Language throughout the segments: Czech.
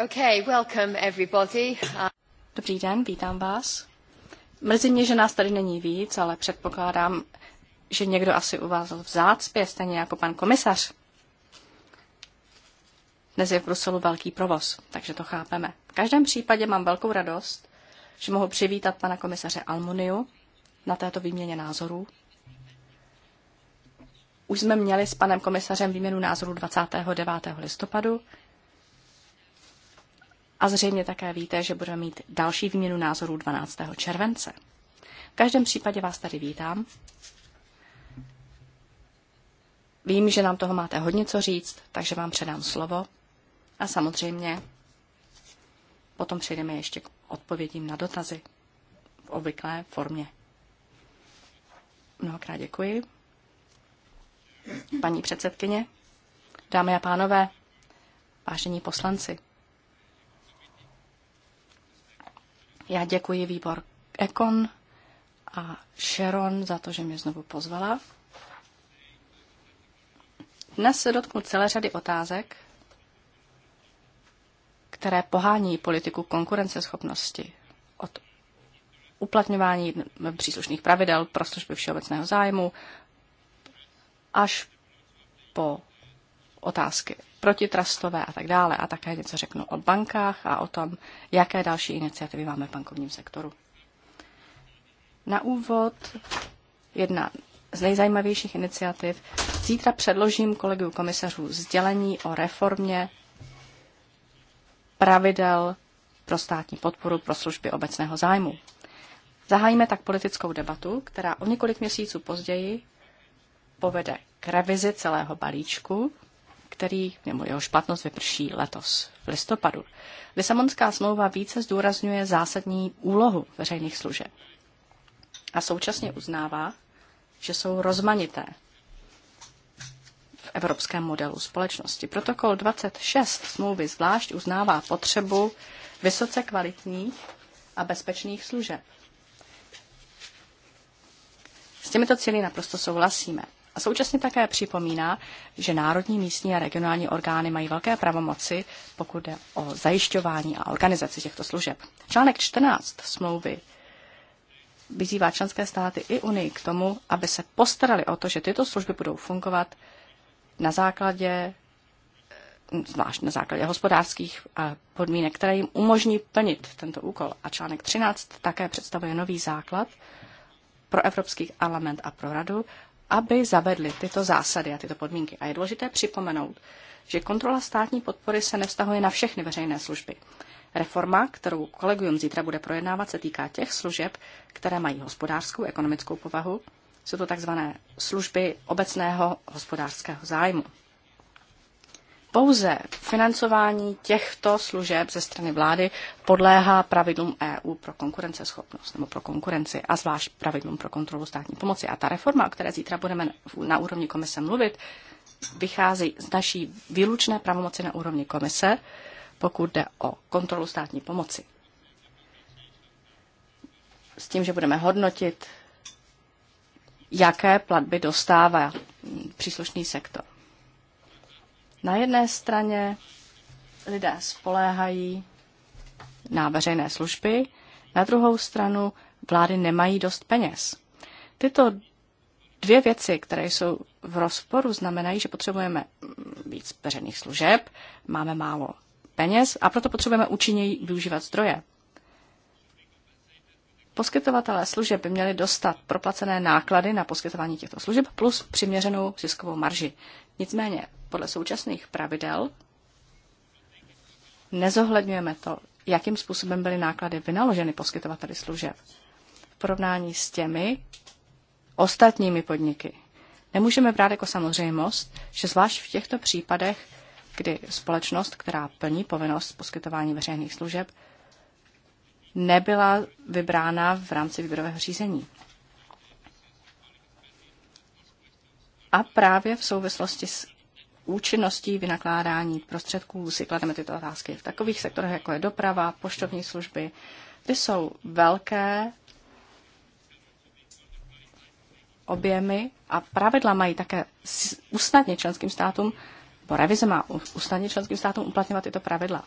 Okay, welcome everybody. Dobrý den, vítám vás. Mrzí mě, že nás tady není víc, ale předpokládám, že někdo asi vás v zácpě, stejně jako pan komisař. Dnes je v Bruselu velký provoz, takže to chápeme. V každém případě mám velkou radost, že mohu přivítat pana komisaře Almuniu na této výměně názorů. Už jsme měli s panem komisařem výměnu názorů 29. listopadu a zřejmě také víte, že budeme mít další výměnu názorů 12. července. V každém případě vás tady vítám. Vím, že nám toho máte hodně co říct, takže vám předám slovo. A samozřejmě potom přejdeme ještě k odpovědím na dotazy v obvyklé formě. Mnohokrát děkuji. Paní předsedkyně, dámy a pánové, vážení poslanci, Já děkuji výbor Ekon a Sharon za to, že mě znovu pozvala. Dnes se dotknu celé řady otázek, které pohání politiku konkurenceschopnosti od uplatňování příslušných pravidel pro služby všeobecného zájmu až po otázky protitrastové a tak dále. A také něco řeknu o bankách a o tom, jaké další iniciativy máme v bankovním sektoru. Na úvod jedna z nejzajímavějších iniciativ. Zítra předložím kolegu komisařů sdělení o reformě pravidel pro státní podporu pro služby obecného zájmu. Zahájíme tak politickou debatu, která o několik měsíců později povede k revizi celého balíčku který nebo jeho špatnost vyprší letos v listopadu. Lisabonská smlouva více zdůrazňuje zásadní úlohu veřejných služeb a současně uznává, že jsou rozmanité v evropském modelu společnosti. Protokol 26 smlouvy zvlášť uznává potřebu vysoce kvalitních a bezpečných služeb. S těmito cíly naprosto souhlasíme. A současně také připomíná, že národní, místní a regionální orgány mají velké pravomoci, pokud jde o zajišťování a organizaci těchto služeb. Článek 14 smlouvy vyzývá členské státy i Unii k tomu, aby se postarali o to, že tyto služby budou fungovat na základě zvlášť na základě hospodářských eh, podmínek, které jim umožní plnit tento úkol. A článek 13 také představuje nový základ pro Evropský parlament a pro radu aby zavedly tyto zásady a tyto podmínky. A je důležité připomenout, že kontrola státní podpory se nevztahuje na všechny veřejné služby. Reforma, kterou kolegium zítra bude projednávat, se týká těch služeb, které mají hospodářskou, ekonomickou povahu. Jsou to tzv. služby obecného hospodářského zájmu. Pouze financování těchto služeb ze strany vlády podléhá pravidlům EU pro konkurenceschopnost nebo pro konkurenci a zvlášť pravidlům pro kontrolu státní pomoci. A ta reforma, o které zítra budeme na úrovni komise mluvit, vychází z naší výlučné pravomoci na úrovni komise, pokud jde o kontrolu státní pomoci. S tím, že budeme hodnotit, jaké platby dostává příslušný sektor. Na jedné straně lidé spoléhají na veřejné služby, na druhou stranu vlády nemají dost peněz. Tyto dvě věci, které jsou v rozporu, znamenají, že potřebujeme víc veřejných služeb, máme málo peněz a proto potřebujeme účinněji využívat zdroje. Poskytovatelé služeb by měli dostat proplacené náklady na poskytování těchto služeb plus přiměřenou ziskovou marži. Nicméně podle současných pravidel nezohledňujeme to, jakým způsobem byly náklady vynaloženy poskytovateli služeb v porovnání s těmi ostatními podniky. Nemůžeme brát jako samozřejmost, že zvlášť v těchto případech, kdy společnost, která plní povinnost poskytování veřejných služeb, nebyla vybrána v rámci výběrového řízení. A právě v souvislosti s účinností vynakládání prostředků si klademe tyto otázky v takových sektorech, jako je doprava, poštovní služby. Ty jsou velké objemy a pravidla mají také usnadně členským státům, bo revize má usnadně členským státům uplatňovat tyto pravidla.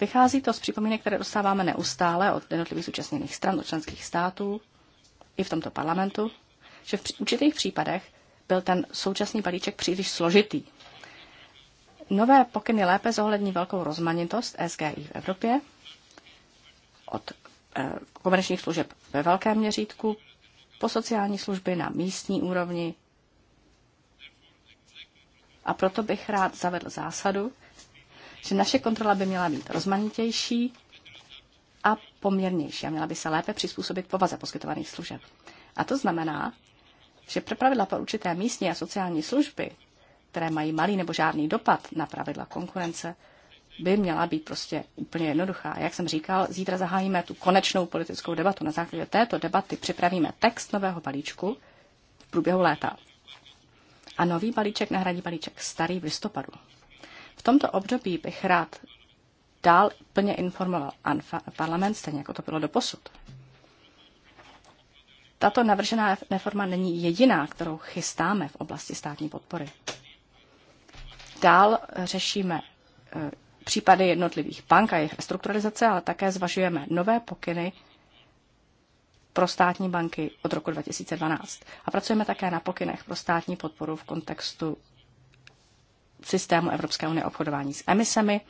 Vychází to z připomínek, které dostáváme neustále od jednotlivých zúčastněných stran, od členských států, i v tomto parlamentu, že v určitých případech byl ten současný balíček příliš složitý. Nové pokyny lépe zohlední velkou rozmanitost SGI v Evropě od eh, komerčních služeb ve velkém měřítku po sociální služby na místní úrovni. A proto bych rád zavedl zásadu, že naše kontrola by měla být rozmanitější a poměrnější a měla by se lépe přizpůsobit povaze poskytovaných služeb. A to znamená, že pro pravidla pro určité místní a sociální služby, které mají malý nebo žádný dopad na pravidla konkurence, by měla být prostě úplně jednoduchá. Jak jsem říkal, zítra zahájíme tu konečnou politickou debatu. Na základě této debaty připravíme text nového balíčku v průběhu léta. A nový balíček nahradí balíček starý v listopadu. V tomto období bych rád dál plně informoval parlament, stejně jako to bylo do posud. Tato navržená reforma není jediná, kterou chystáme v oblasti státní podpory. Dál řešíme eh, případy jednotlivých bank a jejich restrukturalizace, ale také zvažujeme nové pokyny pro státní banky od roku 2012. A pracujeme také na pokynech pro státní podporu v kontextu systému Evropské unie obchodování s emisemi.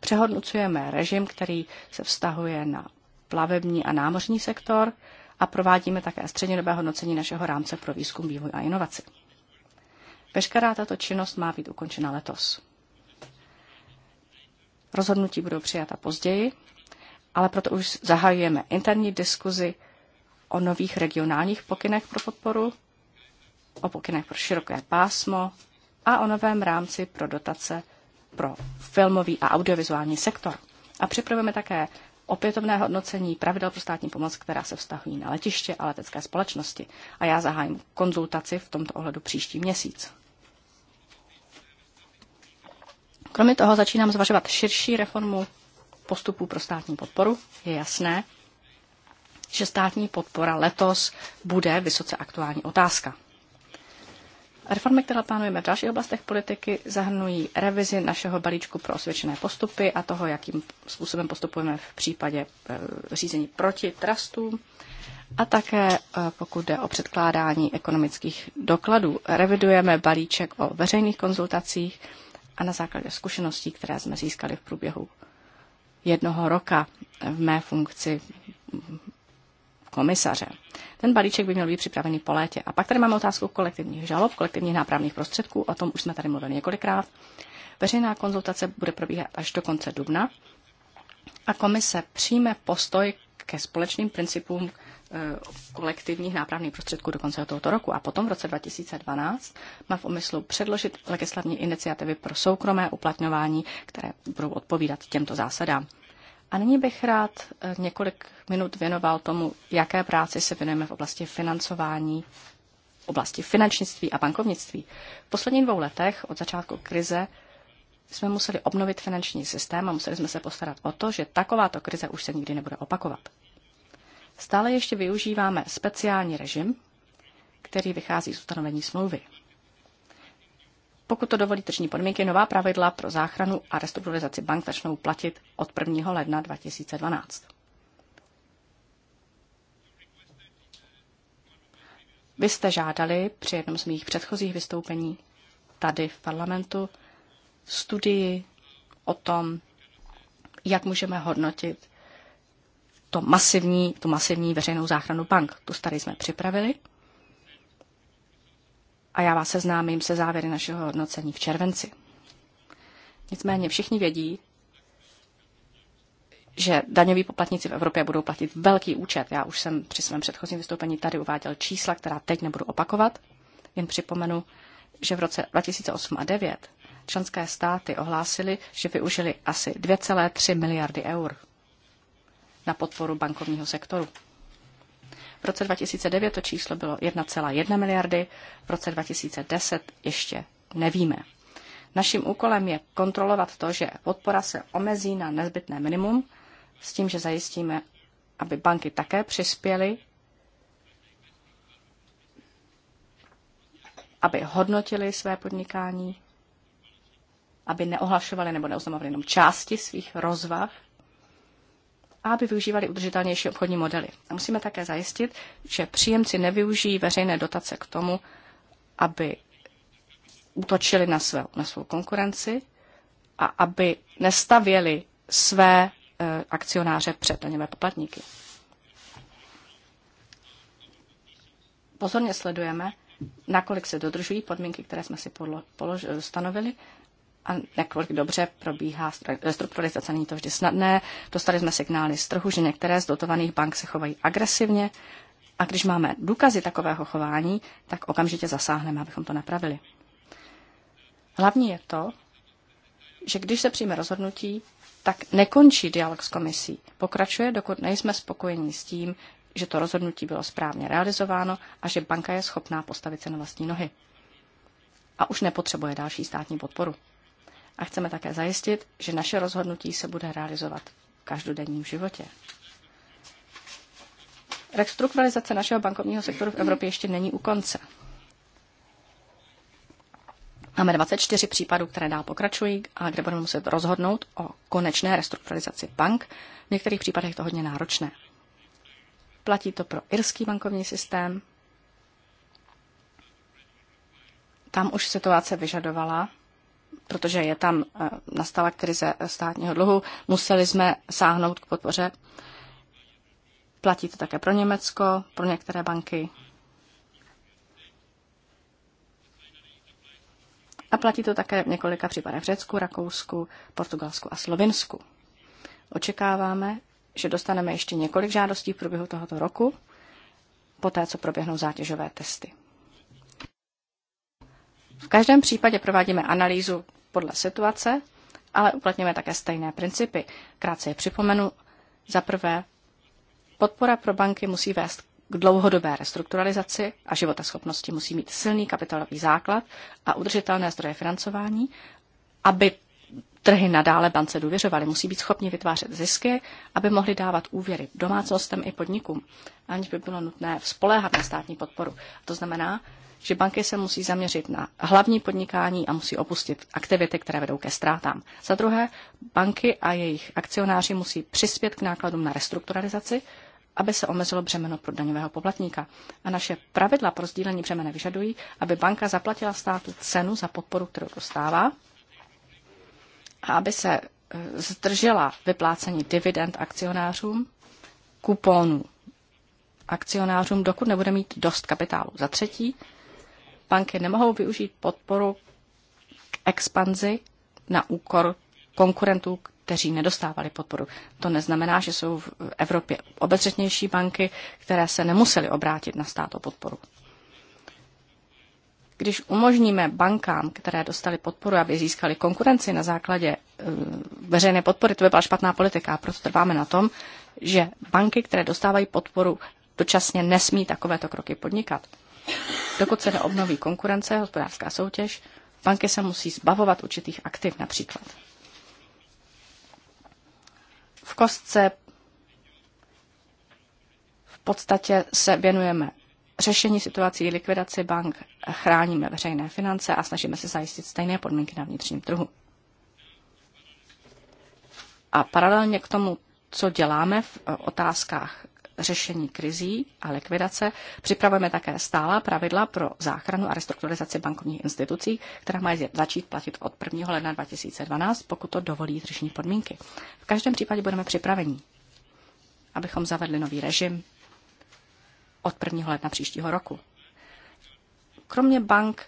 Přehodnocujeme režim, který se vztahuje na plavební a námořní sektor a provádíme také střednědobé hodnocení našeho rámce pro výzkum, vývoj a inovaci. Veškerá tato činnost má být ukončena letos. Rozhodnutí budou přijata později, ale proto už zahajujeme interní diskuzi o nových regionálních pokynech pro podporu, o pokynech pro široké pásmo a o novém rámci pro dotace pro filmový a audiovizuální sektor. A připravujeme také opětovné hodnocení pravidel pro státní pomoc, která se vztahují na letiště a letecké společnosti. A já zahájím konzultaci v tomto ohledu příští měsíc. Kromě toho začínám zvažovat širší reformu postupů pro státní podporu. Je jasné, že státní podpora letos bude vysoce aktuální otázka. Reformy, které plánujeme v dalších oblastech politiky, zahrnují revizi našeho balíčku pro osvědčené postupy a toho, jakým způsobem postupujeme v případě eh, řízení proti trustům a také eh, pokud jde o předkládání ekonomických dokladů. Revidujeme balíček o veřejných konzultacích a na základě zkušeností, které jsme získali v průběhu jednoho roka v mé funkci komisaře. Ten balíček by měl být připravený po létě. A pak tady máme otázku kolektivních žalob, kolektivních nápravných prostředků, o tom už jsme tady mluvili několikrát. Veřejná konzultace bude probíhat až do konce dubna a komise přijme postoj ke společným principům e, kolektivních nápravných prostředků do konce tohoto roku a potom v roce 2012 má v úmyslu předložit legislativní iniciativy pro soukromé uplatňování, které budou odpovídat těmto zásadám. A nyní bych rád eh, několik minut věnoval tomu, jaké práci se věnujeme v oblasti financování, v oblasti finančnictví a bankovnictví. V posledních dvou letech od začátku krize jsme museli obnovit finanční systém a museli jsme se postarat o to, že takováto krize už se nikdy nebude opakovat. Stále ještě využíváme speciální režim, který vychází z ustanovení smlouvy. Pokud to dovolí tržní podmínky, nová pravidla pro záchranu a restrukturalizaci bank začnou platit od 1. ledna 2012. Vy jste žádali při jednom z mých předchozích vystoupení tady v parlamentu studii o tom, jak můžeme hodnotit to masivní, tu masivní veřejnou záchranu bank. Tu tady jsme připravili a já vás seznámím se závěry našeho hodnocení v červenci. Nicméně všichni vědí, že daňoví poplatníci v Evropě budou platit velký účet. Já už jsem při svém předchozím vystoupení tady uváděl čísla, která teď nebudu opakovat. Jen připomenu, že v roce 2008 a 2009 členské státy ohlásily, že využili asi 2,3 miliardy eur na podporu bankovního sektoru. V roce 2009 to číslo bylo 1,1 miliardy, v roce 2010 ještě nevíme. Naším úkolem je kontrolovat to, že podpora se omezí na nezbytné minimum, s tím, že zajistíme, aby banky také přispěly, aby hodnotili své podnikání, aby neohlašovali nebo neoznamovali jenom části svých rozvah aby využívali udržitelnější obchodní modely. A musíme také zajistit, že příjemci nevyužijí veřejné dotace k tomu, aby útočili na, své, na svou konkurenci a aby nestavěli své e, akcionáře před daněvé poplatníky. Pozorně sledujeme, nakolik se dodržují podmínky, které jsme si podlo, polož, e, stanovili a nakolik dobře probíhá restrukturalizace, eh, není to vždy snadné. Dostali jsme signály z trhu, že některé z dotovaných bank se chovají agresivně a když máme důkazy takového chování, tak okamžitě zasáhneme, abychom to napravili. Hlavní je to, že když se přijme rozhodnutí, tak nekončí dialog s komisí. Pokračuje, dokud nejsme spokojení s tím, že to rozhodnutí bylo správně realizováno a že banka je schopná postavit se na vlastní nohy. A už nepotřebuje další státní podporu a chceme také zajistit, že naše rozhodnutí se bude realizovat v každodenním životě. Restrukturalizace našeho bankovního sektoru v Evropě ještě není u konce. Máme 24 případů, které dál pokračují a kde budeme muset rozhodnout o konečné restrukturalizaci bank. V některých případech je to hodně náročné. Platí to pro irský bankovní systém. Tam už situace vyžadovala, protože je tam eh, nastala krize státního dluhu, museli jsme sáhnout k podpoře. Platí to také pro Německo, pro některé banky. A platí to také v několika případech v Řecku, Rakousku, Portugalsku a Slovinsku. Očekáváme, že dostaneme ještě několik žádostí v průběhu tohoto roku, poté co proběhnou zátěžové testy. V každém případě provádíme analýzu podle situace, ale uplatňujeme také stejné principy. Krátce je připomenu. Za prvé, podpora pro banky musí vést k dlouhodobé restrukturalizaci a životaschopnosti musí mít silný kapitalový základ a udržitelné zdroje financování, aby trhy nadále bance důvěřovaly. Musí být schopni vytvářet zisky, aby mohli dávat úvěry domácnostem i podnikům, aniž by bylo nutné spoléhat na státní podporu. To znamená, že banky se musí zaměřit na hlavní podnikání a musí opustit aktivity, které vedou ke ztrátám. Za druhé, banky a jejich akcionáři musí přispět k nákladům na restrukturalizaci, aby se omezilo břemeno pro daňového poplatníka. A naše pravidla pro sdílení břemene vyžadují, aby banka zaplatila státu cenu za podporu, kterou dostává, a aby se e, zdržela vyplácení dividend akcionářům, kuponů akcionářům, dokud nebude mít dost kapitálu. Za třetí, banky nemohou využít podporu k expanzi na úkor konkurentů, kteří nedostávali podporu. To neznamená, že jsou v Evropě obezřetnější banky, které se nemusely obrátit na stát o podporu. Když umožníme bankám, které dostali podporu, aby získali konkurenci na základě eh, veřejné podpory, to by byla špatná politika. A proto trváme na tom, že banky, které dostávají podporu, dočasně nesmí takovéto kroky podnikat. Dokud se neobnoví konkurence, hospodářská soutěž, banky se musí zbavovat určitých aktiv například. V kostce v podstatě se věnujeme řešení situací, likvidaci bank, chráníme veřejné finance a snažíme se zajistit stejné podmínky na vnitřním trhu. A paralelně k tomu, co děláme v eh, otázkách řešení krizí a likvidace. Připravujeme také stála pravidla pro záchranu a restrukturalizaci bankovních institucí, která mají začít platit od 1. ledna 2012, pokud to dovolí tržní podmínky. V každém případě budeme připraveni, abychom zavedli nový režim od 1. ledna příštího roku. Kromě bank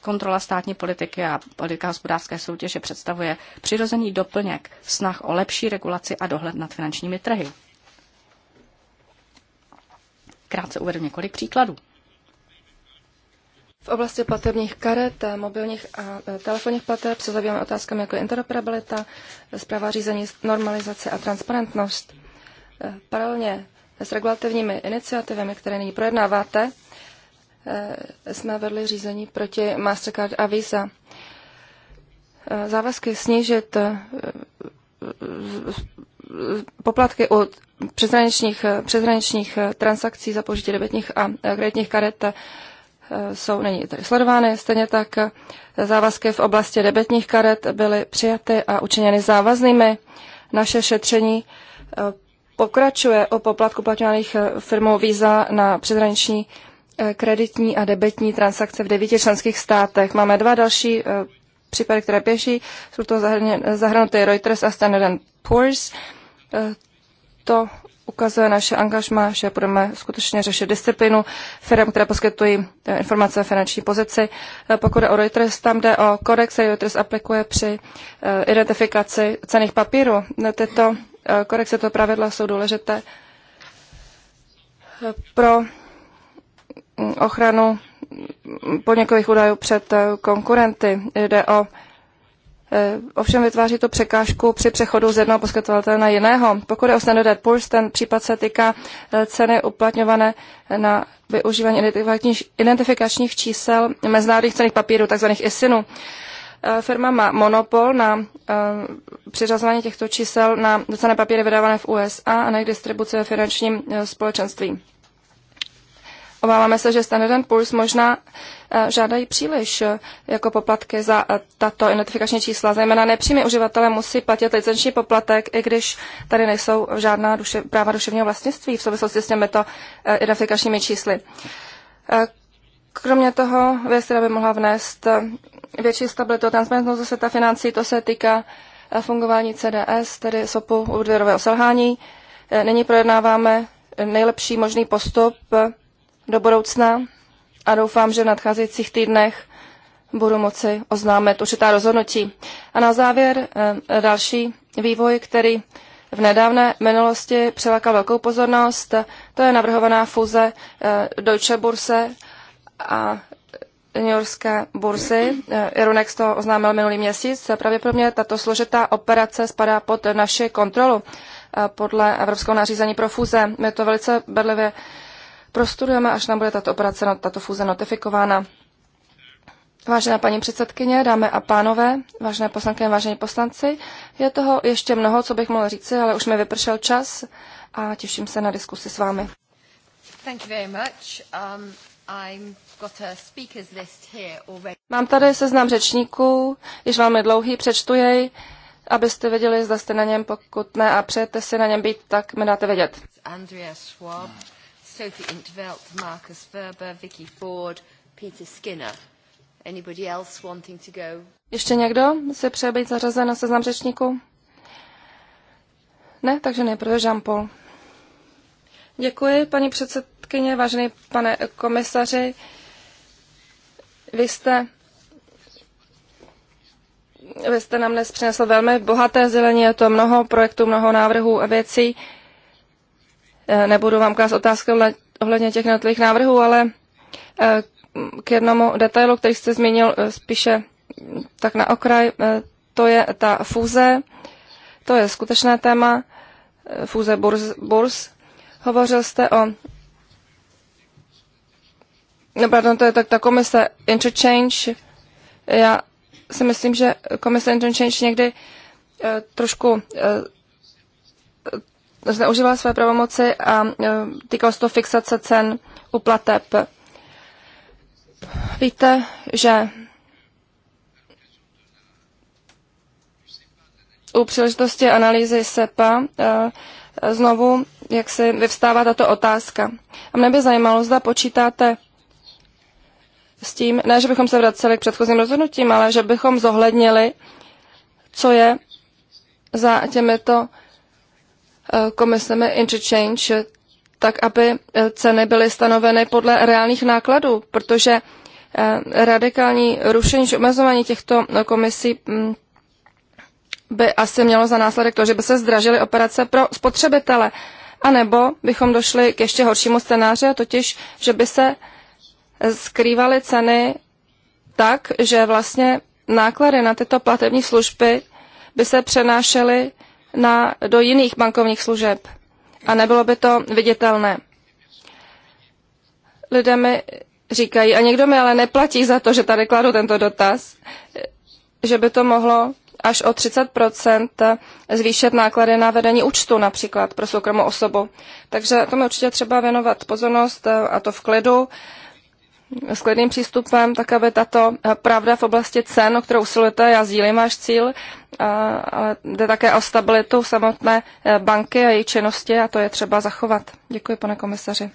kontrola státní politiky a politika hospodářské soutěže představuje přirozený doplněk snah o lepší regulaci a dohled nad finančními trhy. Krátce uvedu několik příkladů. V oblasti platebních karet, eh, mobilních a eh, telefonních plateb se zabýváme otázkami jako interoperabilita, zpráva řízení, normalizace a transparentnost. Eh, paralelně s regulativními iniciativami, které nyní projednáváte, jsme vedli řízení proti Mastercard a Visa. Závazky snížit poplatky od přeshraničních, přeshraničních transakcí za použití debetních a eh, kreditních karet eh, jsou není tady sledovány. Stejně tak eh, závazky v oblasti debetních karet byly přijaty a učiněny závaznými. Naše šetření pokračuje o poplatku platňovaných firmou Visa na přeshraniční kreditní a debetní transakce v devíti členských státech. Máme dva další případy, které běží. Jsou to zahrnuty Reuters a Standard Poor's to ukazuje naše angažma, že budeme skutečně řešit disciplínu firm, které poskytují eh, informace o finanční pozici. Eh, pokud je o Reuters, tam jde o kodex, který Reuters aplikuje při eh, identifikaci cených papírů. Tyto kodexy, to pravidla jsou důležité pro mm, ochranu mm, podnikových údajů před konkurenty. Jde o Eh, ovšem vytváří to překážku při přechodu z jednoho poskytovatele na jiného. Pokud je o Standard Poor's, ten případ se týká eh, ceny uplatňované na využívání identifikačních čísel mezinárodních cených papírů, takzvaných ISINu. Eh, firma má monopol na přiřazování těchto čísel na cené papíry vydávané v USA a na jejich distribuci ve finančním společenství. Obáváme se, že Standard Poor's možná žádají příliš jako poplatky za tato identifikační čísla. Zajména nepřímí uživatelé musí platit licenční poplatek, i když tady nejsou žádná duše, práva duševního vlastnictví v souvislosti s těmito identifikačními čísly. Kromě toho, věc, která by mohla vnést větší stabilitu a transparentnost do světa financí, to se týká fungování CDS, tedy SOPu úvěrového selhání. Nyní projednáváme nejlepší možný postup do budoucna a doufám, že v nadcházejících týdnech budu moci oznámit určitá rozhodnutí. A na závěr eh, další vývoj, který v nedávné minulosti přilákal velkou pozornost, to je navrhovaná fuze eh, Deutsche Börse a New Yorkské burzy. Eh, Ironex to oznámil minulý měsíc. Pravděpodobně tato složitá operace spadá pod naši kontrolu podle Evropského nařízení pro fuze. My to velice bedlivě prostudujeme, až nám bude tato operace, tato fúze notifikována. Vážená paní předsedkyně, dámy a pánové, vážené poslankyně, vážení poslanci, je toho ještě mnoho, co bych mohl říci, ale už mi vypršel čas a těším se na diskusi s vámi. Thank you very much. Um, I'm got a list here Mám tady seznam řečníků, již velmi dlouhý, přečtu jej, abyste věděli, zda jste na něm, pokud ne, a přejete si na něm být, tak mi dáte vědět. Andrea Schwab, Sophie Intveld, Marcus Ferber, Vicky Ford, Peter Skinner. Anybody else wanting to go? Ještě někdo se přeje být zařazen na seznam řečníků? Ne, takže nejprve Jean-Paul. Děkuji, paní předsedkyně, vážený pane komisaři. Vy jste, vy jste nám dnes přinesl velmi bohaté zelení, je to mnoho projektů, mnoho návrhů a věcí. Eh, nebudu vám klást otázky ohledně těch jednotlivých návrhů, ale eh, k jednomu detailu, který jste zmínil eh, spíše mm, tak na okraj, to je ta fúze, to je skutečné téma, fúze burz, burz. Hovořil jste o No, pardon, to je tak ta komise Interchange. Já si myslím, že komise Interchange někdy trošku zneužívala své pravomoci a e, týkalo se to fixace cen u plateb. Víte, že u příležitosti analýzy SEPA e, znovu jak si vyvstává tato otázka. A mne by zajímalo, zda počítáte s tím, ne, že bychom se vraceli k předchozím rozhodnutím, ale že bychom zohlednili, co je za těmito Eh, komisemi interchange, eh, tak aby eh, ceny byly stanoveny podle reálných nákladů, protože radikální rušení či omezování těchto komisí mm, by asi mělo za následek to, že by se zdražily operace pro spotřebitele. A nebo bychom došli k ještě horšímu scénáři, a totiž, že by se skrývaly ceny tak, že vlastně náklady na tyto platební služby by se přenášely na, do jiných bankovních služeb a nebylo by to viditelné. Lidé mi říkají, a někdo mi ale neplatí za to, že tady kladu tento dotaz, že by to mohlo až o 30 zvýšit náklady na vedení účtu například pro soukromou osobu. Takže tomu určitě třeba věnovat pozornost a to v klidu s klidným přístupem, tak aby tato eh, pravda v oblasti cen, o kterou usilujete, já sdílím váš cíl, ale jde také o stabilitu samotné eh, banky a její činnosti a to je třeba zachovat. Děkuji, pane komisaři.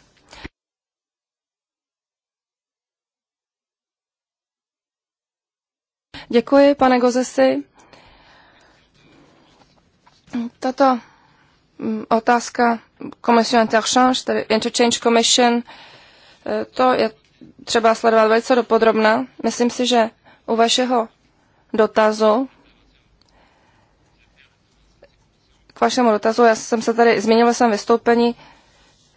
Děkuji, pane Gozesi. Tato mm, otázka Commission Interchange, tedy Interchange Commission, eh, to je třeba sledovat velice dopodrobna. Myslím si, že u vašeho dotazu k vašemu dotazu, já jsem se tady zmínila jsem vystoupení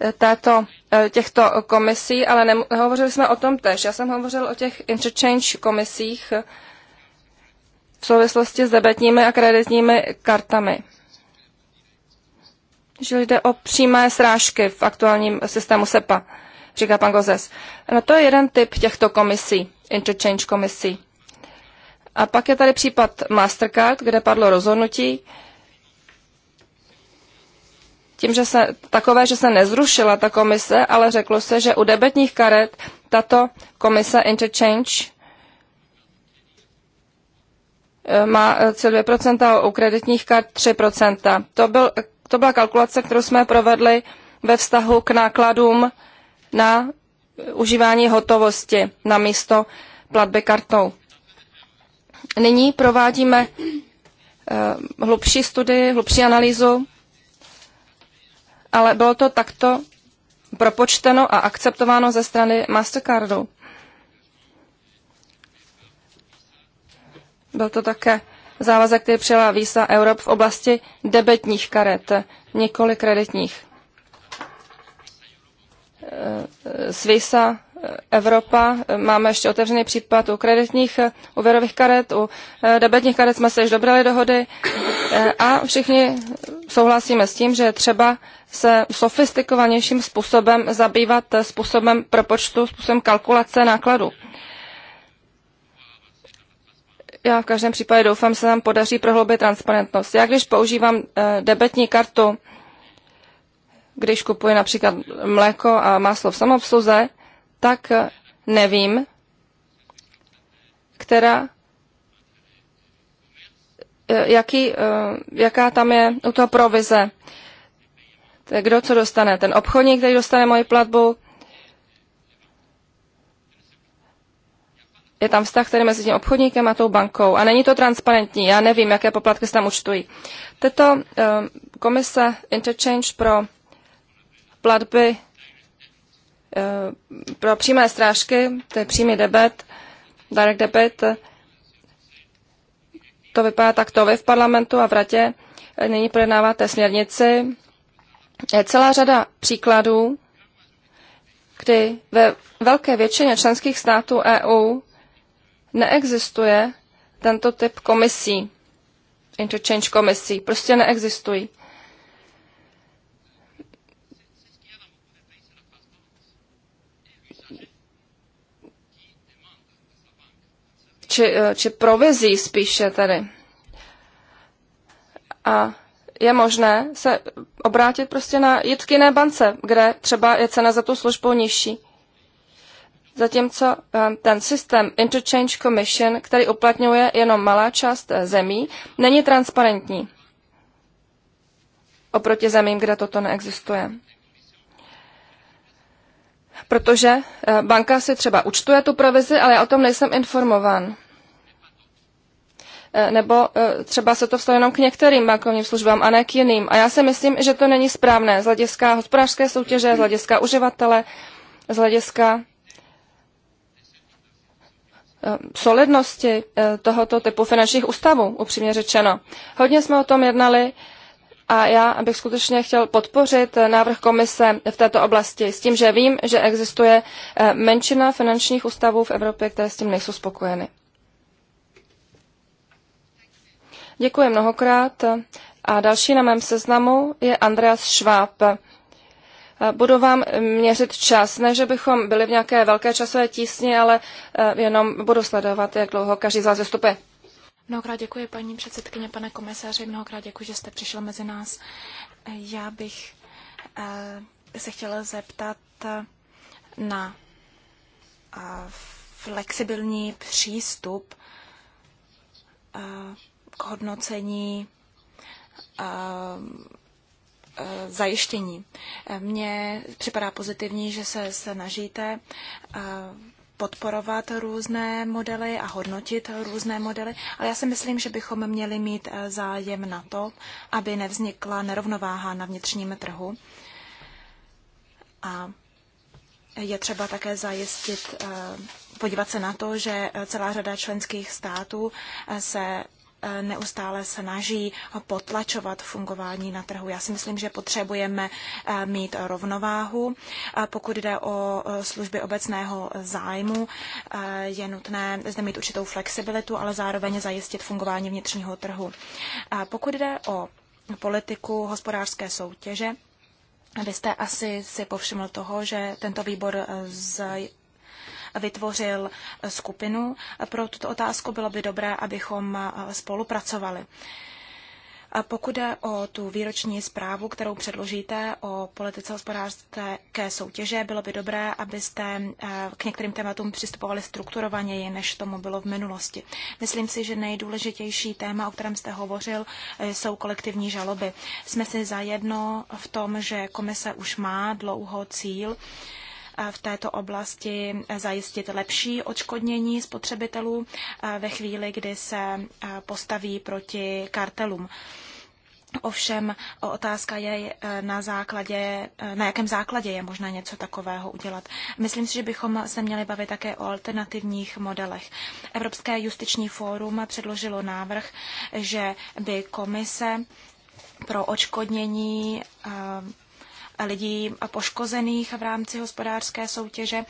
eh, této, eh, těchto komisí, ale ne, nehovořili jsme o tom tež. Já jsem hovořil o těch interchange komisích eh, v souvislosti s debetními a kreditními kartami. Že jde o přímé srážky v aktuálním systému SEPA říká pan Gozes. No to je jeden typ těchto komisí, interchange komisí. A pak je tady případ Mastercard, kde padlo rozhodnutí, tím, že se, takové, že se nezrušila ta komise, ale řeklo se, že u debetních karet tato komise interchange eh, má eh, CO2%, u kreditních kart 3%. To, byl, to byla kalkulace, kterou jsme provedli ve vztahu k nákladům na užívání hotovosti na místo platby kartou. Nyní provádíme eh, hlubší studii, hlubší analýzu, ale bylo to takto propočteno a akceptováno ze strany Mastercardu. Byl to také závazek, který přijala Visa Europe v oblasti debetních karet, nikoli kreditních. Svisa Evropa. Máme ještě otevřený případ u kreditních eh, úvěrových karet, u eh, debetních karet jsme se již dobrali dohody eh, a všichni souhlasíme s tím, že je třeba se sofistikovanějším způsobem zabývat způsobem propočtu, způsobem kalkulace nákladů. Já v každém případě doufám, se nám podaří prohloubit transparentnost. Já když používám debetní kartu, když kupuji například mléko a máslo v samobsluze, tak nevím, která, e, jaký, e, jaká tam je u toho provize. Kdo co dostane? Ten obchodník, který dostane moji platbu, je tam vztah tedy mezi tím obchodníkem a tou bankou. A není to transparentní, já nevím, jaké poplatky se tam účtují. Tato e, komise Interchange pro platby eh, pro přímé strážky, to je přímý debet, direct debit, to vypadá takto. Vy v parlamentu a v radě, eh, nyní projednáváte směrnici. Je celá řada příkladů, kdy ve velké většině členských států EU neexistuje tento typ komisí, interchange komisí, prostě neexistují. či, eh, či provizí spíše tedy. A je možné se obrátit prostě na jít jiné bance, kde třeba je cena za tu službu nižší. Zatímco eh, ten systém Interchange Commission, který uplatňuje jenom malá část eh, zemí, není transparentní oproti zemím, kde toto neexistuje protože eh, banka si třeba účtuje tu provizi, ale já o tom nejsem informován. Eh, nebo eh, třeba se to vstalo jenom k některým bankovním službám a ne k jiným. A já si myslím, že to není správné z hlediska hospodářské soutěže, z hlediska uživatele, z hlediska solidnosti tohoto typu finančních ústavů, upřímně řečeno. Hodně jsme o tom jednali a já bych skutečně chtěl podpořit návrh komise v této oblasti s tím, že vím, že existuje eh, menšina finančních ústavů v Evropě, které s tím nejsou spokojeny. Děkuji mnohokrát. A další na mém seznamu je Andreas Schwab. Eh, budu vám měřit čas, ne, že bychom byli v nějaké velké časové tísni, ale eh, jenom budu sledovat, jak dlouho každý z vás vystupuje. Mnohokrát děkuji paní předsedkyně, pane komisaři, mnohokrát děkuji, že jste přišel mezi nás. Já bych eh, se chtěla zeptat eh, na eh, flexibilní přístup k hodnocení zajištění. Mně připadá pozitivní, že se snažíte podporovat různé modely a hodnotit různé modely, ale já si myslím, že bychom měli mít eh, zájem na to, aby nevznikla nerovnováha na vnitřním trhu. A je třeba také zajistit, eh, podívat se na to, že eh, celá řada členských států se neustále snaží potlačovat fungování na trhu. Já si myslím, že potřebujeme eh, mít rovnováhu. Eh, pokud jde o eh, služby obecného zájmu, je nutné zde mít určitou flexibilitu, ale zároveň zajistit fungování vnitřního trhu. Pokud jde o politiku hospodářské soutěže, vy jste asi si povšiml toho, že tento výbor z vytvořil skupinu pro tuto otázku. Bylo by dobré, abychom spolupracovali. A pokud jde o tu výroční zprávu, kterou předložíte o politice hospodářské soutěže, bylo by dobré, abyste eh, k některým tématům přistupovali strukturovaněji, než tomu bylo v minulosti. Myslím si, že nejdůležitější téma, o kterém jste hovořil, eh, jsou kolektivní žaloby. Jsme si zajedno v tom, že komise už má dlouho cíl, v této oblasti zajistit lepší odškodnění spotřebitelů ve chvíli, kdy se postaví proti kartelům. Ovšem otázka je e, na základě, e, na jakém základě je možné něco takového udělat. Myslím si, že bychom se měli bavit také o alternativních modelech. Evropské justiční fórum předložilo návrh, že by komise pro očkodnění lidí poškozených v rámci hospodářské soutěže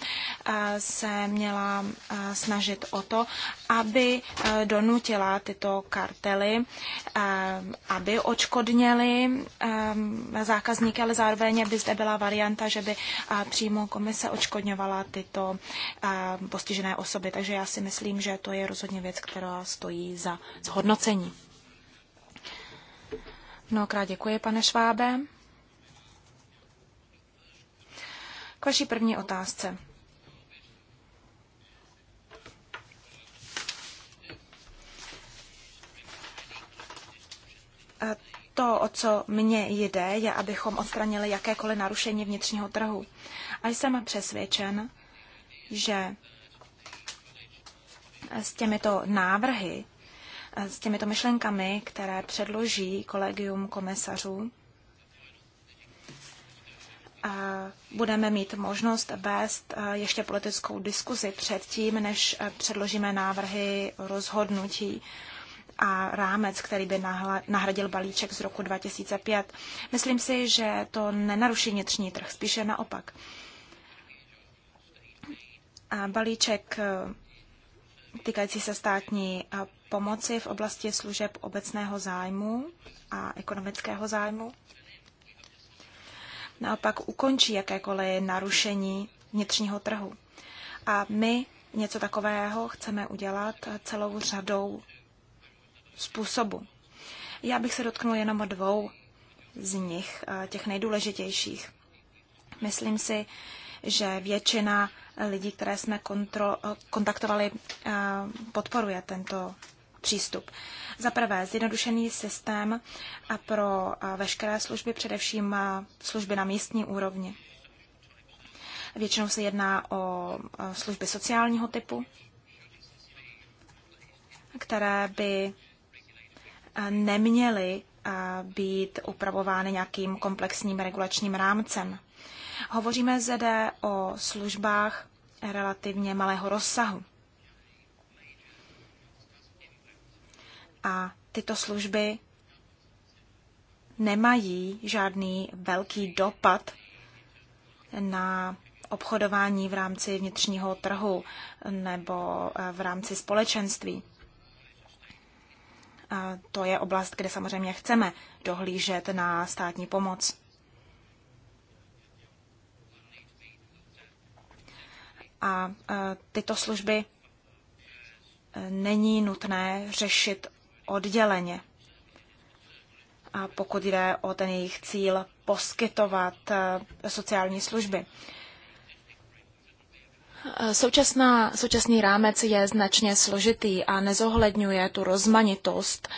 se měla snažit o to, aby donutila tyto kartely, aby očkodněli zákazníky, ale zároveň by zde byla varianta, že by přímo komise očkodňovala tyto postižené osoby. Takže já si myslím, že to je rozhodně věc, která stojí za zhodnocení. Mnohokrát děkuji, pane Švábe. K vaší první otázce. To, o co mně jde, je, abychom odstranili jakékoliv narušení vnitřního trhu. A jsem přesvědčen, že s těmito návrhy, s těmito myšlenkami, které předloží kolegium komisařů, budeme mít možnost vést e, ještě politickou diskuzi předtím, než e, předložíme návrhy rozhodnutí a rámec, který by nahradil balíček z roku 2005. Myslím si, že to nenaruší vnitřní trh, spíše naopak. A balíček e, týkající se státní pomoci v oblasti služeb obecného zájmu a ekonomického zájmu naopak ukončí jakékoliv narušení vnitřního trhu. A my něco takového chceme udělat celou řadou způsobů. Já bych se dotknul jenom dvou z nich, eh, těch nejdůležitějších. Myslím si, že většina lidí, které jsme kontro- eh, kontaktovali, eh, podporuje tento přístup. Za prvé, zjednodušený systém a pro veškeré služby, především služby na místní úrovni. Většinou se jedná o služby sociálního typu, které by neměly být upravovány nějakým komplexním regulačním rámcem. Hovoříme zde o službách relativně malého rozsahu. a tyto služby nemají žádný velký dopad na obchodování v rámci vnitřního trhu nebo eh, v rámci společenství. A to je oblast, kde samozřejmě chceme dohlížet na státní pomoc. A eh, tyto služby není nutné řešit odděleně. A pokud jde o ten jejich cíl poskytovat eh, sociální služby. Eh, současná, současný rámec je značně složitý a nezohledňuje tu rozmanitost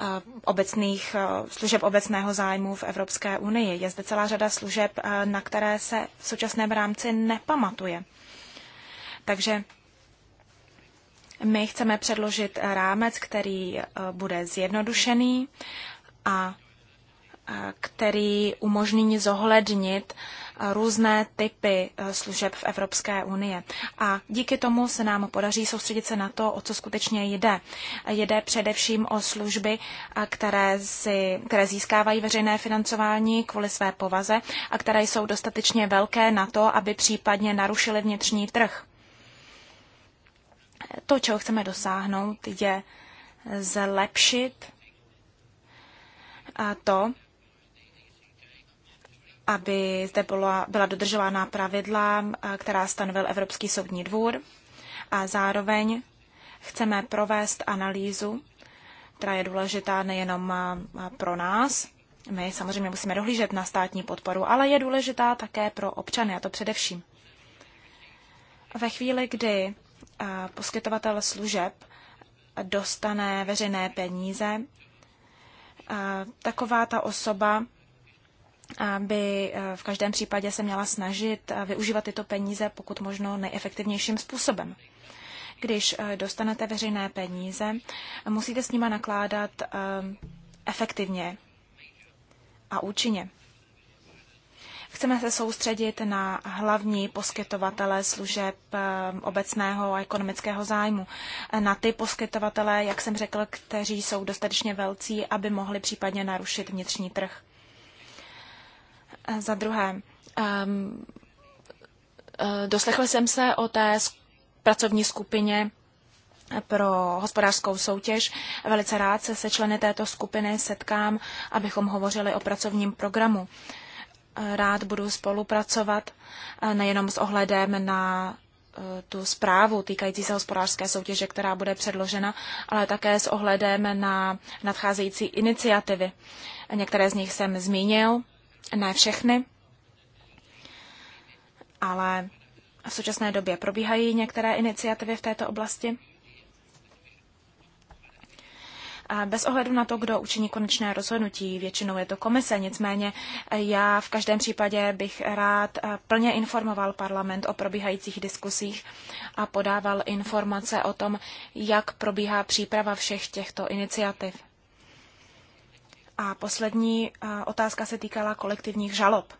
eh, obecných, služeb obecného zájmu v Evropské unii. Je zde celá řada služeb, na které se v současném rámci nepamatuje. Takže my chceme předložit rámec, který eh, bude zjednodušený a eh, který umožní zohlednit eh, různé typy služeb v Evropské unie. A díky tomu se nám podaří soustředit se na to, o co skutečně jde. Jde především o služby, které, si, které získávají veřejné financování kvůli své povaze a které jsou dostatečně velké na to, aby případně narušily vnitřní trh to, čeho chceme dosáhnout, je zlepšit to, aby zde byla, byla dodržována pravidla, která stanovil Evropský soudní dvůr a zároveň chceme provést analýzu, která je důležitá nejenom pro nás, my samozřejmě musíme dohlížet na státní podporu, ale je důležitá také pro občany, a to především. Ve chvíli, kdy poskytovatel služeb dostane veřejné peníze, taková ta osoba by v každém případě se měla snažit využívat tyto peníze pokud možno nejefektivnějším způsobem. Když dostanete veřejné peníze, musíte s nimi nakládat efektivně a účinně. Chceme se soustředit na hlavní poskytovatele služeb eh, obecného a ekonomického zájmu. Eh, na ty poskytovatele, jak jsem řekl, kteří jsou dostatečně velcí, aby mohli případně narušit vnitřní trh. Eh, za druhé, ehm, doslechl jsem se o té pracovní skupině pro hospodářskou soutěž. Velice rád se se členy této skupiny setkám, abychom hovořili o pracovním programu rád budu spolupracovat eh, nejenom s ohledem na eh, tu zprávu týkající se hospodářské soutěže, která bude předložena, ale také s ohledem na nadcházející iniciativy. Některé z nich jsem zmínil, ne všechny, ale v současné době probíhají některé iniciativy v této oblasti. Bez ohledu na to, kdo učiní konečné rozhodnutí, většinou je to komise, nicméně eh, já v každém případě bych rád eh, plně informoval parlament o probíhajících diskusích a podával informace o tom, jak probíhá příprava všech těchto iniciativ. A poslední eh, otázka se týkala kolektivních žalob.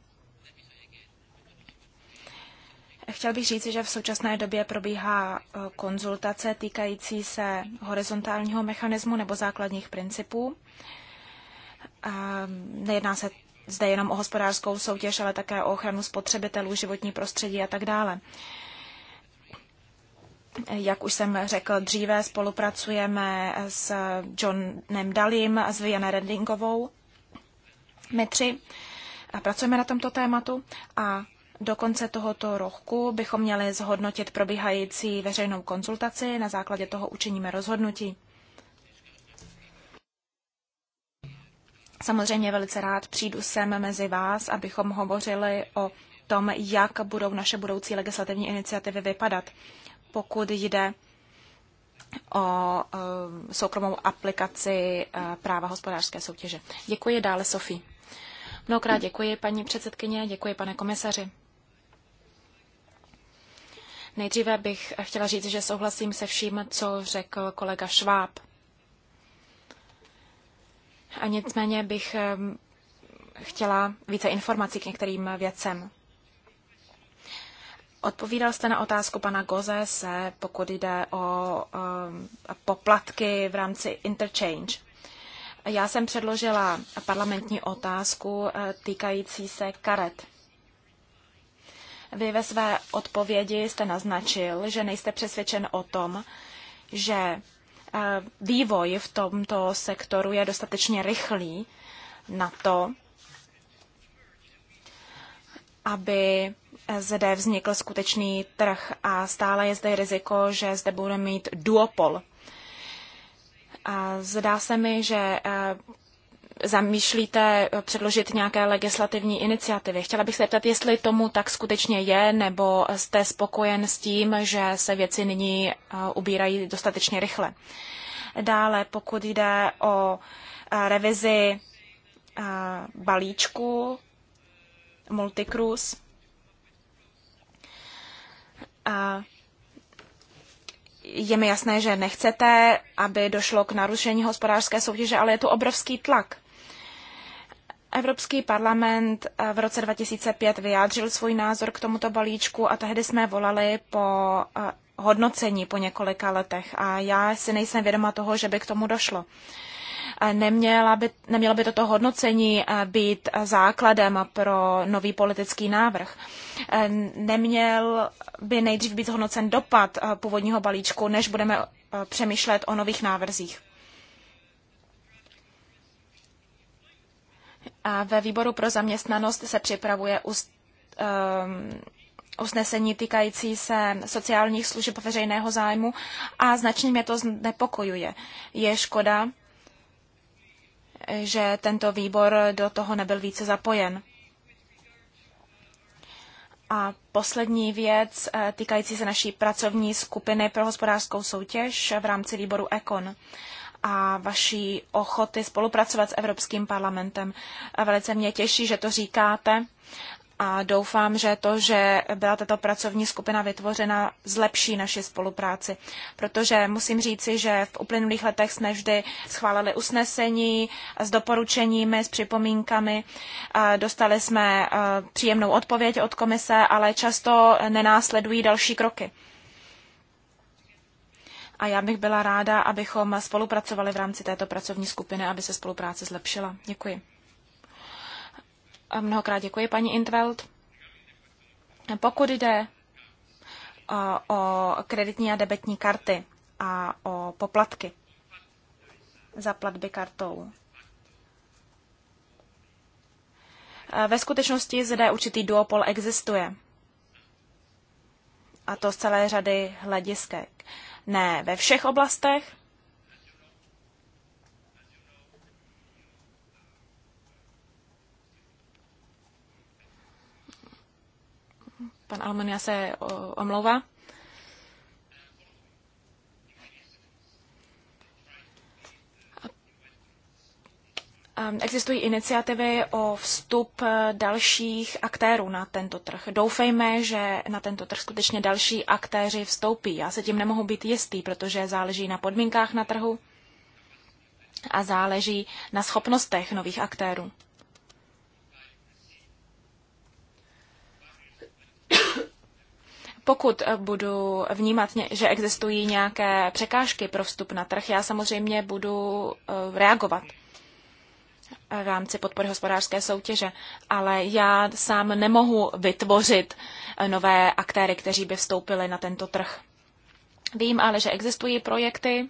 Chtěl bych říct, že v současné době probíhá eh, konzultace týkající se horizontálního mechanismu nebo základních principů. Nejedná se zde jenom o hospodářskou soutěž, ale také o ochranu spotřebitelů, životní prostředí a tak dále. Jak už jsem řekl dříve, spolupracujeme s Johnem Dalim a s Vianem Redlingovou. My tři pracujeme na tomto tématu a do konce tohoto roku bychom měli zhodnotit probíhající veřejnou konzultaci, na základě toho učiníme rozhodnutí. Samozřejmě velice rád přijdu sem mezi vás, abychom hovořili o tom, jak budou naše budoucí legislativní iniciativy vypadat, pokud jde o eh, soukromou aplikaci eh, práva hospodářské soutěže. Děkuji dále, Sofie. Mnohokrát děkuji, paní předsedkyně, děkuji, pane komisaři. Nejdříve bych chtěla říct, že souhlasím se vším, co řekl kolega Šváb. A nicméně bych chtěla více informací k některým věcem. Odpovídal jste na otázku pana Goze se, pokud jde o poplatky v rámci interchange. Já jsem předložila parlamentní otázku e, týkající se karet. Vy ve své odpovědi jste naznačil, že nejste přesvědčen o tom, že eh, vývoj v tomto sektoru je dostatečně rychlý na to, aby zde vznikl skutečný trh a stále je zde riziko, že zde bude mít duopol. A zdá se mi, že eh, zamýšlíte eh, předložit nějaké legislativní iniciativy. Chtěla bych se zeptat, jestli tomu tak skutečně je, nebo jste spokojen s tím, že se věci nyní eh, ubírají dostatečně rychle. Dále, pokud jde o eh, revizi balíčku Multicruise, je mi jasné, že nechcete, aby došlo k narušení hospodářské soutěže, ale je tu obrovský tlak. Evropský parlament eh, v roce 2005 vyjádřil svůj názor k tomuto balíčku a tehdy jsme volali po eh, hodnocení po několika letech a já si nejsem vědoma toho, že by k tomu došlo. Eh, neměla by, nemělo by toto hodnocení být základem pro nový politický návrh. Neměl by nejdřív být zhodnocen dopad původního balíčku, než budeme přemýšlet o nových návrzích. A ve výboru pro zaměstnanost se připravuje ust, um, usnesení týkající se sociálních služeb veřejného zájmu a značně mě to znepokojuje. Je škoda, že tento výbor do toho nebyl více zapojen. A poslední věc eh, týkající se naší pracovní skupiny pro hospodářskou soutěž v rámci výboru ECON a vaší ochoty spolupracovat s Evropským parlamentem. A velice mě těší, že to říkáte a doufám, že to, že byla tato pracovní skupina vytvořena, zlepší naši spolupráci. Protože musím říci, že v uplynulých letech jsme vždy schválili usnesení s doporučeními, s připomínkami. Dostali jsme eh, příjemnou odpověď od komise, ale často nenásledují další kroky a já bych byla ráda, abychom spolupracovali v rámci této pracovní skupiny, aby se spolupráce zlepšila. Děkuji. A mnohokrát děkuji, paní Intveld. Pokud jde o kreditní a debetní karty a o poplatky za platby kartou. Ve skutečnosti zde určitý duopol existuje. A to z celé řady hledisek ne ve všech oblastech. Pan Almonia se omlouvá. Ehm, existují iniciativy o vstup eh, dalších aktérů na tento trh. Doufejme, že na tento trh skutečně další aktéři vstoupí. Já se tím nemohu být jistý, protože záleží na podmínkách na trhu a záleží na schopnostech nových aktérů. Pokud eh, budu vnímat, že existují nějaké překážky pro vstup na trh, já samozřejmě budu eh, reagovat rámci podpory hospodářské soutěže, ale já sám nemohu vytvořit eh, nové aktéry, kteří by vstoupili na tento trh. Vím ale, že existují projekty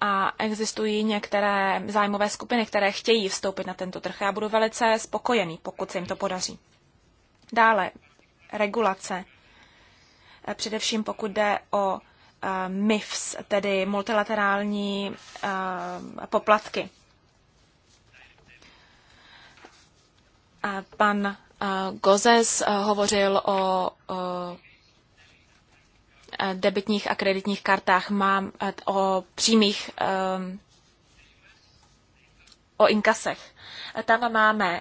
a existují některé zájmové skupiny, které chtějí vstoupit na tento trh. Já budu velice spokojený, pokud se jim to podaří. Dále, regulace. Eh, především pokud jde o Eh, MIFS, tedy multilaterální eh, poplatky. Pan eh, Gozes hovořil o debitních a kreditních kartách, mám o přímých o inkasech. Tam máme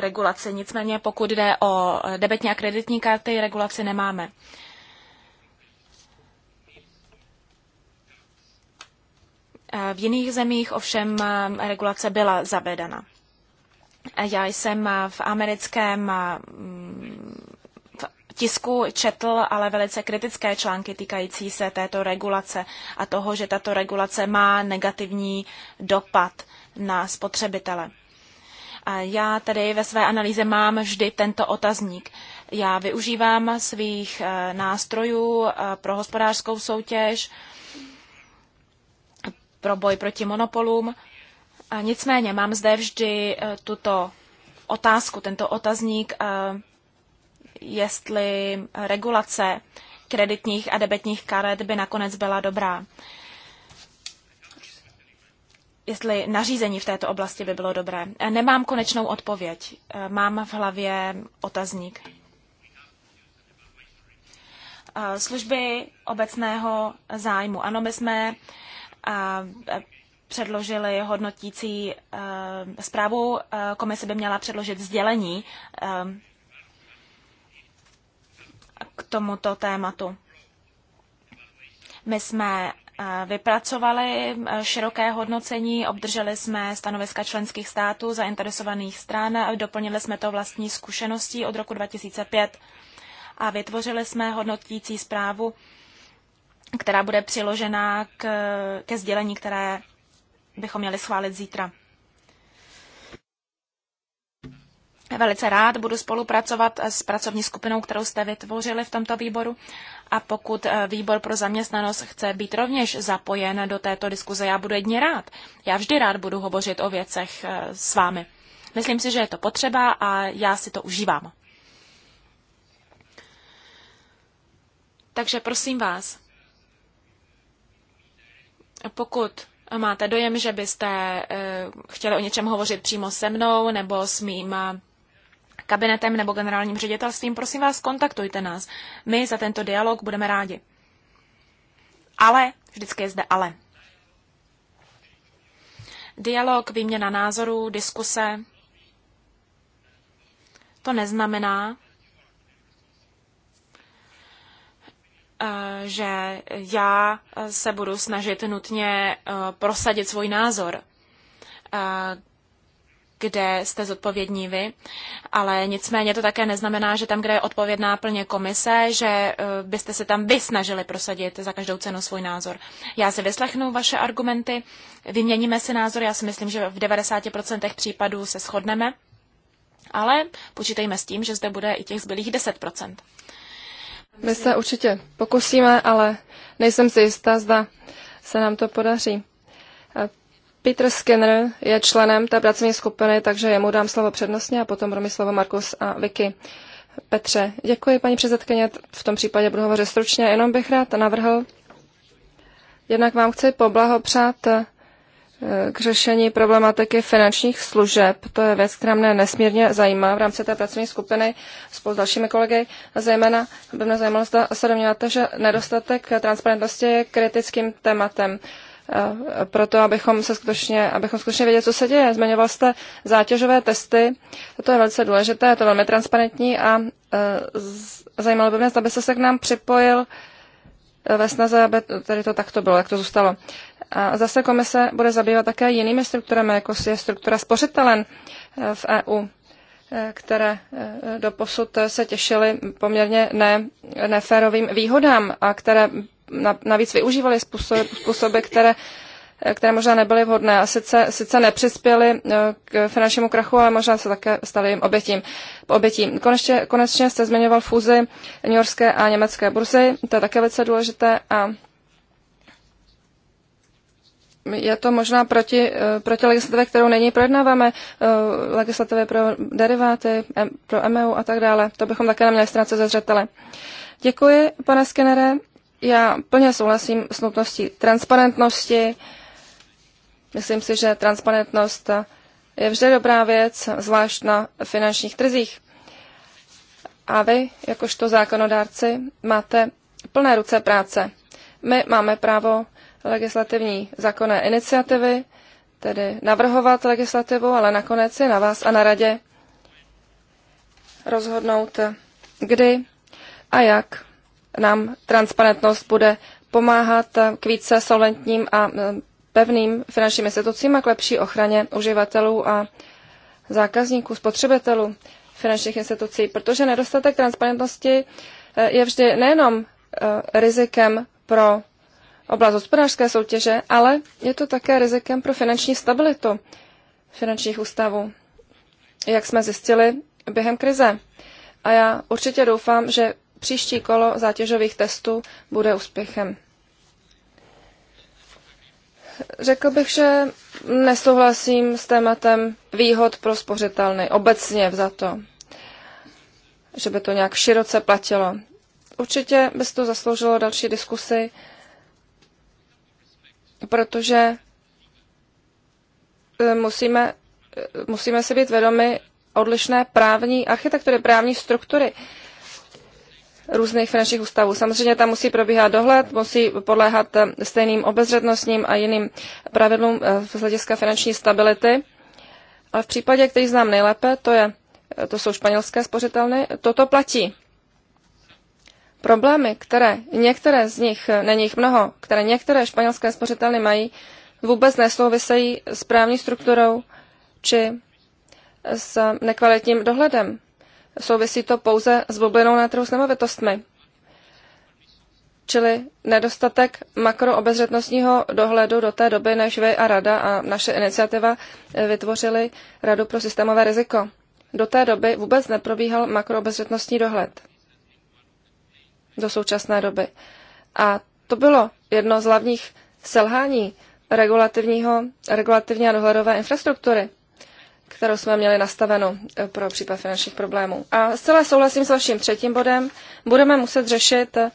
regulaci, nicméně pokud jde o debetní a kreditní karty, regulaci nemáme. V jiných zemích ovšem regulace byla zavedena. Já jsem v americkém mm, tisku četl ale velice kritické články týkající se této regulace a toho, že tato regulace má negativní dopad na spotřebitele. A já tedy ve své analýze mám vždy tento otazník. Já využívám svých e, nástrojů e, pro hospodářskou soutěž, pro boj proti monopolům. A nicméně mám zde vždy e, tuto otázku, tento otazník, e, jestli regulace kreditních a debetních karet by nakonec byla dobrá. Jestli nařízení v této oblasti by bylo dobré. E, nemám konečnou odpověď. Mám v hlavě otazník. Služby obecného zájmu. Ano, my jsme předložili hodnotící e, zprávu. E, komise by měla předložit sdělení e, k tomuto tématu. My jsme vypracovali široké hodnocení, obdrželi jsme stanoviska členských států, zainteresovaných stran, doplnili jsme to vlastní zkušeností od roku 2005 a vytvořili jsme hodnotící zprávu která bude přiložena k, ke sdělení, které bychom měli schválit zítra. Velice rád budu spolupracovat s pracovní skupinou, kterou jste vytvořili v tomto výboru. A pokud eh, výbor pro zaměstnanost chce být rovněž zapojen do této diskuze, já budu jedně rád. Já vždy rád budu hovořit o věcech eh, s vámi. Myslím si, že je to potřeba a já si to užívám. Takže prosím vás, pokud máte dojem, že byste eh, chtěli o něčem hovořit přímo se mnou nebo s mým eh, kabinetem nebo generálním ředitelstvím, prosím vás, kontaktujte nás. My za tento dialog budeme rádi. Ale, vždycky je zde ale. Dialog, výměna názorů, diskuse, to neznamená, Eh, že já eh, se budu snažit nutně eh, prosadit svůj názor, kde jste zodpovědní vy, ale nicméně to také neznamená, že tam, kde je odpovědná plně komise, že byste se tam vy snažili prosadit za každou cenu svůj názor. Já si vyslechnu vaše argumenty, vyměníme si názor, já si myslím, že v 90% případů se shodneme, ale počítejme s tím, že zde bude i těch zbylých 10%. My se určitě pokusíme, ale nejsem si jistá, zda se nám to podaří. Eh, Peter Skinner je členem té pracovní skupiny, takže jemu dám slovo přednostně a potom budu mi slovo Markus a Vicky. Petře, děkuji paní předsedkyně, v tom případě budu hovořit stručně, jenom bych rád navrhl. Jednak vám chci poblahopřát eh, k řešení problematiky finančních služeb. To je věc, která mě nesmírně zajímá v rámci té pracovní skupiny spolu s dalšími kolegy. Zejména by mě zajímalo, zda se domníváte, že nedostatek transparentnosti je kritickým tématem eh, proto, abychom se skutečně, abychom skutečně věděli, co se děje. Zmiňoval jste zátěžové testy, to je velice důležité, je to velmi transparentní a eh, zajímalo by mě, zda by se k nám připojil eh, ve snaze, aby tady to takto bylo, jak to zůstalo. A zase komise bude zabývat také jinými strukturami, jako je struktura spořitelen eh, v EU, eh, které eh, doposud se těšily poměrně ne, neférovým výhodám a které navíc využívaly způsoby, způsoby které které možná nebyly vhodné a sice, sice nepřispěly k finančnímu krachu, ale možná se také staly jim obětím. obětím. Konečně, konečně jste zmiňoval fúzi New Yorkské a německé burzy, to je také velice důležité a je to možná proti, eh, proti legislativě, kterou není projednáváme, eh, legislativě pro deriváty, pro MEU a tak dále. To bychom také neměli ztrácet ze zřetele. Děkuji, pane Skinnere. Já plně souhlasím s nutností transparentnosti. Myslím si, že transparentnost je vždy dobrá věc, zvlášť na finančních trzích. A vy, jakožto zákonodárci, máte plné ruce práce. My máme právo legislativní zákonné iniciativy, tedy navrhovat legislativu, ale nakonec je na vás a na radě rozhodnout, kdy a jak nám transparentnost bude pomáhat k více solventním a pevným finančním institucím a k lepší ochraně uživatelů a zákazníků, spotřebitelů finančních institucí, protože nedostatek transparentnosti e, je vždy nejenom e, rizikem pro oblast hospodářské soutěže, ale je to také rizikem pro finanční stabilitu finančních ústavů, jak jsme zjistili během krize. A já určitě doufám, že příští kolo zátěžových testů bude úspěchem. Řekl bych, že nesouhlasím s tématem výhod pro spořitelny, obecně to, že by to nějak široce platilo. Určitě by se to zasloužilo další diskusy, protože eh, musíme, eh, musíme si být vědomi odlišné právní architektury, právní struktury různých finančních ústavů. Samozřejmě tam musí probíhat dohled, musí podléhat eh, stejným obezřetnostním a jiným pravidlům z hlediska finanční stability. Ale v případě, který znám nejlépe, to, je, to jsou španělské spořitelny, toto platí problémy, které některé z nich, není jich mnoho, které některé španělské spořitelny mají, vůbec nesouvisejí s právní strukturou či s nekvalitním dohledem. Souvisí to pouze s bublinou na trhu s nemovitostmi, čili nedostatek makroobezřetnostního dohledu do té doby, než vy a rada a naše iniciativa vytvořili Radu pro systémové riziko. Do té doby vůbec neprobíhal makroobezřetnostní dohled do současné doby. A to bylo jedno z hlavních selhání regulativního, regulativní a dohledové infrastruktury, kterou jsme měli nastavenou eh, pro případ finančních problémů. A zcela souhlasím s vaším třetím bodem. Budeme muset řešit eh,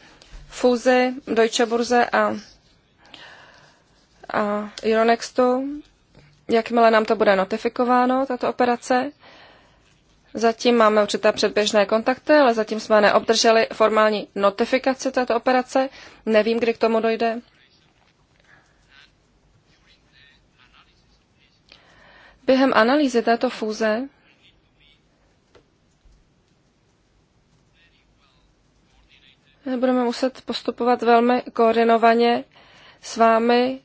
fúzi Deutsche Burze a, a Euronextu, jakmile nám to bude notifikováno, tato operace. Zatím máme určité předběžné kontakty, ale zatím jsme neobdrželi formální notifikaci této operace. Nevím, kdy k tomu dojde. Během analýzy této fúze budeme muset postupovat velmi koordinovaně s vámi,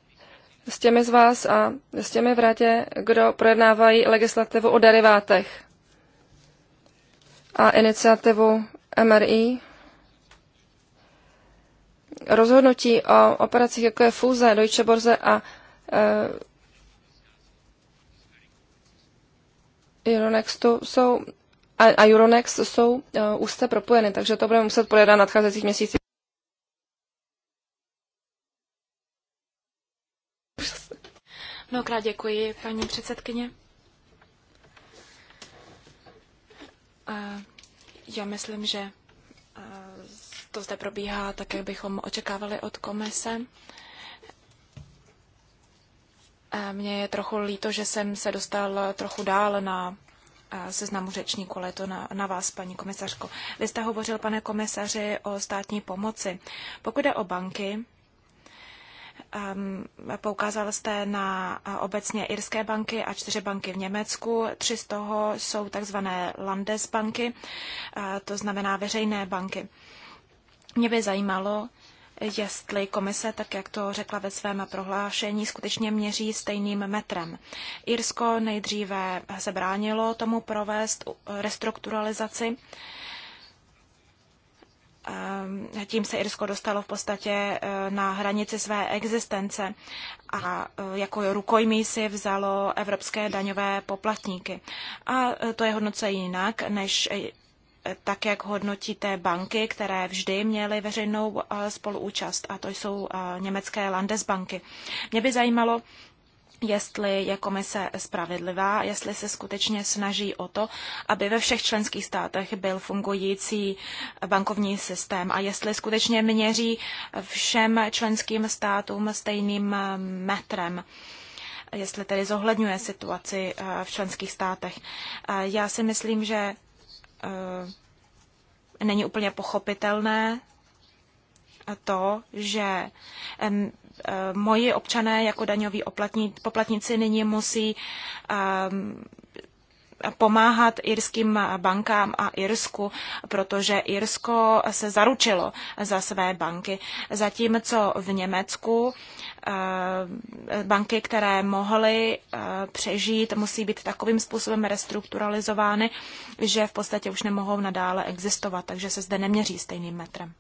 s těmi z vás a s těmi v radě, kdo projednávají legislativu o derivátech a iniciativu MRI. Rozhodnutí o operacích, jako je fúze Deutsche Borze a eh, Euronextu, jsou, a, a Euronext jsou eh, úzce propojeny, takže to budeme muset projednat nadcházejících měsících. Mnohokrát děkuji, paní předsedkyně. Já myslím, že to zde probíhá tak, jak bychom očekávali od komise. Mně je trochu líto, že jsem se dostal trochu dál na seznamu řečníků, ale to na, na vás, paní komisařko. Vy jste hovořil, pane komisaři, o státní pomoci. Pokud jde o banky, Ehm, poukázal jste na eh, obecně irské banky a čtyři banky v Německu. Tři z toho jsou takzvané Landesbanky, eh, to znamená veřejné banky. Mě by zajímalo, jestli komise, tak jak to řekla ve svém prohlášení, skutečně měří stejným metrem. Irsko nejdříve se bránilo tomu provést restrukturalizaci Ehm, tím se Irsko dostalo v podstatě eh, na hranici své existence a eh, jako rukojmí si vzalo evropské daňové poplatníky. A eh, to je hodnoce jinak, než tak, jak hodnotíte banky, které vždy měly veřejnou spoluúčast, a to jsou německé Landesbanky. Mě by zajímalo, jestli je komise spravedlivá, jestli se skutečně snaží o to, aby ve všech členských státech byl fungující bankovní systém a jestli skutečně měří všem členským státům stejným metrem jestli tedy zohledňuje situaci eh, v členských státech. Eh, já si myslím, že eh, není úplně pochopitelné to, že Eh, moji občané jako daňoví poplatníci nyní musí eh, pomáhat irským bankám a Irsku, protože Irsko se zaručilo za své banky. Zatímco v Německu eh, banky, které mohly přežít, musí být takovým způsobem restrukturalizovány, že v podstatě už nemohou nadále existovat, takže se zde neměří stejným metrem.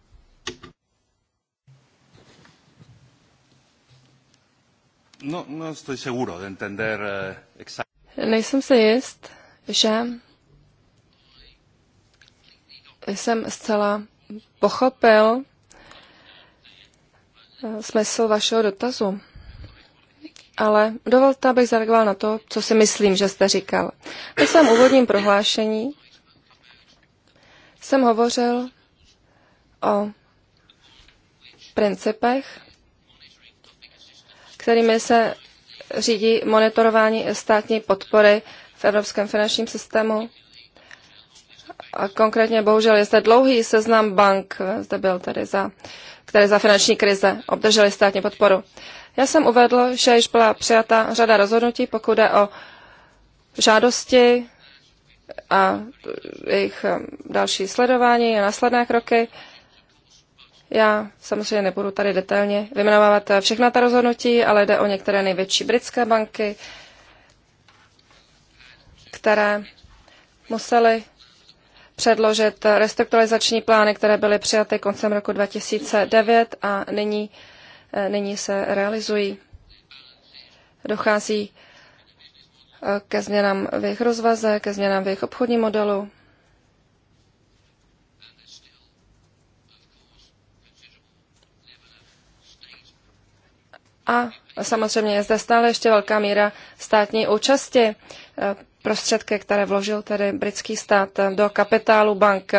No, no estoy seguro de entender eh, Nejsem si jist, že jsem zcela pochopil eh, smysl vašeho dotazu. Ale dovolte, abych zareagoval na to, co si myslím, že jste říkal. Ve svém úvodním prohlášení jsem hovořil o principech, kterými se řídí monitorování státní podpory v evropském finančním systému. A konkrétně bohužel je zde dlouhý seznam bank, zde byl tedy za, které za finanční krize obdržely státní podporu. Já jsem uvedl, že již byla přijata řada rozhodnutí, pokud je o žádosti a jejich eh, další sledování a následné kroky. Já samozřejmě nebudu tady detailně vyjmenovávat všechna ta rozhodnutí, ale jde o některé největší britské banky, které musely předložit restrukturalizační plány, které byly přijaty koncem roku 2009 a nyní, eh, nyní se realizují. Dochází eh, ke změnám v jejich rozvaze, ke změnám v jejich obchodním modelu. A samozřejmě je zde stále ještě velká míra státní účasti, eh, prostředky, které vložil tedy britský stát do kapitálu bank.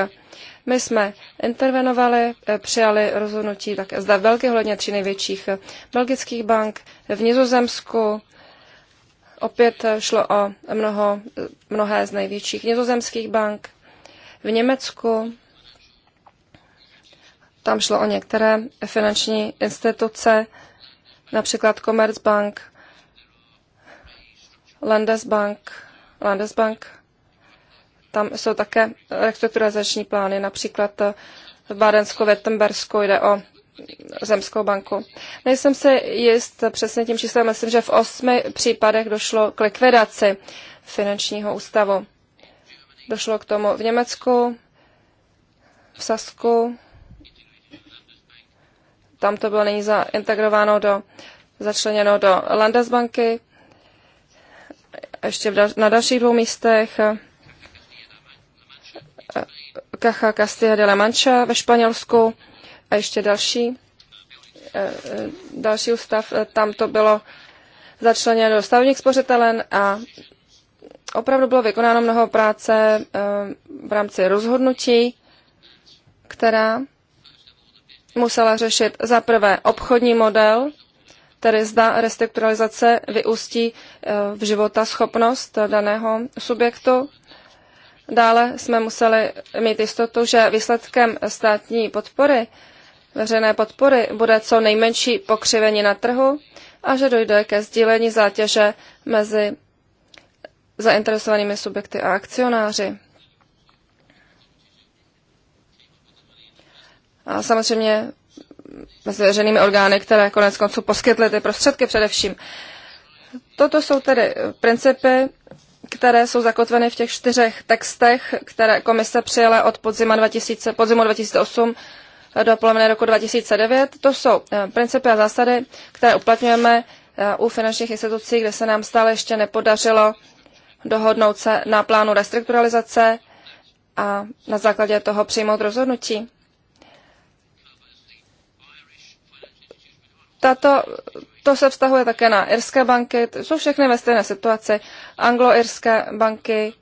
My jsme intervenovali, eh, přijali rozhodnutí tak zde v Belgii, hledně tří největších eh, belgických bank, v Nizozemsku, opět šlo o mnoho, mnohé z největších nizozemských bank, v Německu, tam šlo o některé finanční instituce, například Commerzbank, Landesbank, Landesbank, tam jsou také restrukturalizační plány, například v Bádensko-Větembersku jde o Zemskou banku. Nejsem se jist přesně tím číslem, myslím, že v osmi případech došlo k likvidaci finančního ústavu. Došlo k tomu v Německu, v Sasku, tam to bylo nyní zaintegrováno do, začleněno do Landesbanky, ještě dal, na dalších dvou místech, eh, Caja Castilla de la Mancha ve Španělsku a ještě další, eh, eh, další ústav, tam to bylo začleněno do stavních spořitelen a opravdu bylo vykonáno mnoho práce v rámci rozhodnutí, která musela řešit za prvé obchodní model, tedy zda restrukturalizace vyústí eh, v života schopnost daného subjektu. Dále jsme museli mít jistotu, že výsledkem státní podpory, veřejné podpory, bude co nejmenší pokřivení na trhu a že dojde ke sdílení zátěže mezi zainteresovanými subjekty a akcionáři. A samozřejmě mezi veřejnými orgány, které konec konců poskytly ty prostředky především. Toto jsou tedy principy, které jsou zakotveny v těch čtyřech textech, které komise přijala od podzima 2000, podzimu 2008 do poloviny roku 2009. To jsou eh, principy a zásady, které uplatňujeme eh, u finančních institucí, kde se nám stále ještě nepodařilo dohodnout se na plánu restrukturalizace a na základě toho přijmout rozhodnutí. Tato, to se vztahuje také na irské banky, jsou všechny ve stejné situaci. Anglo-irské banky,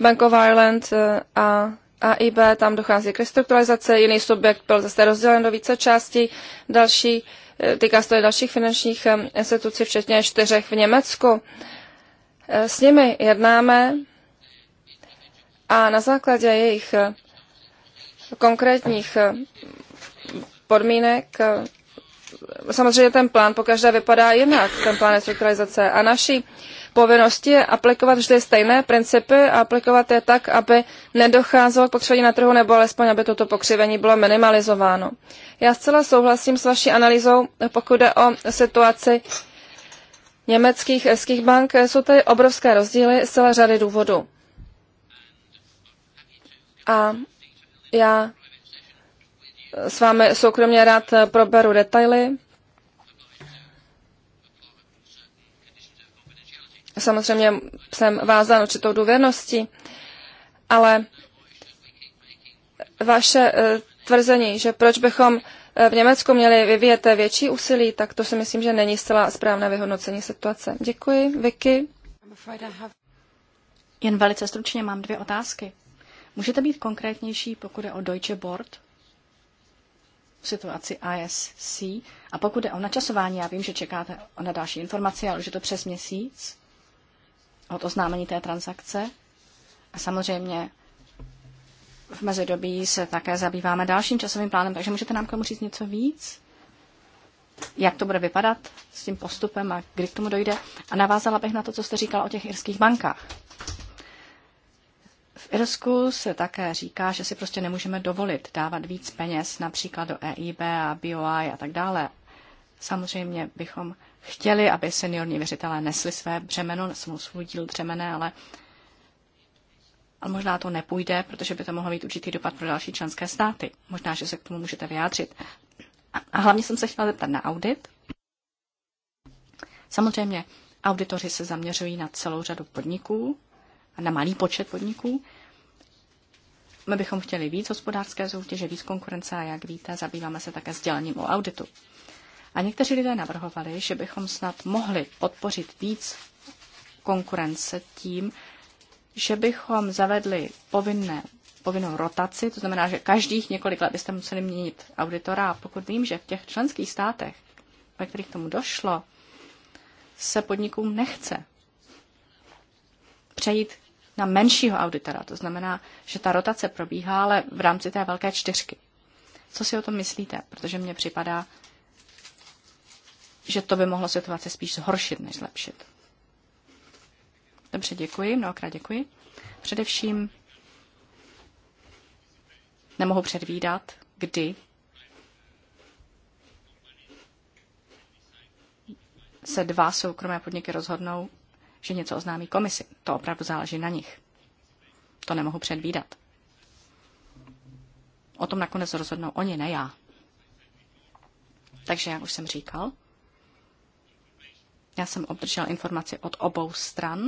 Bank of Ireland eh, a AIB, tam dochází k restrukturalizaci, jiný subjekt byl zase rozdělen do více částí, další, eh, týká se to i dalších finančních eh, institucí, včetně čtyřech v Německu. S nimi jednáme a na základě jejich konkrétních podmínek. Samozřejmě ten plán pokaždé vypadá jinak, ten plán restrukturalizace. A naší povinnosti je aplikovat vždy stejné principy a aplikovat je tak, aby nedocházelo k pokřivení na trhu nebo alespoň, aby toto pokřivení bylo minimalizováno. Já zcela souhlasím s vaší analýzou, pokud jde o situaci německých eských bank. Jsou tady obrovské rozdíly z celé řady důvodů. A já s vámi soukromně rád proberu detaily. Samozřejmě jsem vázán určitou důvěrností, ale vaše eh, tvrzení, že proč bychom eh, v Německu měli vyvíjet větší úsilí, tak to si myslím, že není zcela správné vyhodnocení situace. Děkuji. Vicky? Jen velice stručně mám dvě otázky. Můžete být konkrétnější, pokud je o Deutsche Board? situaci ISC. A pokud je o načasování, já vím, že čekáte na další informace, ale už je to přes měsíc od oznámení té transakce. A samozřejmě v mezidobí se také zabýváme dalším časovým plánem, takže můžete nám k tomu říct něco víc? Jak to bude vypadat s tím postupem a kdy k tomu dojde? A navázala bych na to, co jste říkala o těch irských bankách. V Irsku se také říká, že si prostě nemůžeme dovolit dávat víc peněz například do EIB a BOI a tak dále. Samozřejmě bychom chtěli, aby seniorní věřitelé nesli své břemeno, svůj díl břemene, ale ale možná to nepůjde, protože by to mohlo mít určitý dopad pro další členské státy. Možná, že se k tomu můžete vyjádřit. A hlavně jsem se chtěla zeptat na audit. Samozřejmě, auditoři se zaměřují na celou řadu podniků, na malý počet podniků, my bychom chtěli víc hospodářské soutěže, víc konkurence a jak víte, zabýváme se také sdělením o auditu. A někteří lidé navrhovali, že bychom snad mohli podpořit víc konkurence tím, že bychom zavedli povinné, povinnou rotaci, to znamená, že každých několik let byste museli měnit auditora a pokud vím, že v těch členských státech, ve kterých tomu došlo, se podnikům nechce přejít na menšího auditora. To znamená, že ta rotace probíhá, ale v rámci té velké čtyřky. Co si o tom myslíte? Protože mně připadá, že to by mohlo situaci spíš zhoršit, než zlepšit. Dobře, děkuji, mnohokrát děkuji. Především nemohu předvídat, kdy se dva soukromé podniky rozhodnou, že něco oznámí komisi. To opravdu záleží na nich. To nemohu předvídat. O tom nakonec rozhodnou oni, ne já. Takže, jak už jsem říkal, já jsem obdržel informaci od obou stran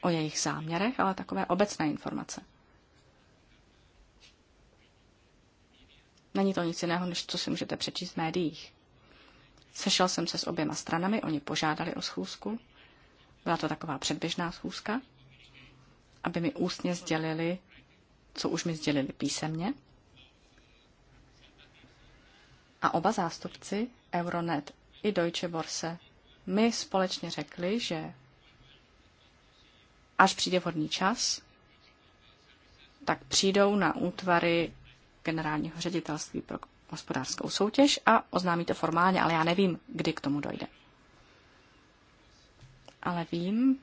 o jejich záměrech, ale takové obecné informace. Není to nic jiného, než co si můžete přečíst v médiích. Sešel jsem se s oběma stranami, oni požádali o schůzku byla to taková předběžná schůzka, aby mi ústně sdělili, co už mi sdělili písemně. A oba zástupci, Euronet i Deutsche Börse, mi společně řekli, že až přijde vhodný čas, tak přijdou na útvary generálního ředitelství pro hospodářskou soutěž a oznámí to formálně, ale já nevím, kdy k tomu dojde ale vím,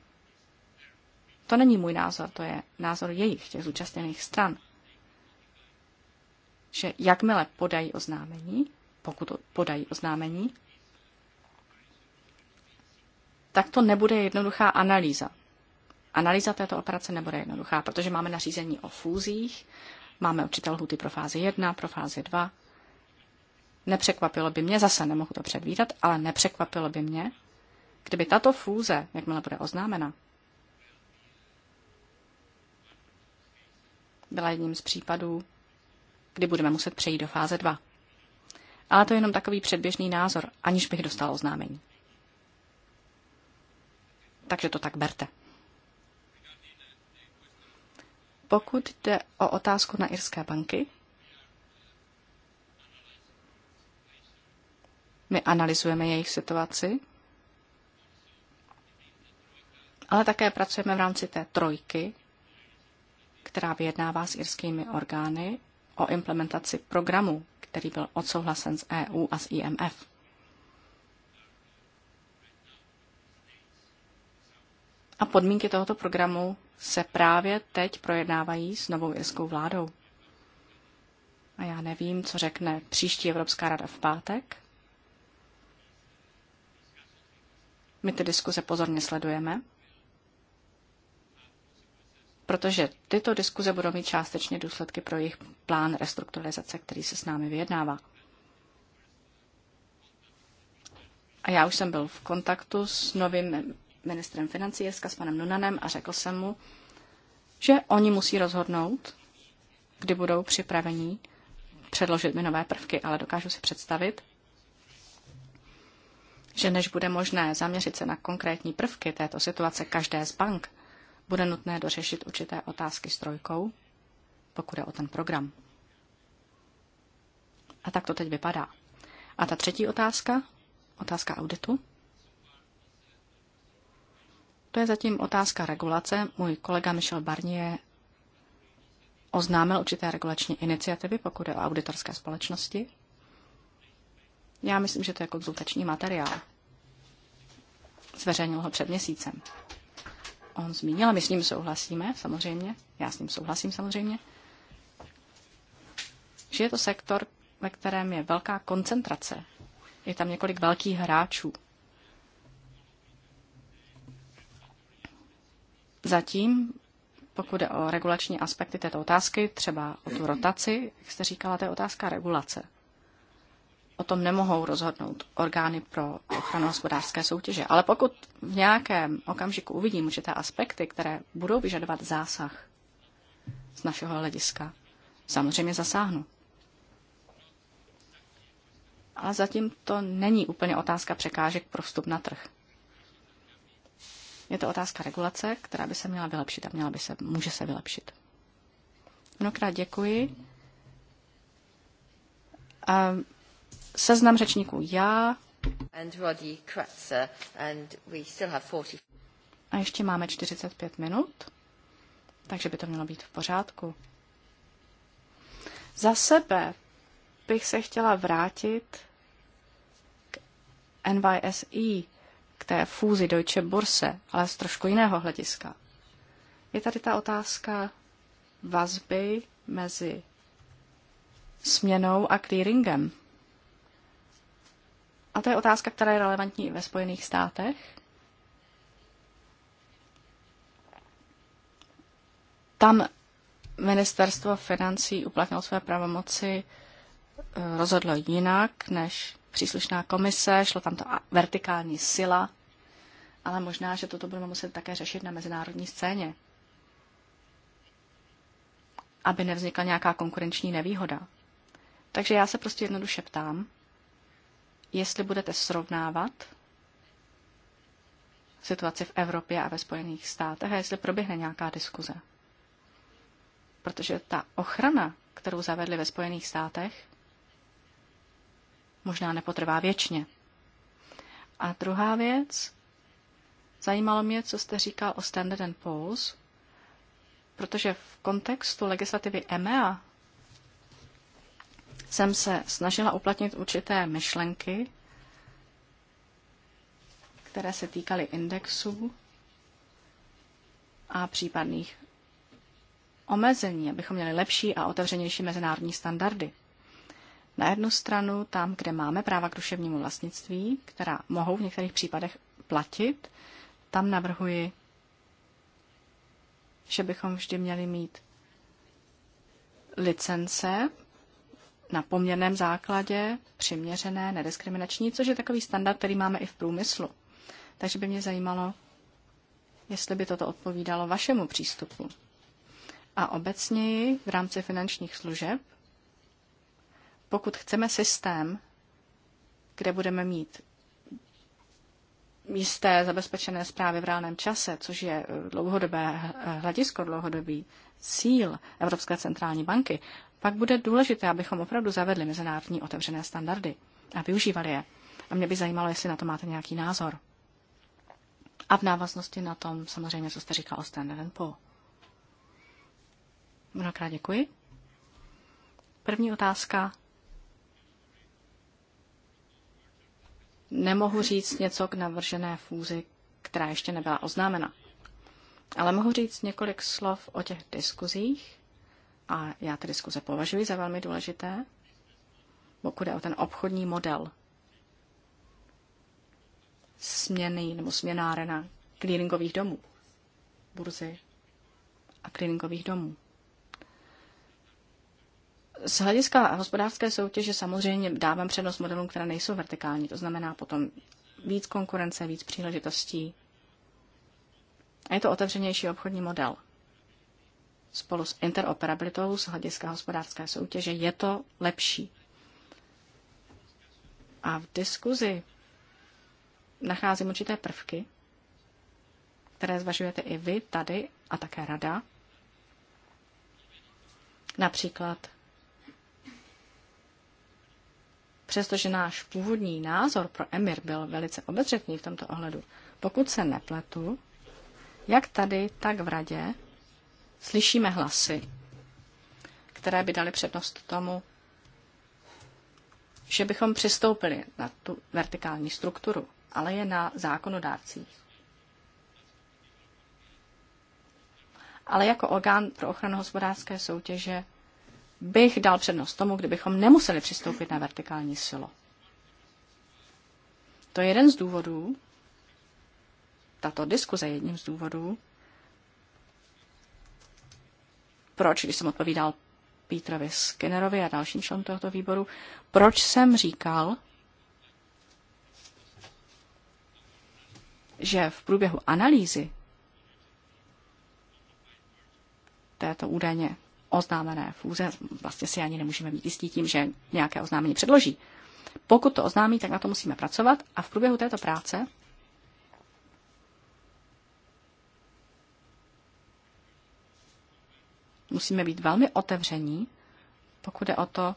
to není můj názor, to je názor jejich, těch zúčastněných stran, že jakmile podají oznámení, pokud podají oznámení, tak to nebude jednoduchá analýza. Analýza této operace nebude jednoduchá, protože máme nařízení o fúzích, máme určité lhuty pro fázi 1, pro fázi 2. Nepřekvapilo by mě, zase nemohu to předvídat, ale nepřekvapilo by mě, Kdyby tato fůze, jakmile bude oznámena, byla jedním z případů, kdy budeme muset přejít do fáze 2. Ale to je jenom takový předběžný názor, aniž bych dostal oznámení. Takže to tak berte. Pokud jde o otázku na irské banky, my analyzujeme jejich situaci ale také pracujeme v rámci té trojky, která vyjednává s irskými orgány o implementaci programu, který byl odsouhlasen z EU a z IMF. A podmínky tohoto programu se právě teď projednávají s novou irskou vládou. A já nevím, co řekne příští Evropská rada v pátek. My ty diskuze pozorně sledujeme protože tyto diskuze budou mít částečně důsledky pro jejich plán restrukturalizace, který se s námi vyjednává. A já už jsem byl v kontaktu s novým ministrem financí, s panem Nunanem, a řekl jsem mu, že oni musí rozhodnout, kdy budou připraveni předložit mi nové prvky, ale dokážu si představit, že než bude možné zaměřit se na konkrétní prvky této situace každé z bank, bude nutné dořešit určité otázky s trojkou, pokud je o ten program. A tak to teď vypadá. A ta třetí otázka, otázka auditu, to je zatím otázka regulace. Můj kolega Michel Barnier oznámil určité regulační iniciativy, pokud je o auditorské společnosti. Já myslím, že to je konzultační jako materiál. Zveřejnil ho před měsícem on zmínil, a my s ním souhlasíme, samozřejmě, já s ním souhlasím samozřejmě, že je to sektor, ve kterém je velká koncentrace. Je tam několik velkých hráčů. Zatím, pokud jde o regulační aspekty této otázky, třeba o tu rotaci, jak jste říkala, to je otázka regulace o tom nemohou rozhodnout orgány pro ochranu hospodářské soutěže. Ale pokud v nějakém okamžiku uvidím určité aspekty, které budou vyžadovat zásah z našeho hlediska, samozřejmě zasáhnu. Ale zatím to není úplně otázka překážek pro vstup na trh. Je to otázka regulace, která by se měla vylepšit a měla by se, může se vylepšit. Mnohokrát děkuji. A Seznam řečníků já. A ještě máme 45 minut, takže by to mělo být v pořádku. Za sebe bych se chtěla vrátit k NYSE, k té fúzi Deutsche Börse, ale z trošku jiného hlediska. Je tady ta otázka vazby mezi směnou a clearingem. A to je otázka, která je relevantní i ve Spojených státech. Tam ministerstvo financí uplatnilo své pravomoci, eh, rozhodlo jinak než příslušná komise, šlo tam ta vertikální sila, ale možná, že toto budeme muset také řešit na mezinárodní scéně, aby nevznikla nějaká konkurenční nevýhoda. Takže já se prostě jednoduše ptám, jestli budete srovnávat situaci v Evropě a ve Spojených státech a jestli proběhne nějaká diskuze. Protože ta ochrana, kterou zavedli ve Spojených státech, možná nepotrvá věčně. A druhá věc, zajímalo mě, co jste říkal o Standard and Poor's, protože v kontextu legislativy EMEA jsem se snažila uplatnit určité myšlenky, které se týkaly indexů a případných omezení, abychom měli lepší a otevřenější mezinárodní standardy. Na jednu stranu tam, kde máme práva k duševnímu vlastnictví, která mohou v některých případech platit, tam navrhuji, že bychom vždy měli mít licence na poměrném základě, přiměřené, nediskriminační, což je takový standard, který máme i v průmyslu. Takže by mě zajímalo, jestli by toto odpovídalo vašemu přístupu. A obecně v rámci finančních služeb, pokud chceme systém, kde budeme mít jisté zabezpečené zprávy v reálném čase, což je dlouhodobé hledisko, dlouhodobý cíl Evropské centrální banky, pak bude důležité, abychom opravdu zavedli mezinárodní otevřené standardy a využívali je. A mě by zajímalo, jestli na to máte nějaký názor. A v návaznosti na tom samozřejmě, co jste říkal o Standard Poor. Mnohokrát děkuji. První otázka. Nemohu říct něco k navržené fúzi, která ještě nebyla oznámena. Ale mohu říct několik slov o těch diskuzích, a já ty diskuze považuji za velmi důležité, pokud je o ten obchodní model směny nebo směnárena clearingových domů, burzy a clearingových domů. Z hlediska hospodářské soutěže samozřejmě dávám přednost modelům, které nejsou vertikální, to znamená potom víc konkurence, víc příležitostí. A je to otevřenější obchodní model spolu s interoperabilitou z hlediska hospodářské soutěže je to lepší. A v diskuzi nacházím určité prvky, které zvažujete i vy tady a také rada. Například, přestože náš původní názor pro Emir byl velice obezřetný v tomto ohledu, pokud se nepletu, jak tady, tak v radě, slyšíme hlasy, které by daly přednost tomu, že bychom přistoupili na tu vertikální strukturu, ale je na zákonodárcích. Ale jako orgán pro ochranu hospodářské soutěže bych dal přednost tomu, kdybychom nemuseli přistoupit na vertikální silo. To je jeden z důvodů, tato diskuze je jedním z důvodů, proč, když jsem odpovídal Pítrovi Skinnerovi a dalším členům tohoto výboru, proč jsem říkal, že v průběhu analýzy této údajně oznámené fůze, vlastně si ani nemůžeme být jistí tím, že nějaké oznámení předloží. Pokud to oznámí, tak na to musíme pracovat a v průběhu této práce musíme být velmi otevření, pokud je o to,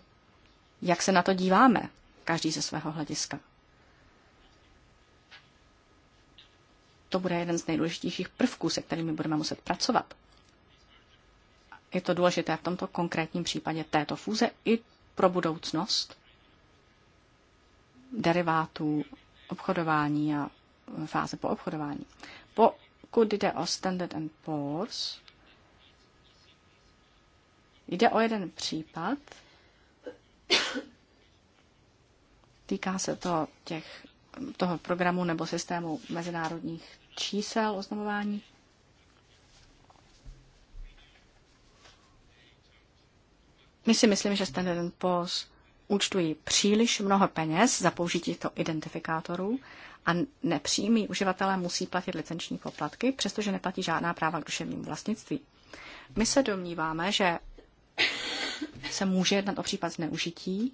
jak se na to díváme, každý ze svého hlediska. To bude jeden z nejdůležitějších prvků, se kterými budeme muset pracovat. Je to důležité v tomto konkrétním případě této fůze i pro budoucnost derivátů, obchodování a fáze po obchodování. Pokud jde o Standard and Poor's, Jde o jeden případ. Týká se to těch, toho programu nebo systému mezinárodních čísel oznamování. My si myslím, že Standard Poor's účtují příliš mnoho peněz za použití těchto identifikátorů a nepřímí uživatelé musí platit licenční poplatky, přestože neplatí žádná práva k duševnímu vlastnictví. My se domníváme, že se může jednat o případ zneužití.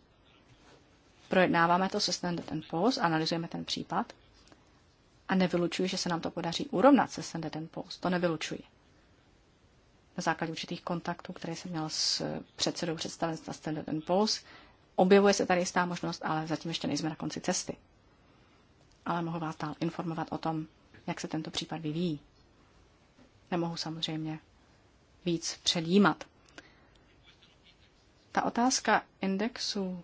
Projednáváme to se Standard Post, analyzujeme ten případ a nevylučuji, že se nám to podaří urovnat se Standard Post. To nevylučuji. Na základě určitých kontaktů, které jsem měla s předsedou představenstva Standard Post, objevuje se tady jistá možnost, ale zatím ještě nejsme na konci cesty. Ale mohu vás dál informovat o tom, jak se tento případ vyvíjí. Nemohu samozřejmě víc předjímat, ta otázka indexů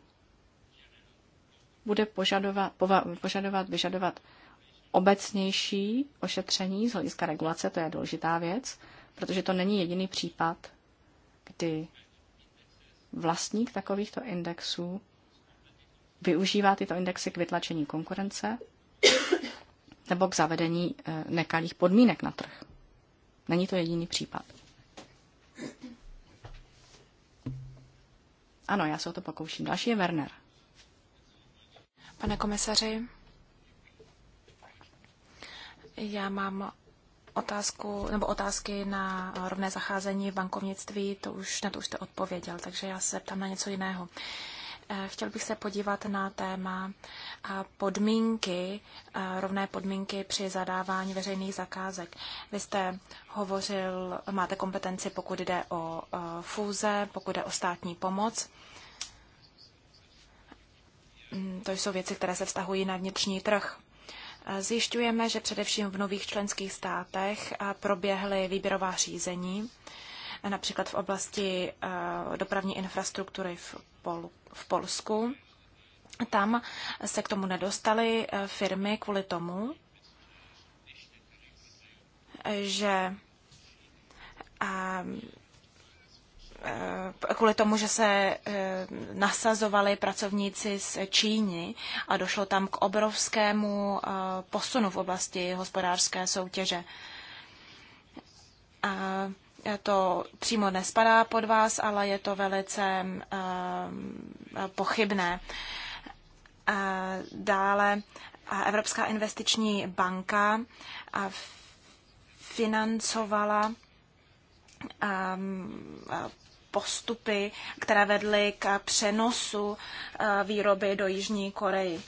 bude požadovat, pova, požadovat vyžadovat obecnější ošetření z hlediska regulace, to je důležitá věc, protože to není jediný případ, kdy vlastník takovýchto indexů využívá tyto indexy k vytlačení konkurence nebo k zavedení eh, nekalých podmínek na trh. Není to jediný případ. Ano, já se o to pokouším. Další je Werner. Pane komisaři, já mám otázku, nebo otázky na rovné zacházení v bankovnictví, to už, na to už jste odpověděl, takže já se ptám na něco jiného. Eh, chtěl bych se podívat na téma eh, podmínky, eh, rovné podmínky při zadávání veřejných zakázek. Vy jste hovořil, máte kompetenci, pokud jde o fúze, pokud jde o státní pomoc. Mm, to jsou věci, které se vztahují na vnitřní trh. Zjišťujeme, že především v nových členských státech proběhly výběrová řízení, například v oblasti dopravní infrastruktury v Pol- v Polsku. Tam se k tomu nedostaly eh, firmy kvůli tomu, že a, ehm, eh, kvůli tomu, že se eh, nasazovali pracovníci z Číny a došlo tam k obrovskému posunu v oblasti hospodářské soutěže. A to přímo nespadá pod vás, ale je to velice eh, pochybné. Dále Evropská investiční banka financovala postupy, které vedly k přenosu eh, výroby do Jižní Koreji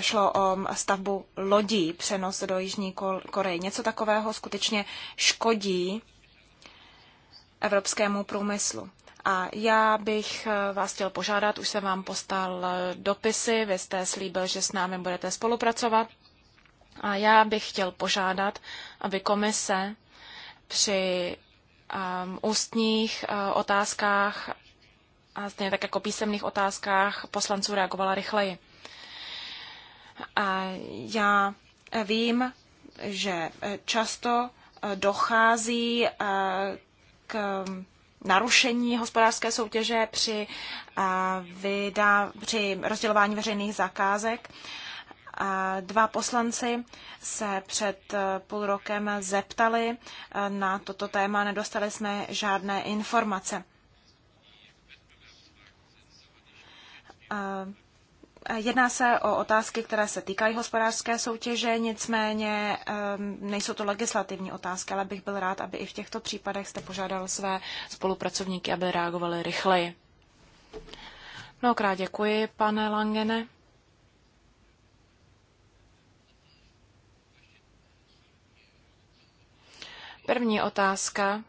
šlo o um, stavbu lodí, přenos do Jižní Koreje. Něco takového skutečně škodí evropskému průmyslu. A já bych eh, vás chtěl požádat, už jsem vám postal eh, dopisy, vy jste slíbil, že s námi budete spolupracovat. A já bych chtěl požádat, aby komise při um, ústních uh, otázkách a stejně tak jako písemných otázkách poslanců reagovala rychleji. Já vím, že často dochází eh, k narušení hospodářské soutěže při, eh, vydá, při rozdělování veřejných zakázek. Dva poslanci se před eh, půl rokem zeptali na toto téma, nedostali jsme žádné informace. Jedná se o otázky, které se týkají hospodářské soutěže, nicméně ehm, nejsou to legislativní otázky, ale bych byl rád, aby i v těchto případech jste požádal své spolupracovníky, aby reagovali rychleji. Mnohokrát děkuji, pane Langene. První otázka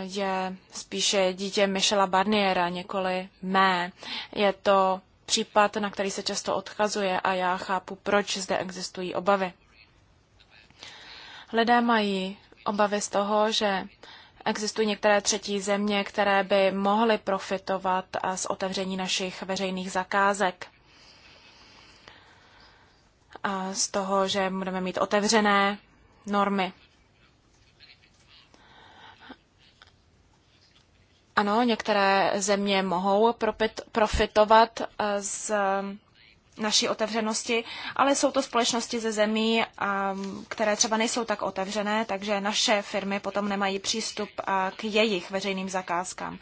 je spíše dítě Michela Barniera, několi mé. Je to případ, na který se často odkazuje a já chápu, proč zde existují obavy. Lidé mají obavy z toho, že existují některé třetí země, které by mohly profitovat z otevření našich veřejných zakázek. A z toho, že budeme mít otevřené normy. Ano, některé země mohou profitovat eh, z mm, naší otevřenosti, ale jsou to společnosti ze zemí, ehm, které třeba nejsou tak otevřené, takže naše firmy potom nemají přístup eh, k jejich veřejným zakázkám.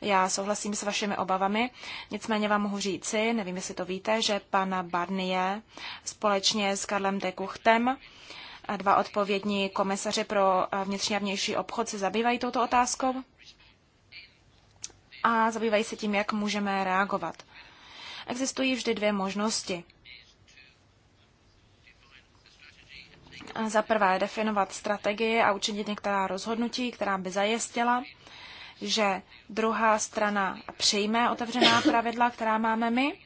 Já souhlasím s vašimi obavami, nicméně vám mohu říci, nevím, jestli to víte, že pan Barnier společně s Karlem de Kuchtem dva odpovědní komisaři pro eh, vnitřní a vnější obchod se zabývají touto otázkou a zabývají se tím, jak můžeme reagovat. Existují vždy dvě možnosti. Za prvé definovat strategii a učinit některá rozhodnutí, která by zajistila, že druhá strana přijme otevřená pravidla, která máme my.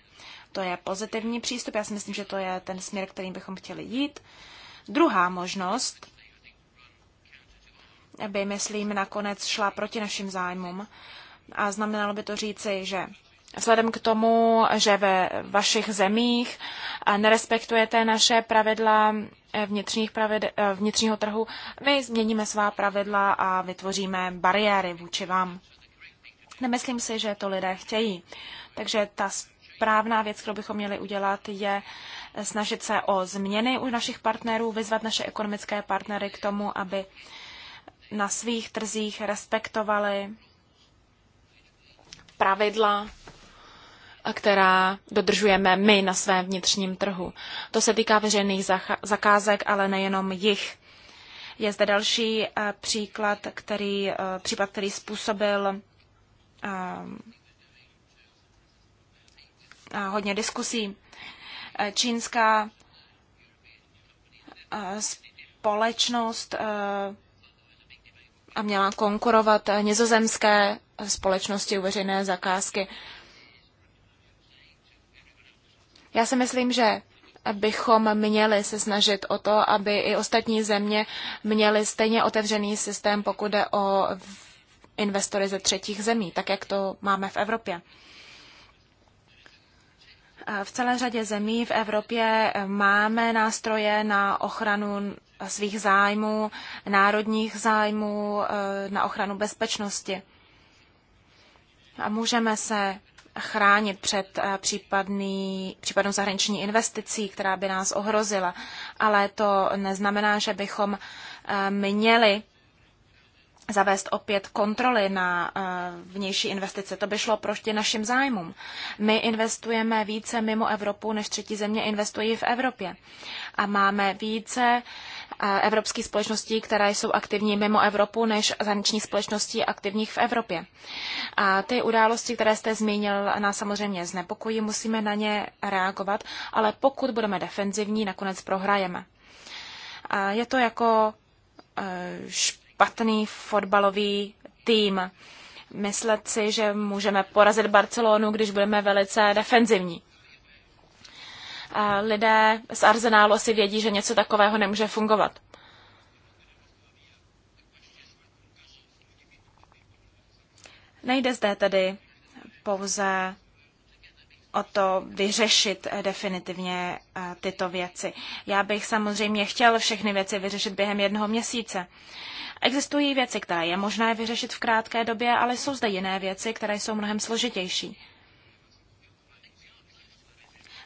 To je pozitivní přístup. Já si myslím, že to je ten směr, kterým bychom chtěli jít. Druhá možnost aby, myslím, nakonec šla proti našim zájmům a znamenalo by to říci, že vzhledem k tomu, že ve vašich zemích nerespektujete naše pravidla eh, vnitřních pravidl, eh, vnitřního trhu, my změníme svá pravidla a vytvoříme bariéry vůči vám. Nemyslím si, že to lidé chtějí. Takže ta správná věc, kterou bychom měli udělat, je snažit se o změny u našich partnerů, vyzvat naše ekonomické partnery k tomu, aby na svých trzích respektovali pravidla, která dodržujeme my na svém vnitřním trhu. To se týká veřejných zakázek, ale nejenom jich. Je zde další eh, příklad, který, eh, případ, který způsobil eh, hodně diskusí. Čínská společnost a měla konkurovat nizozemské společnosti u veřejné zakázky. Já si myslím, že bychom měli se snažit o to, aby i ostatní země měly stejně otevřený systém, pokud jde o investory ze třetích zemí, tak jak to máme v Evropě. V celé řadě zemí v Evropě máme nástroje na ochranu svých zájmů, národních zájmů, na ochranu bezpečnosti a můžeme se chránit před eh, případný, případnou zahraniční investicí, která by nás ohrozila. Ale to neznamená, že bychom eh, měli zavést opět kontroly na eh, vnější investice. To by šlo proti našim zájmům. My investujeme více mimo Evropu, než třetí země investují v Evropě. A máme více Eh, evropských společností, které jsou aktivní mimo Evropu, než zahraniční společností aktivních v Evropě. A ty události, které jste zmínil, nás samozřejmě znepokojí, musíme na ně reagovat, ale pokud budeme defenzivní, nakonec prohrajeme. A je to jako eh, špatný fotbalový tým. Myslet si, že můžeme porazit Barcelonu, když budeme velice defenzivní lidé z arzenálu asi vědí, že něco takového nemůže fungovat. Nejde zde tedy pouze o to vyřešit definitivně eh, tyto věci. Já bych samozřejmě chtěl všechny věci vyřešit během jednoho měsíce. Existují věci, které je možné vyřešit v krátké době, ale jsou zde jiné věci, které jsou mnohem složitější.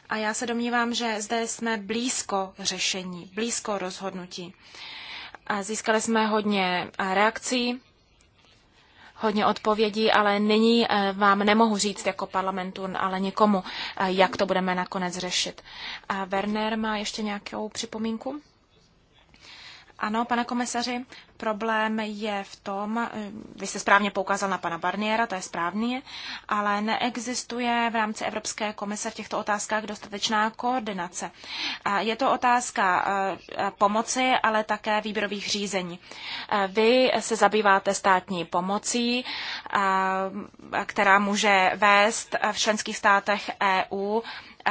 A já se domnívám, že zde jsme blízko řešení, blízko rozhodnutí. A získali jsme hodně eh, reakcí, hodně odpovědí, ale nyní eh, vám nemohu říct jako parlamentu, ale nikomu, eh, jak to budeme nakonec řešit. A Werner má ještě nějakou připomínku? Ano, pane komisaři, problém je v tom, eh, vy jste správně poukázal na pana Barniera, to je správně, ale neexistuje v rámci Evropské komise v těchto otázkách dostatečná koordinace. Je to otázka eh, eh, pomoci, ale také výběrových řízení. Vy se zabýváte státní pomocí, která může vést v členských státech EU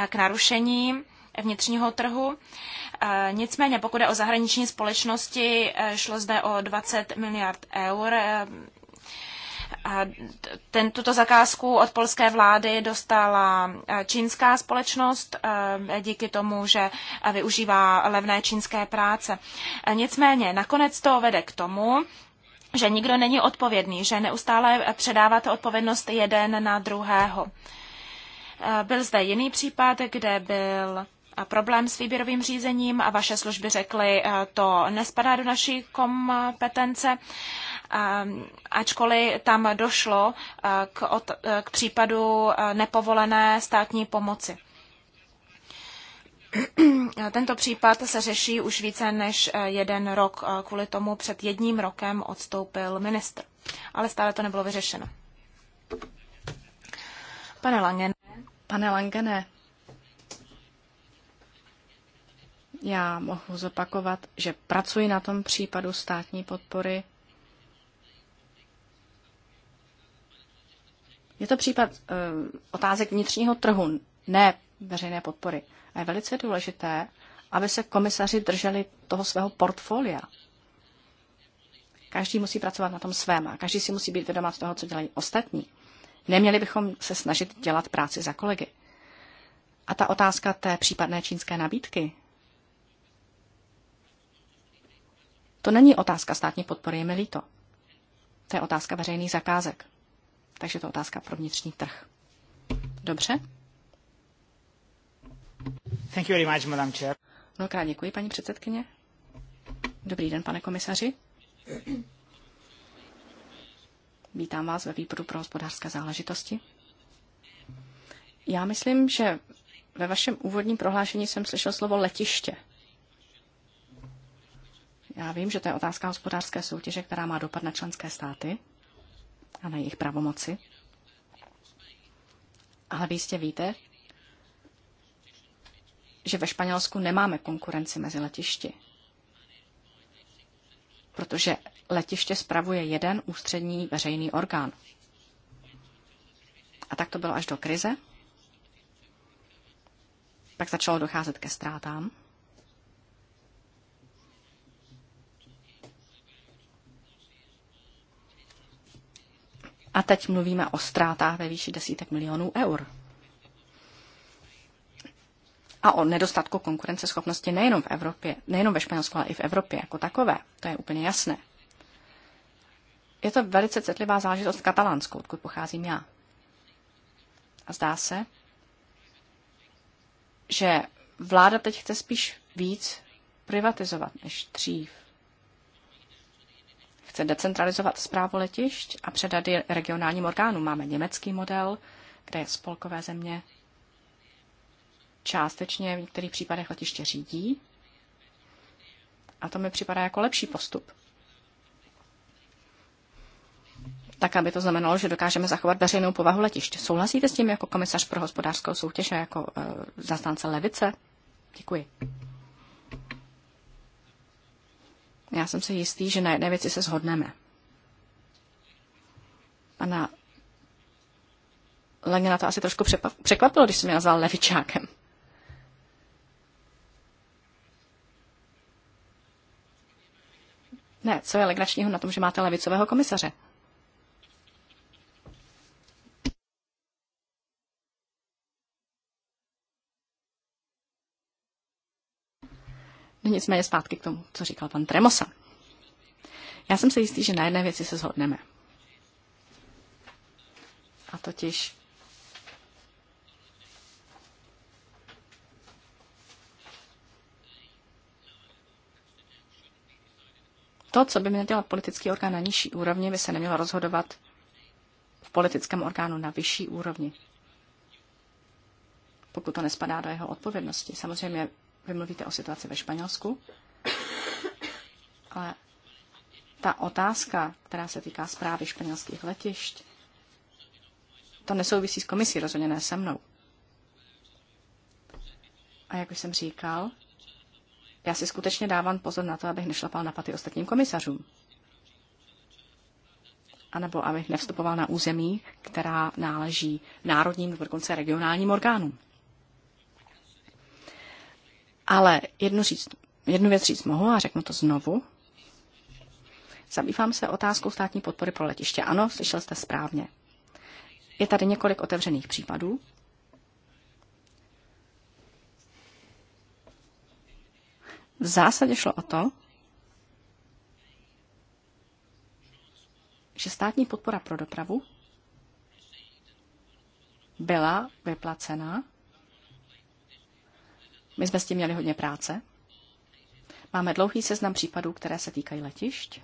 k narušení vnitřního trhu. Eh, nicméně, pokud je o zahraniční společnosti, eh, šlo zde o 20 miliard eur. Eh, a ten, tuto zakázku od polské vlády dostala čínská společnost díky tomu, že využívá levné čínské práce. Nicméně nakonec to vede k tomu, že nikdo není odpovědný, že neustále předáváte odpovědnost jeden na druhého. Byl zde jiný případ, kde byl problém s výběrovým řízením a vaše služby řekly, eh, to nespadá do naší kompetence, ehm, ačkoliv tam došlo eh, k, od, eh, k případu nepovolené státní pomoci. Tento případ se řeší už více než jeden rok. Kvůli tomu před jedním rokem odstoupil ministr. Ale stále to nebylo vyřešeno. Pane Langen. Pane Langene, Já mohu zopakovat, že pracuji na tom případu státní podpory. Je to případ e, otázek vnitřního trhu, ne veřejné podpory. A je velice důležité, aby se komisaři drželi toho svého portfolia. Každý musí pracovat na tom svém a každý si musí být vědomá z toho, co dělají ostatní. Neměli bychom se snažit dělat práci za kolegy. A ta otázka té případné čínské nabídky, To není otázka státní podpory, je mi líto. To je otázka veřejných zakázek. Takže to je otázka pro vnitřní trh. Dobře? Thank you very much, Madam Chair. Mnohokrát děkuji, paní předsedkyně. Dobrý den, pane komisaři. Vítám vás ve výboru pro hospodářské záležitosti. Já myslím, že ve vašem úvodním prohlášení jsem slyšel slovo letiště. Já vím, že to je otázka hospodářské soutěže, která má dopad na členské státy a na jejich pravomoci. Ale vy jistě víte, že ve Španělsku nemáme konkurenci mezi letišti, protože letiště spravuje jeden ústřední veřejný orgán. A tak to bylo až do krize. Pak začalo docházet ke ztrátám. A teď mluvíme o ztrátách ve výši desítek milionů eur. A o nedostatku konkurenceschopnosti nejenom v Evropě, nejenom ve Španělsku, ale i v Evropě jako takové. To je úplně jasné. Je to velice citlivá záležitost katalánskou, odkud pocházím já. A zdá se, že vláda teď chce spíš víc privatizovat než dřív. Chce decentralizovat zprávu letišť a předat je regionálním orgánům. Máme německý model, kde je spolkové země částečně v některých případech letiště řídí. A to mi připadá jako lepší postup. Tak, aby to znamenalo, že dokážeme zachovat veřejnou povahu letiště. Souhlasíte s tím jako komisař pro hospodářskou soutěž a jako e, zastánce levice? Děkuji. Já jsem si jistý, že na jedné věci se shodneme. Pana Lenina to asi trošku překvapilo, když jsem mě nazval levičákem. Ne, co je legračního na tom, že máte levicového komisaře? Nicméně zpátky k tomu, co říkal pan Tremosa. Já jsem se jistý, že na jedné věci se shodneme. A totiž To, co by měl dělat politický orgán na nižší úrovni, by se nemělo rozhodovat v politickém orgánu na vyšší úrovni, pokud to nespadá do jeho odpovědnosti. Samozřejmě vy mluvíte o situaci ve Španělsku, ale ta otázka, která se týká zprávy španělských letišť, to nesouvisí s komisí, rozhodně ne se mnou. A jak už jsem říkal, já si skutečně dávám pozor na to, abych nešlapal na paty ostatním komisařům. A nebo abych nevstupoval na území, která náleží národním nebo dokonce regionálním orgánům. Ale jednu, říct, jednu věc říct mohu a řeknu to znovu. Zabývám se otázkou státní podpory pro letiště. Ano, slyšel jste správně. Je tady několik otevřených případů. V zásadě šlo o to, že státní podpora pro dopravu byla vyplacena my jsme s tím měli hodně práce. Máme dlouhý seznam případů, které se týkají letišť,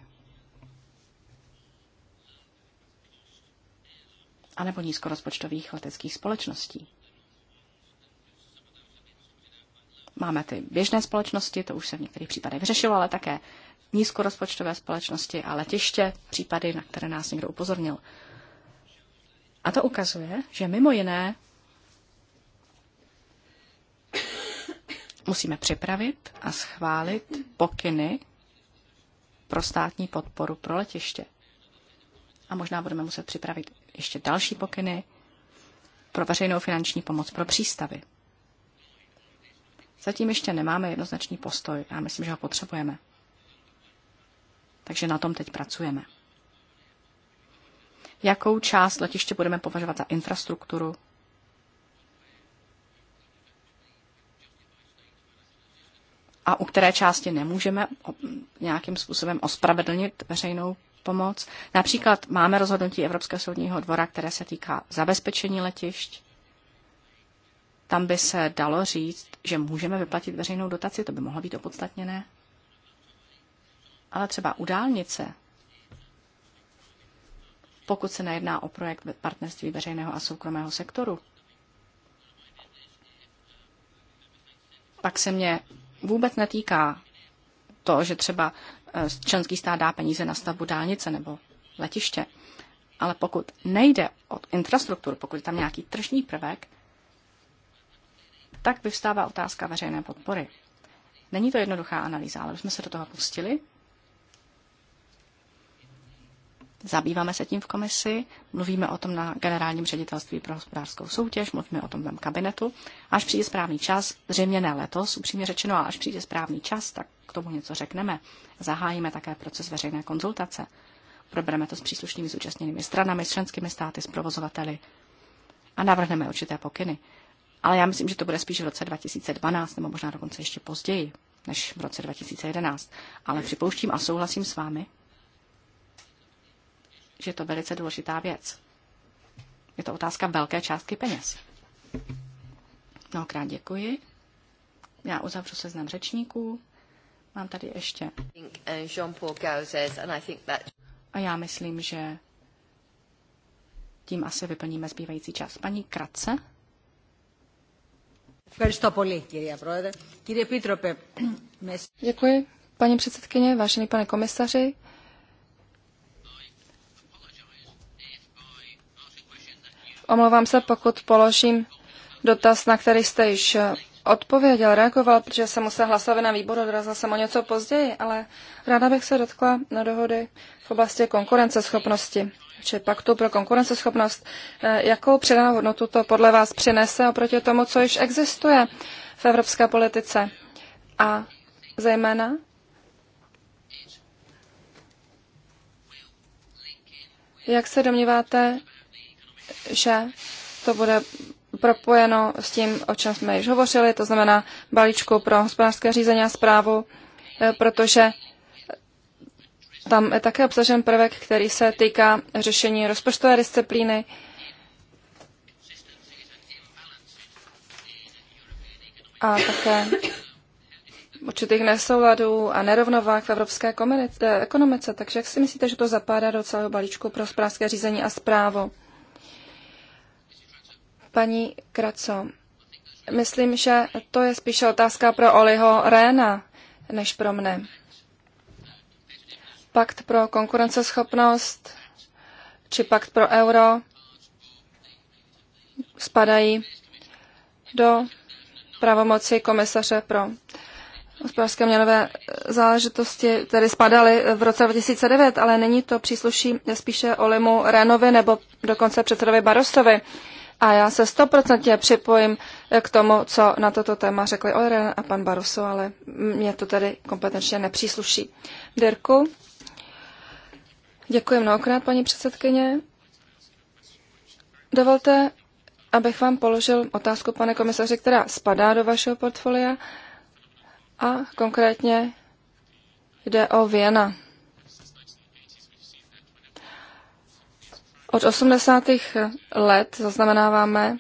a nebo nízkorozpočtových leteckých společností. Máme ty běžné společnosti, to už se v některých případech řešilo, ale také nízkorozpočtové společnosti a letiště, případy, na které nás někdo upozornil. A to ukazuje, že mimo jiné Musíme připravit a schválit pokyny pro státní podporu pro letiště. A možná budeme muset připravit ještě další pokyny pro veřejnou finanční pomoc pro přístavy. Zatím ještě nemáme jednoznačný postoj. a myslím, že ho potřebujeme. Takže na tom teď pracujeme. Jakou část letiště budeme považovat za infrastrukturu a u které části nemůžeme nějakým způsobem ospravedlnit veřejnou pomoc. Například máme rozhodnutí Evropského soudního dvora, které se týká zabezpečení letišť. Tam by se dalo říct, že můžeme vyplatit veřejnou dotaci, to by mohlo být opodstatněné. Ale třeba u dálnice, pokud se nejedná o projekt partnerství veřejného a soukromého sektoru, pak se mě vůbec netýká to, že třeba eh, členský stát dá peníze na stavbu dálnice nebo letiště. Ale pokud nejde o infrastrukturu, pokud je tam nějaký tržní prvek, tak vyvstává otázka veřejné podpory. Není to jednoduchá analýza, ale už jsme se do toho pustili Zabýváme se tím v komisi, mluvíme o tom na generálním ředitelství pro hospodářskou soutěž, mluvíme o tom v mém kabinetu. Až přijde správný čas, zřejmě ne letos, upřímně řečeno, ale až přijde správný čas, tak k tomu něco řekneme. Zahájíme také proces veřejné konzultace. Probereme to s příslušnými zúčastněnými stranami, s členskými státy, s provozovateli a navrhneme určité pokyny. Ale já myslím, že to bude spíš v roce 2012 nebo možná dokonce ještě později než v roce 2011. Ale připouštím a souhlasím s vámi, že je to velice důležitá věc. Je to otázka velké částky peněz. Mnohokrát děkuji. Já uzavřu seznam řečníků. Mám tady ještě. Uh, A já myslím, že tím asi vyplníme zbývající čas. Paní Kratce. Děkuji, paní předsedkyně, vážený pane komisaři. Omlouvám se, pokud položím dotaz, na který jste již eh, odpověděl, reagoval, protože jsem musel hlasovat na výboru, odrazil jsem o něco později, ale ráda bych se dotkla na dohody v oblasti konkurenceschopnosti, či paktu pro konkurenceschopnost. Eh, jakou přidanou hodnotu to podle vás přinese oproti tomu, co již existuje v evropské politice? A zejména jak se domníváte, že to bude propojeno s tím, o čem jsme již hovořili, to znamená balíčku pro hospodářské řízení a zprávu, eh, protože tam je také obsažen prvek, který se týká řešení rozpočtové disciplíny. A také určitých nesouladů a nerovnovách v evropské eh, ekonomice. Takže jak si myslíte, že to zapadá do celého balíčku pro hospodářské řízení a zprávu? Paní Kraco, myslím, že to je spíše otázka pro Oliho Réna než pro mne. Pakt pro konkurenceschopnost či pakt pro euro spadají do pravomoci komisaře pro hospodářské měnové záležitosti, které spadaly v roce 2009, ale není to přísluší spíše Olimu Renovi nebo dokonce předsedovi Barosovi. A já se stoprocentně připojím eh, k tomu, co na toto téma řekli Oren a pan Baruso, ale mě to tady kompetenčně nepřísluší. Dirku, děkuji mnohokrát, paní předsedkyně. Dovolte, abych vám položil otázku, pane komisaři, která spadá do vašeho portfolia a konkrétně jde o Věna. Od 80. let zaznamenáváme,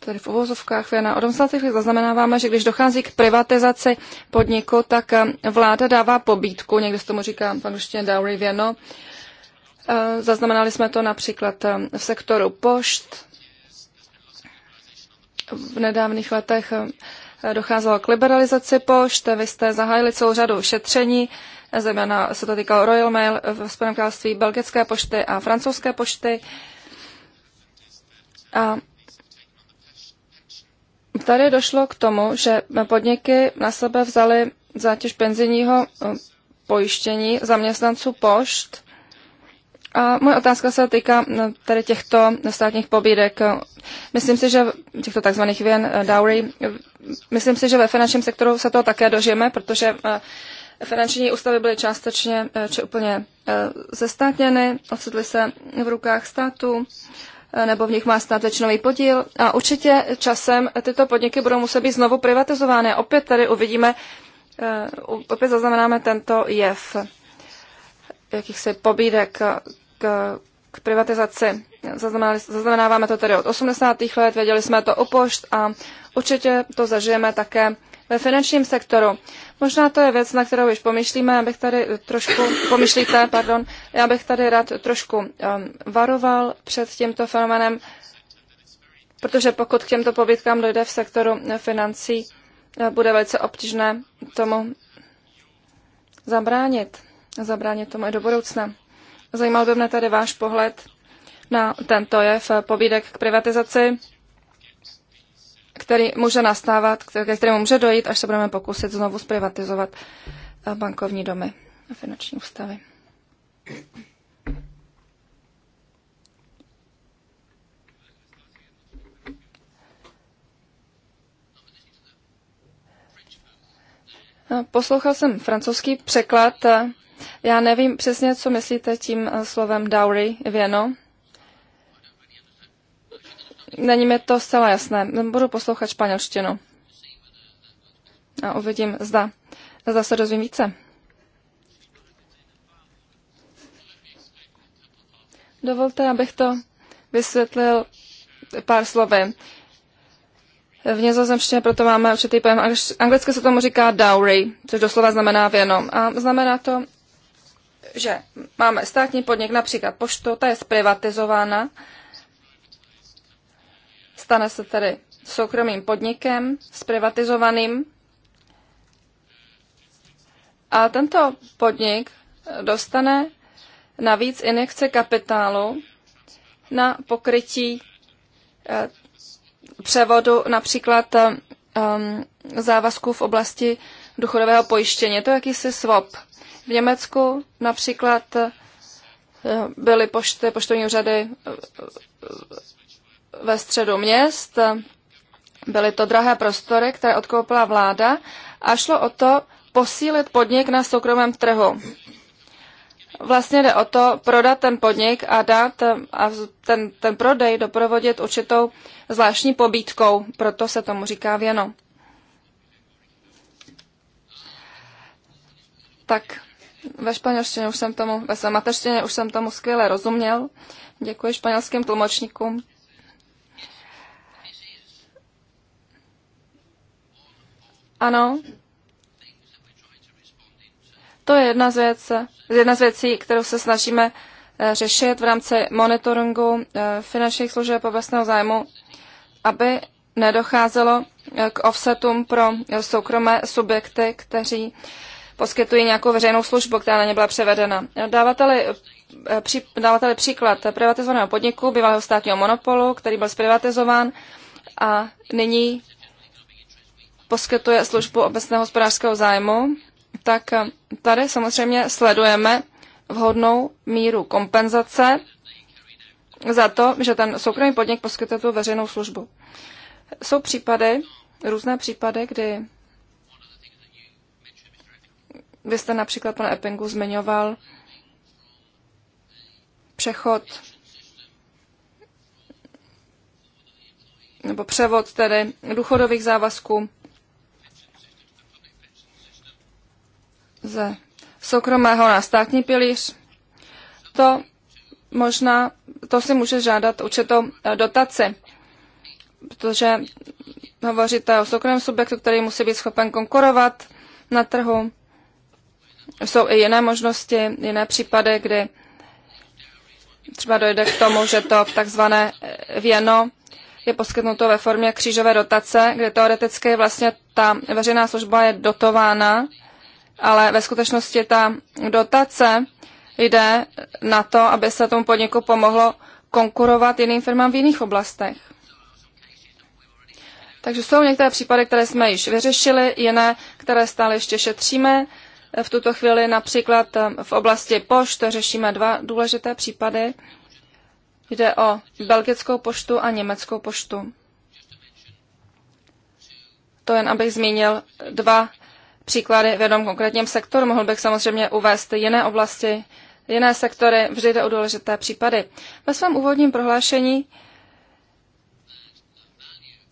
tedy v uvozovkách věna, od 80. let zaznamenáváme, že když dochází k privatizaci podniku, tak eh, vláda dává pobídku, někdo se tomu říká v angličtině dowry věno. Eh, zaznamenali jsme to například eh, v sektoru pošt. V nedávných letech docházelo k liberalizaci pošt, vy jste zahájili celou řadu šetření, zejména se to týkalo Royal Mail eh, v Spojeném království, belgické pošty a francouzské pošty. A tady došlo k tomu, že podniky na sebe vzaly zátěž penzijního eh, pojištění zaměstnanců pošt. A moje otázka se týká eh, tady těchto státních pobídek. Myslím si, že těchto takzvaných věn dowry, myslím si, že ve finančním sektoru se toho také dožijeme, protože finanční ústavy byly částečně eh, či úplně eh, zestátněny, ocitly se v rukách státu eh, nebo v nich má stát většinový podíl. A určitě časem tyto podniky budou muset být znovu privatizovány. Opět tady uvidíme, opět zaznamenáme tento jev jakýchsi pobídek k, k privatizaci. Zaznamenáváme to tedy od 80. let, věděli jsme to o pošt a určitě to zažijeme také ve finančním sektoru. Možná to je věc, na kterou již pomyšlíme, bych tady trošku, pomyšlíte, pardon, já bych tady rád trošku um, varoval před tímto fenomenem, protože pokud k těmto povídkám dojde v sektoru financí, eh, bude velice obtížné tomu zabránit, zabránit tomu i do budoucna. Zajímal by mě tady váš pohled na tento jev eh, povídek k privatizaci který může nastávat, ke kterému může dojít, až se budeme pokusit znovu zprivatizovat eh, bankovní domy a finanční ústavy. Eh, poslouchal jsem francouzský překlad. Eh, já nevím přesně, co myslíte tím slovem dowry, věno. Není mi to zcela jasné. Budu poslouchat španělštinu. A uvidím, zda, zda se dozvím více. Dovolte, abych to vysvětlil pár slovy. V nězozemštině proto máme určitý pojem, anglicky se tomu říká dowry, což doslova znamená věno. A znamená to, že máme státní podnik, například poštu, ta je zprivatizována Stane se tedy soukromým podnikem, zprivatizovaným. A tento podnik dostane navíc injekce kapitálu na pokrytí eh, převodu například eh, závazků v oblasti důchodového pojištění. To je jakýsi swap. V Německu například eh, byly pošty, poštovní úřady ve středu měst. Byly to drahé prostory, které odkoupila vláda a šlo o to posílit podnik na soukromém trhu. Vlastně jde o to prodat ten podnik a dát a ten, ten prodej doprovodit určitou zvláštní pobítkou, proto se tomu říká věno. Tak ve španělštině už jsem tomu, ve své mateřštině už jsem tomu skvěle rozuměl. Děkuji španělským tlumočníkům. Ano. To je jedna z, věc, jedna z věcí, kterou se snažíme eh, řešit v rámci monitoringu eh, finančních služeb obecného zájmu, aby nedocházelo eh, k offsetům pro soukromé subjekty, kteří poskytují nějakou veřejnou službu, která na ně byla převedena. Dávateli, pří, dávateli příklad privatizovaného podniku, bývalého státního monopolu, který byl zprivatizován a nyní poskytuje službu obecného hospodářského zájmu, tak tady samozřejmě sledujeme vhodnou míru kompenzace za to, že ten soukromý podnik poskytuje tu veřejnou službu. Jsou případy, různé případy, kdy vy jste například, pan Eppingu, zmiňoval přechod nebo převod tedy důchodových závazků ze soukromého na státní pilíř, to možná, to si může žádat určitou eh, dotaci, protože hovoříte o soukromém subjektu, který musí být schopen konkurovat na trhu. Jsou i jiné možnosti, jiné případy, kdy třeba dojde k tomu, že to takzvané eh, věno je poskytnuto ve formě křížové dotace, kde teoreticky vlastně ta veřejná služba je dotována ale ve skutečnosti ta dotace jde na to, aby se tomu podniku pomohlo konkurovat jiným firmám v jiných oblastech. Takže jsou některé případy, které jsme již vyřešili, jiné, které stále ještě šetříme. V tuto chvíli například eh, v oblasti pošt řešíme dva důležité případy. Jde o belgickou poštu a německou poštu. To jen abych zmínil dva příklady v jednom konkrétním sektoru. Mohl bych samozřejmě uvést jiné oblasti, jiné sektory, vždy jde o důležité případy. Ve svém úvodním prohlášení,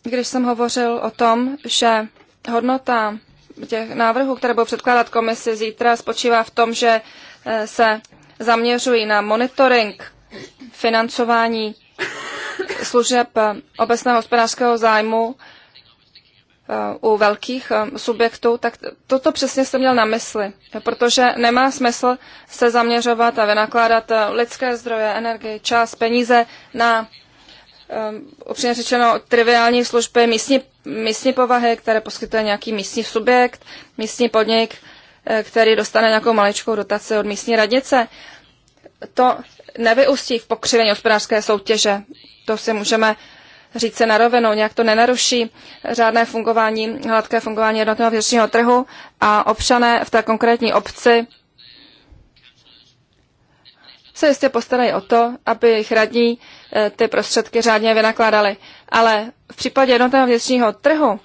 když jsem hovořil o tom, že hodnota těch návrhů, které budou předkládat komisi zítra, spočívá v tom, že eh, se zaměřují na monitoring financování služeb eh, obecného hospodářského zájmu u velkých eh, subjektů, tak toto přesně jsem měl na mysli, protože nemá smysl se zaměřovat a vynakládat eh, lidské zdroje, energii, čas, peníze na eh, upřímně řečeno triviální služby místní, místní povahy, které poskytuje nějaký místní subjekt, místní podnik, který dostane nějakou maličkou dotaci od místní radnice. To nevyústí v pokřivení hospodářské soutěže. To si můžeme říct se naroveno, nějak to nenaruší řádné fungování, hladké fungování jednotného vnitřního trhu a občané v té konkrétní obci se jistě postarají o to, aby jejich radní eh, ty prostředky řádně vynakládali. Ale v případě jednotného vnitřního trhu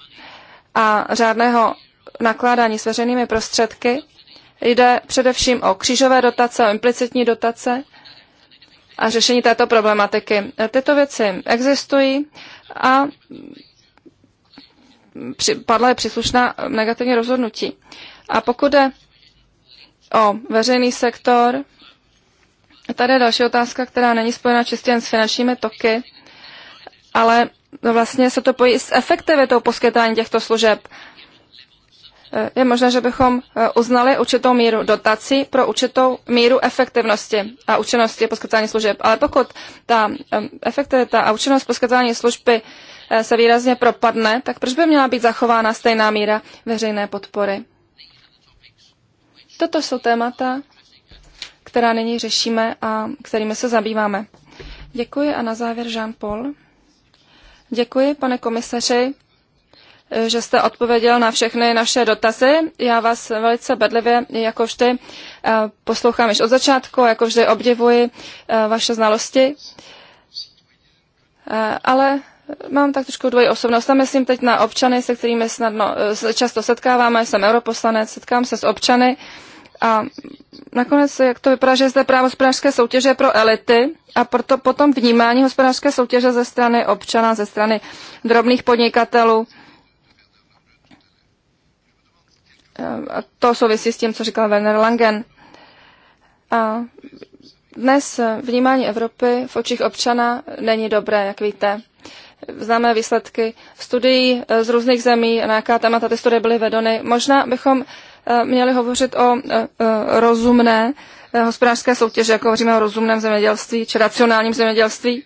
a řádného nakládání s veřejnými prostředky jde především o křížové dotace, o implicitní dotace, a řešení této problematiky. Tyto věci existují a padla je příslušná negativní rozhodnutí. A pokud je o veřejný sektor, tady je další otázka, která není spojena čistě jen s finančními toky, ale vlastně se to pojí s efektivitou poskytání těchto služeb je možné, že bychom eh, uznali určitou míru dotací pro určitou míru efektivnosti a účinnosti poskytování služeb. Ale pokud ta efektivita a účinnost poskytování služby eh, se výrazně propadne, tak proč by měla být zachována stejná míra veřejné podpory? Toto jsou témata, která nyní řešíme a kterými se zabýváme. Děkuji a na závěr Jean-Paul. Děkuji, pane komisaři, Eh, že jste odpověděl na všechny naše dotazy. Já vás velice bedlivě, jako vždy, eh, poslouchám již od začátku, jako vždy obdivuji eh, vaše znalosti. Ale mám tak trošku dvojí osobnost. A myslím teď na občany, se kterými snadno, často setkáváme. Jsem europoslanec, setkám se s občany. A nakonec, jak to vypadá, že zde právo hospodářské soutěže pro elity a proto potom vnímání hospodářské soutěže ze strany občana, ze strany drobných podnikatelů A to souvisí s tím, co říkal Werner Langen. A dnes vnímání Evropy v očích občana není dobré, jak víte. Známe výsledky studií eh, z různých zemí, na jaká témata ty studie byly vedony. Možná bychom eh, měli hovořit o eh, rozumné hospodářské soutěže, jako hovoříme o rozumném zemědělství či racionálním zemědělství.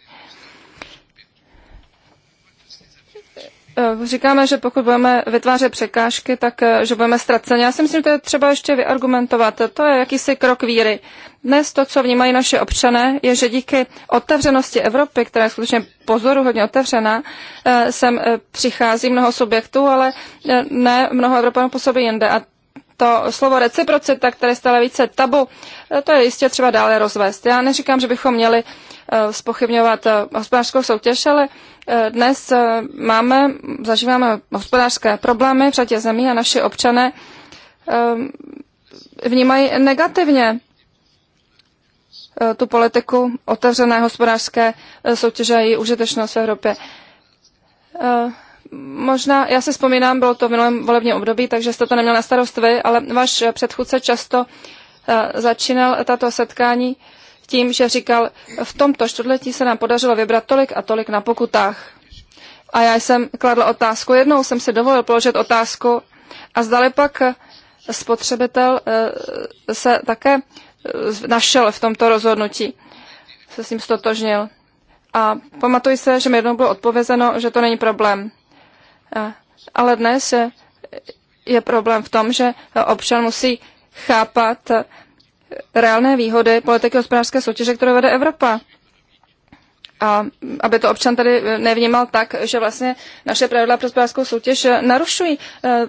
Eh, říkáme, že pokud budeme vytvářet překážky, tak eh, že budeme ztraceni. Já si myslím, že to je třeba ještě vyargumentovat. To je jakýsi krok víry. Dnes to, co vnímají naše občané, je, že díky otevřenosti Evropy, která je skutečně hodně otevřená, eh, sem přichází mnoho subjektů, ale ne mnoho Evropanů působí jinde. A to slovo reciprocita, které stále více tabu, to je jistě třeba dále rozvést. Já neříkám, že bychom měli Eh, spochybňovat eh, hospodářskou soutěž, ale eh, dnes máme, zažíváme hospodářské problémy v řadě zemí a naši občané vnímají negativně tu politiku otevřené hospodářské soutěže a její užitečnost v Evropě. Možná, já si vzpomínám, bylo to v minulém volebním období, takže jste to neměl na starost vy, ale váš předchůdce často začínal tato setkání uh, tím, že říkal, v tomto čtvrtletí se nám podařilo vybrat tolik a tolik na pokutách. A já jsem kladl otázku, jednou jsem si dovolil položit otázku a zdali pak eh, spotřebitel eh, se také eh, našel v tomto rozhodnutí, se s ním stotožnil. A pamatuji se, že mi jednou bylo odpovězeno, že to není problém. Ale dnes je problém v tom, že občan musí chápat, reálné výhody politiky hospodářské soutěže, kterou vede Evropa. A aby to občan tady nevnímal tak, že vlastně naše pravidla pro hospodářskou soutěž narušují eh,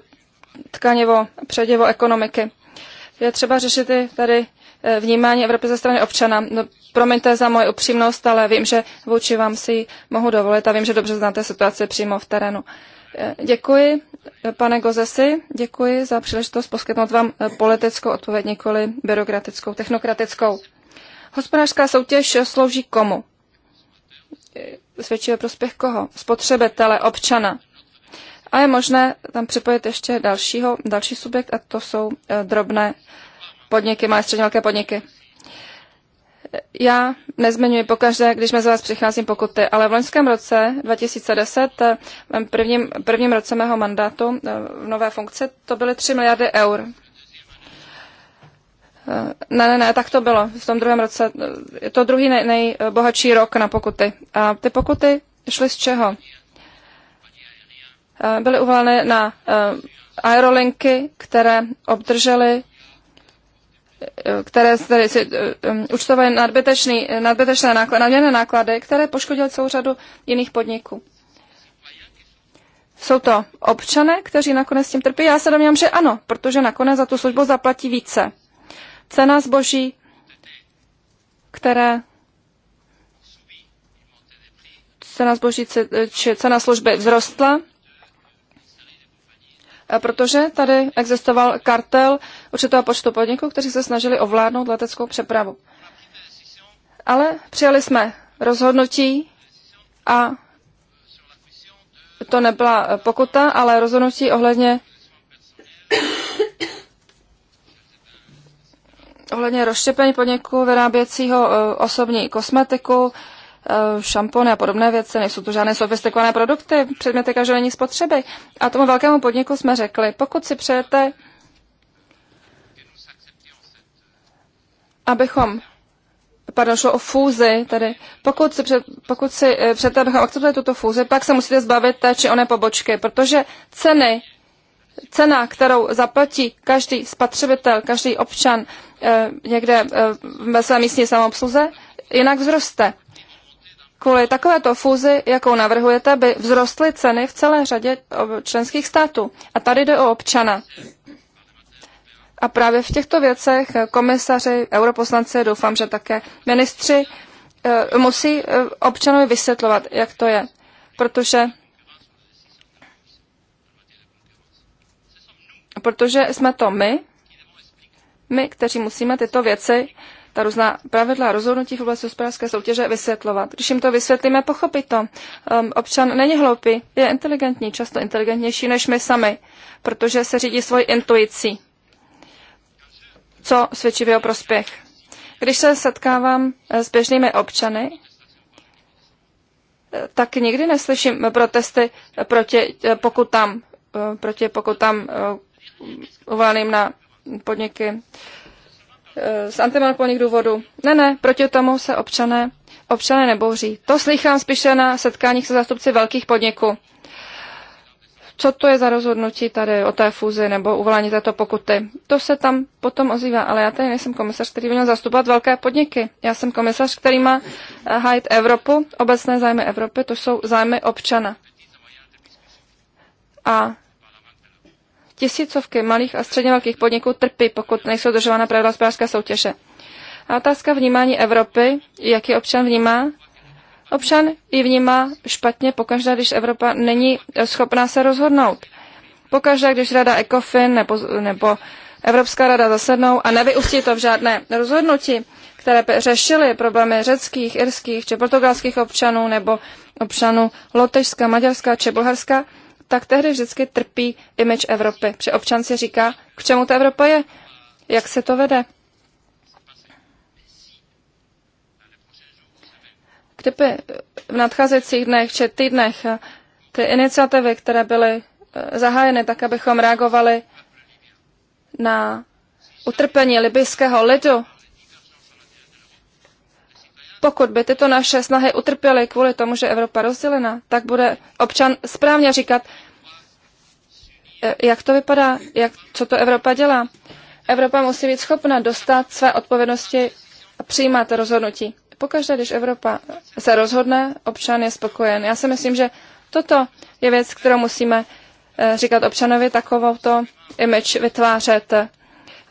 tkanivo předivo ekonomiky. Je třeba řešit i tady eh, vnímání Evropy ze strany občana. No, promiňte za moje upřímnost, ale vím, že vůči vám si ji mohu dovolit a vím, že dobře znáte situaci přímo v terénu. Uh, Eh, děkuji, pane Gozesi, děkuji za příležitost poskytnout vám eh, politickou odpověď, nikoli byrokratickou, technokratickou. Hospodářská soutěž slouží komu? Eh, svědčí ve prospěch koho? Spotřebitele, občana. A je možné tam připojit ještě dalšího, další subjekt, a to jsou drobné podniky, malé středně velké podniky. Já nezmiňuji pokaždé, když mezi vás přicházím pokuty, ale v loňském roce 2010, prvním, prvním roce mého mandátu eh, v nové funkci, to byly 3 miliardy eur. Eh, ne, ne, ne, tak to bylo v tom druhém roce. Eh, je to druhý nej, nejbohatší rok na pokuty. A ty pokuty šly z čeho? Byly uvaleny na aerolinky, které obdržely které tedy si um, účtovaly nadbytečné náklady, nadměrné náklady, které poškodily celou řadu jiných podniků. Jsou to občané, kteří nakonec tím trpí? Já se domnívám, že ano, protože nakonec za tu službu zaplatí více. Cena zboží, které cena zboží či cena služby vzrostla, Eh, protože tady existoval kartel určitého počtu podniků, kteří se snažili ovládnout leteckou přepravu. Ale přijali jsme rozhodnutí a to nebyla pokuta, ale rozhodnutí ohledně ohledně rozštěpení podniku vyráběcího eh, osobní kosmetiku, Eh, šampony a podobné věci, nejsou to žádné sofistikované produkty, předměty každodenní spotřeby. A tomu velkému podniku jsme řekli, pokud si přejete, abychom pardon, šlo o fúzi, tedy pokud si, před, pokud si eh, před abychom akceptovali tuto fúzi, pak se musíte zbavit té či oné pobočky, protože ceny, cena, kterou zaplatí každý spotřebitel, každý občan eh, někde eh, ve své místní samoobsluze, jinak vzroste. Kvůli takovéto fúzi, jakou navrhujete, by vzrostly ceny v celé řadě členských států. A tady jde o občana. A právě v těchto věcech eh, komisaři, europoslanci, doufám, že také ministři, eh, musí eh, občanovi vysvětlovat, jak to je. Protože protože jsme to my, my, kteří musíme tyto věci ta různá pravidla rozhodnutí v oblasti hospodářské soutěže vysvětlovat. Když jim to vysvětlíme, pochopí to. Um, občan není hloupý, je inteligentní, často inteligentnější než my sami, protože se řídí svoji intuicí. Co svědčí v jeho prospěch? Když se setkávám eh, s běžnými občany, eh, tak nikdy neslyším protesty proti eh, pokutám, proti pokutám uvaleným na podniky Eh, z antimonopolních důvodů. Ne, ne, proti tomu se občané, občané nebouří. To slychám spíše na setkáních se zástupci velkých podniků. Co to je za rozhodnutí tady o té fúzi nebo uvolání této pokuty? To se tam potom ozývá, ale já tady nejsem komisař, který by měl zastupovat velké podniky. Já jsem komisař, který má eh, hájit Evropu, obecné zájmy Evropy, to jsou zájmy občana. A tisícovky malých a středně velkých podniků trpí, pokud nejsou dodržována pravidla hospodářské soutěže. A otázka vnímání Evropy, jak občan vnímá, Občan ji vnímá špatně pokaždé, když Evropa není eh, schopná se rozhodnout. Pokaždé, když rada ECOFIN nebo, nebo Evropská rada zasednou a nevyústí to v žádné rozhodnutí, které by řešily problémy řeckých, irských či portugalských občanů nebo občanů Lotyšska, Maďarska či Bulharska, tak tehdy vždycky trpí image Evropy. Při občan si říká, k čemu ta Evropa je, jak se to vede. Kdyby v nadcházejících dnech či týdnech ty iniciativy, které byly eh, zahájeny, tak abychom reagovali na utrpení libyského lidu, pokud by tyto naše snahy utrpěly kvůli tomu, že Evropa rozdělena, tak bude občan správně říkat, e, jak to vypadá, jak, co to Evropa dělá. Evropa musí být schopna dostat své odpovědnosti a přijímat rozhodnutí. Pokaždé, když Evropa se rozhodne, občan je spokojen. Já si myslím, že toto je věc, kterou musíme e, říkat občanovi, takovou to image vytvářet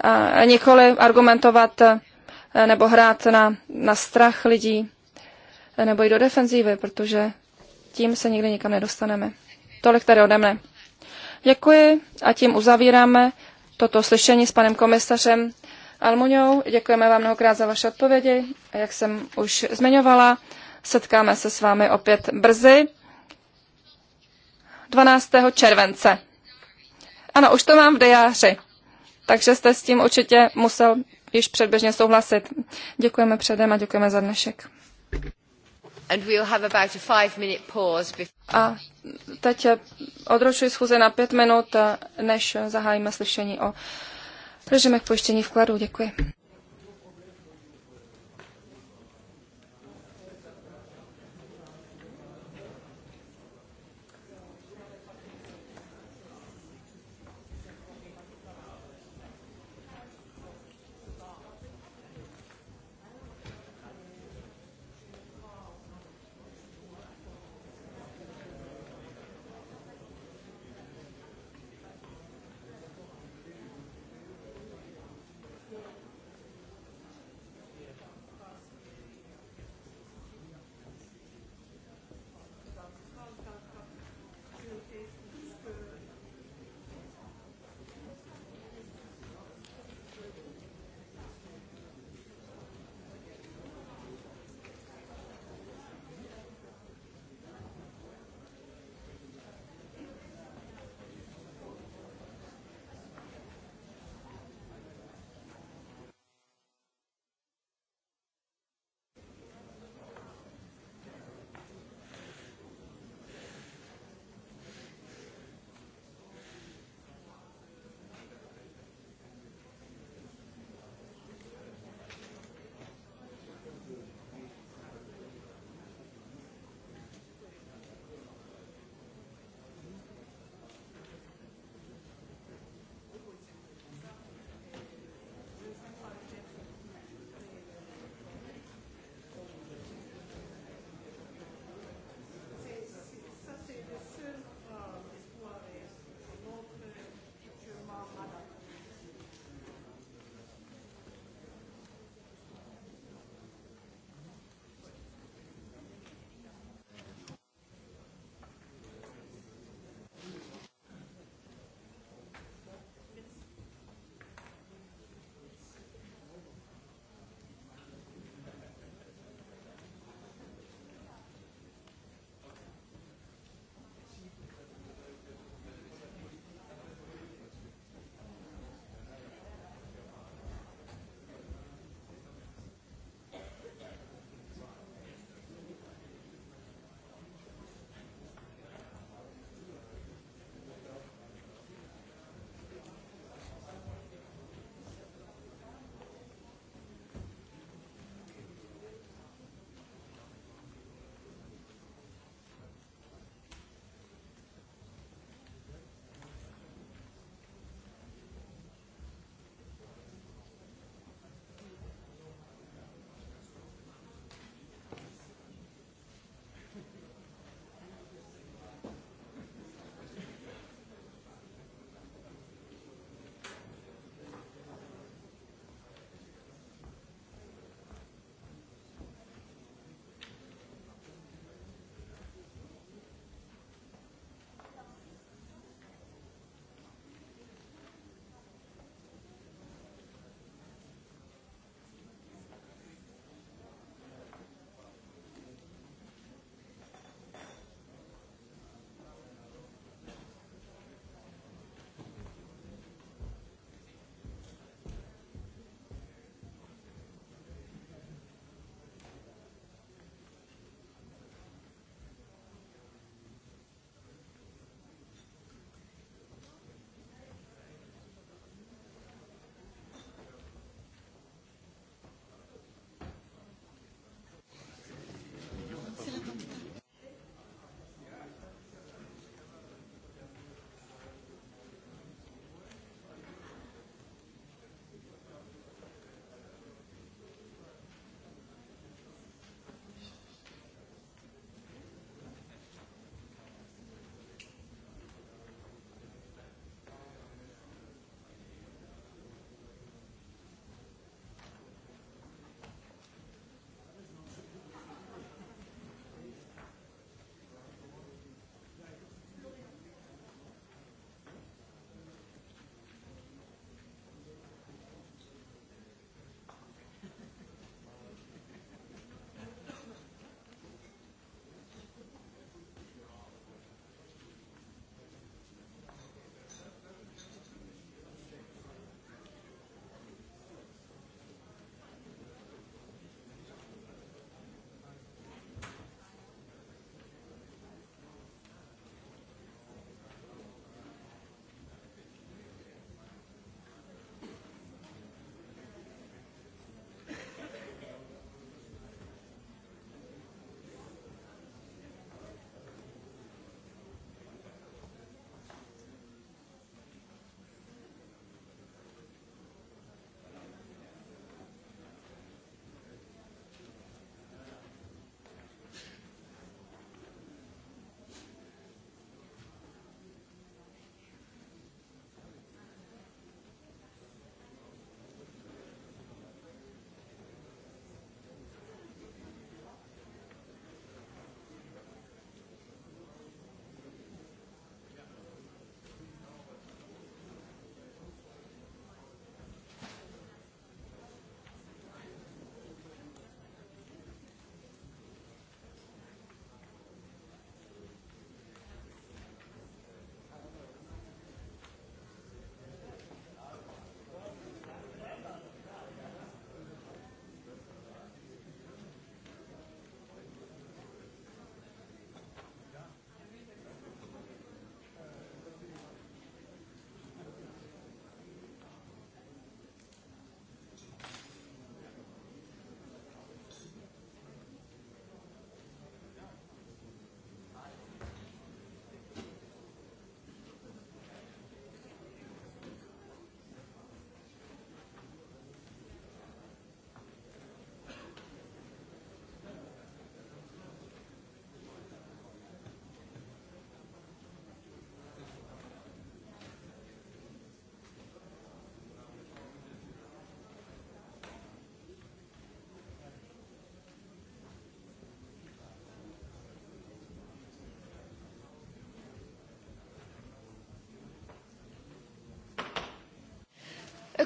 a nikoli argumentovat e, nebo hrát na, na strach lidí nebo i do defenzívy, protože tím se nikdy nikam nedostaneme. Tolik tady ode mne. Děkuji a tím uzavíráme toto slyšení s panem komisařem Almuňou. Děkujeme vám mnohokrát za vaše odpovědi. A jak jsem už zmiňovala, setkáme se s vámi opět brzy. 12. července. Ano, už to mám v dejáři. takže jste s tím určitě musel již předběžně souhlasit. Děkujeme předem a děkujeme za dnešek. A teď odročuji schůze na pět minut, než zahájíme slyšení o režimech pojištění vkladů. Děkuji.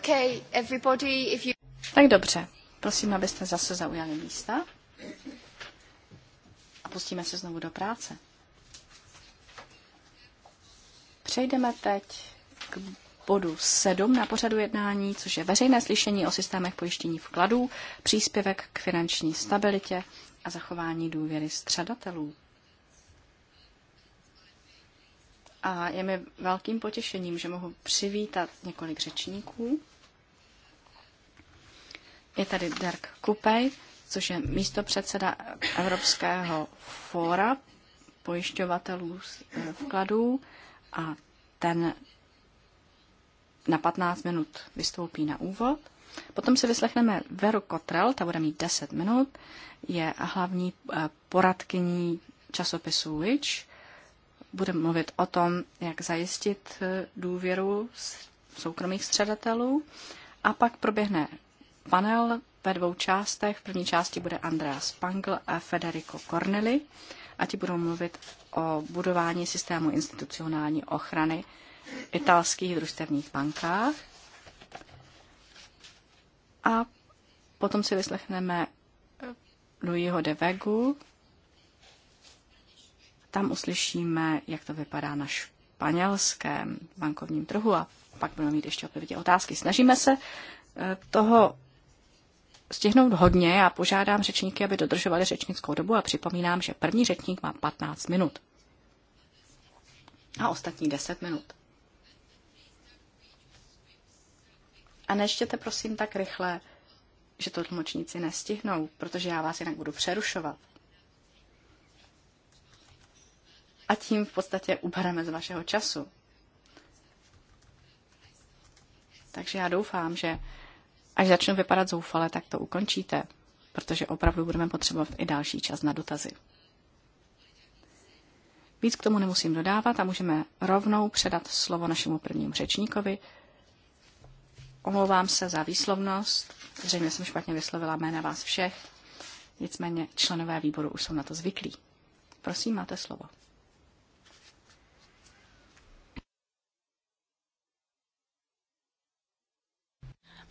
Okay, everybody, if you... Tak dobře, prosím, abyste zase zaujali místa a pustíme se znovu do práce. Přejdeme teď k bodu 7 na pořadu jednání, což je veřejné slyšení o systémech pojištění vkladů, příspěvek k finanční stabilitě a zachování důvěry střadatelů. A je mi velkým potěšením, že mohu přivítat několik řečníků. Je tady Dirk Kupej, což je místo předseda Evropského fóra pojišťovatelů eh, vkladů a ten na 15 minut vystoupí na úvod. Potom si vyslechneme Veru Kotrel, ta bude mít 10 minut, je hlavní eh, poradkyní časopisu Witch. Bude mluvit o tom, jak zajistit eh, důvěru soukromých středatelů. A pak proběhne panel ve dvou částech. V první části bude Andreas Pangl a Federico Corneli a ti budou mluvit o budování systému institucionální ochrany v italských družstevních bankách. A potom si vyslechneme Luiho de Vegu. Tam uslyšíme, jak to vypadá na španělském bankovním trhu a pak budeme mít ještě opět otázky. Snažíme se eh, toho stihnout hodně, a požádám řečníky, aby dodržovali řečnickou dobu a připomínám, že první řečník má 15 minut a ostatní 10 minut. A neštěte prosím tak rychle, že to tlmočníci nestihnou, protože já vás jinak budu přerušovat. A tím v podstatě ubereme z vašeho času. Takže já doufám, že Až začnu vypadat zoufale, tak to ukončíte, protože opravdu budeme potřebovat i další čas na dotazy. Víc k tomu nemusím dodávat a můžeme rovnou předat slovo našemu prvnímu řečníkovi. Omlouvám se za výslovnost, zřejmě jsem špatně vyslovila jména vás všech, nicméně členové výboru už jsou na to zvyklí. Prosím, máte slovo.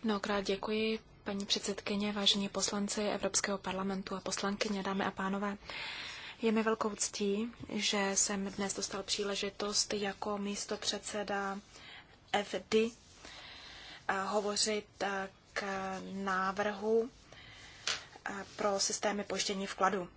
Mnohokrát děkuji, paní předsedkyně, vážení poslanci Evropského parlamentu a poslankyně, dámy a pánové. Je mi velkou ctí, že jsem dnes dostal příležitost jako místo předseda FD hovořit k návrhu pro systémy pojištění vkladu.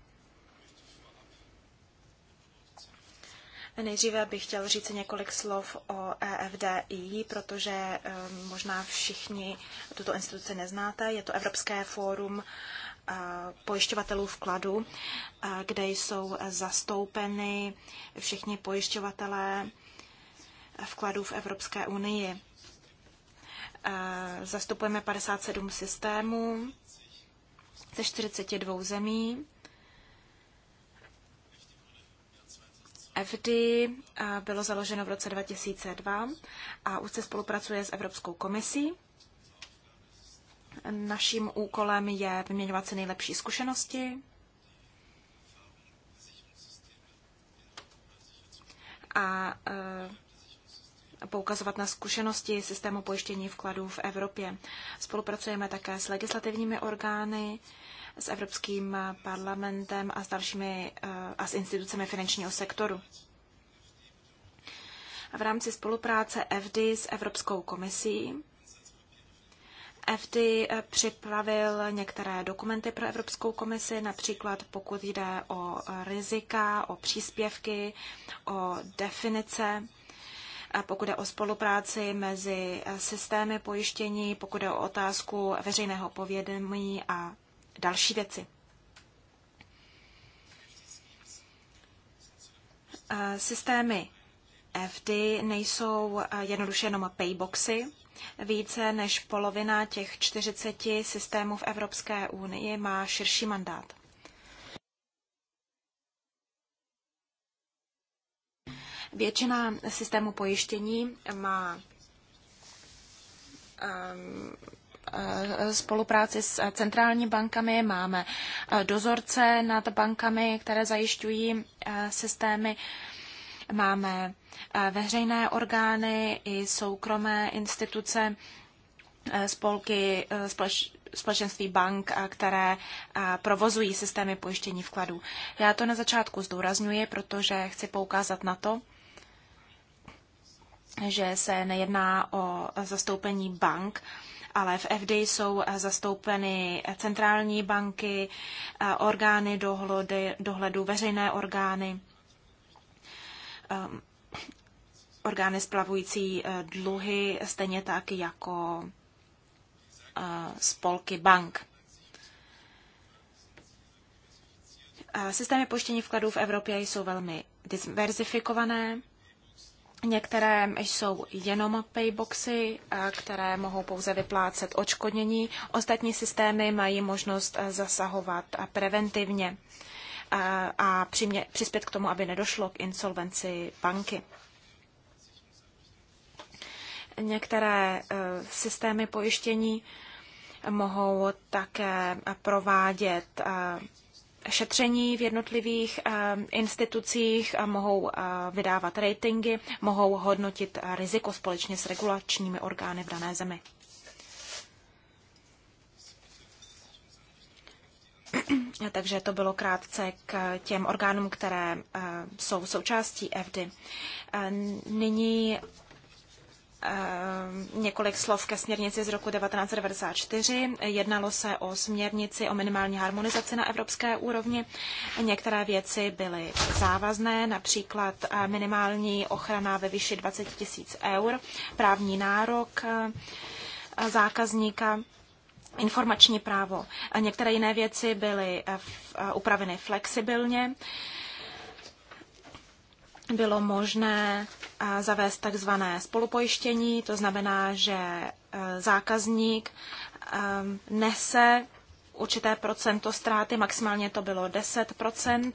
Nejdříve bych chtěl říct několik slov o EFDI, protože eh, možná všichni tuto instituci neznáte. Je to Evropské fórum eh, pojišťovatelů vkladu, eh, kde jsou zastoupeny všichni pojišťovatelé vkladů v Evropské unii. Zastupujeme 57 systémů ze 42 zemí FD bylo založeno v roce 2002 a už se spolupracuje s Evropskou komisí. Naším úkolem je vyměňovat si nejlepší zkušenosti, a e, poukazovat na zkušenosti systému pojištění vkladů v Evropě. Spolupracujeme také s legislativními orgány, s Evropským parlamentem a s dalšími eh, a s institucemi finančního sektoru. V rámci spolupráce FD s Evropskou komisí FD eh, připravil některé dokumenty pro Evropskou komisi, například pokud jde o rizika, o příspěvky, o definice pokud jde o spolupráci mezi eh, systémy pojištění, pokud jde o otázku veřejného povědomí a další věci. Eh, systémy FD nejsou eh, jednoduše jenom payboxy. Více než polovina těch 40 systémů v Evropské unii má širší mandát. Většina systému pojištění má ehm, Eh, spolupráci s centrální bankami, máme eh, dozorce nad bankami, které zajišťují eh, systémy, máme veřejné orgány i soukromé instituce, spolky, společ, společenství bank, které provozují systémy pojištění vkladů. Já to na začátku zdůrazňuji, protože chci poukázat na to, že se nejedná o zastoupení bank, ale v FD jsou eh, zastoupeny eh, centrální banky, eh, orgány dohledy, dohledu, veřejné orgány, ehm, orgány splavující dluhy, stejně tak jako spolky bank. Systémy poštění vkladů v Evropě jsou velmi diverzifikované Některé jsou jenom payboxy, eh, které mohou pouze vyplácet očkodnění. Ostatní systémy mají možnost eh, zasahovat eh, preventivně a přispět k tomu, aby nedošlo k insolvenci banky. Některé systémy pojištění mohou také provádět šetření v jednotlivých eh, institucích mohou eh, vydávat ratingy, mohou hodnotit eh, riziko společně s regulačními orgány v dané zemi. Takže to bylo krátce k těm orgánům, které jsou součástí FD. Nyní Ehm, několik slov ke směrnici z roku 1994. Jednalo se o směrnici o minimální harmonizaci na evropské úrovni. Některé věci byly závazné, například eh, minimální ochrana ve výši 20 tisíc eur, právní nárok eh, zákazníka, informační právo. Některé jiné věci byly eh, upraveny flexibilně bylo možné zavést takzvané spolupojištění, to znamená, že e, zákazník e, nese určité procento ztráty, maximálně to bylo 10 e,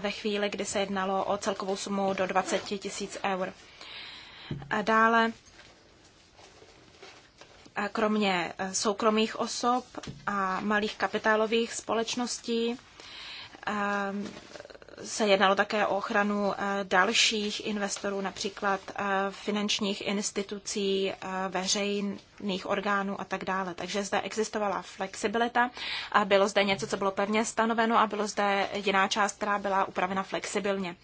ve chvíli, kdy se jednalo o celkovou sumu do 20 tisíc eur. A dále, kromě soukromých osob a malých kapitálových společností, se jednalo také o ochranu eh, dalších investorů, například eh, finančních institucí, eh, veřejných orgánů a tak dále. Takže zde existovala flexibilita a bylo zde něco, co bylo pevně stanoveno a bylo zde jiná část, která byla upravena flexibilně.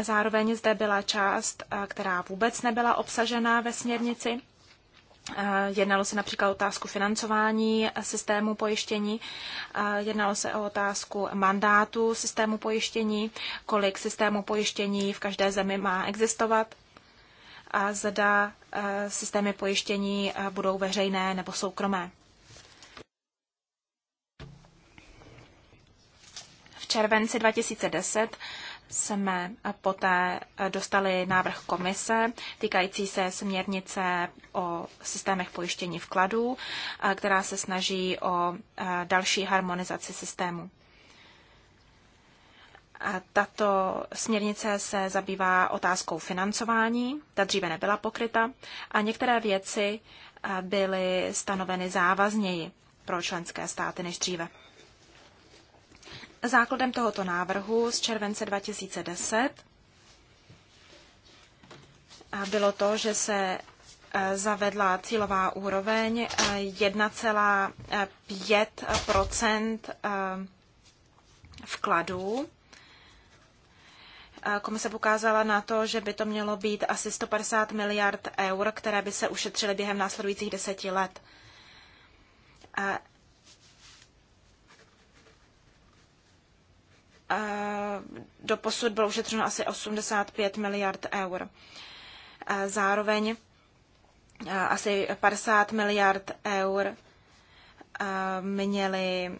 Zároveň zde byla část, která vůbec nebyla obsažená ve směrnici Eh, jednalo se například o otázku financování systému pojištění, eh, jednalo se o otázku mandátu systému pojištění, kolik systému pojištění v každé zemi má existovat a zda eh, systémy pojištění budou veřejné nebo soukromé. V červenci 2010 jsme poté dostali návrh komise týkající se směrnice o systémech pojištění vkladů, eh, která se snaží o eh, další harmonizaci systému. Tato směrnice se zabývá otázkou financování, ta dříve nebyla pokryta, a některé věci eh, byly stanoveny závazněji pro členské státy než dříve základem tohoto návrhu z července 2010 bylo to, že se e, zavedla cílová úroveň 1,5 e, e, vkladů. Komise ukázala na to, že by to mělo být asi 150 miliard eur, které by se ušetřily během následujících deseti let. Eh, doposud bylo ušetřeno asi 85 miliard eur. Eh, zároveň eh, asi 50 miliard eur měly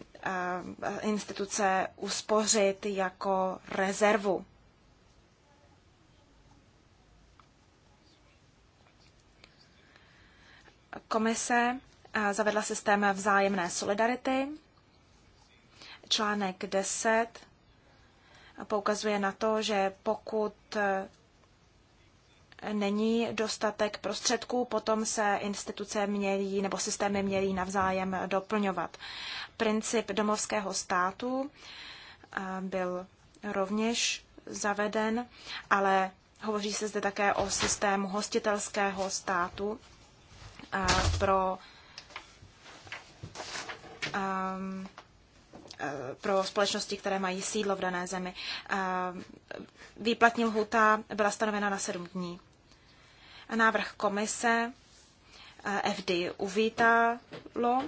instituce uspořit jako rezervu. Komise zavedla systém vzájemné solidarity. Článek 10 poukazuje na to, že pokud eh, není dostatek prostředků, potom se instituce mělí nebo systémy mělí navzájem doplňovat. Princip domovského státu eh, byl rovněž zaveden, ale hovoří se zde také o systému hostitelského státu eh, pro ehm, Eh, pro společnosti, které mají sídlo v dané zemi. Eh, výplatní lhuta byla stanovena na sedm dní. Návrh komise eh, FD uvítalo,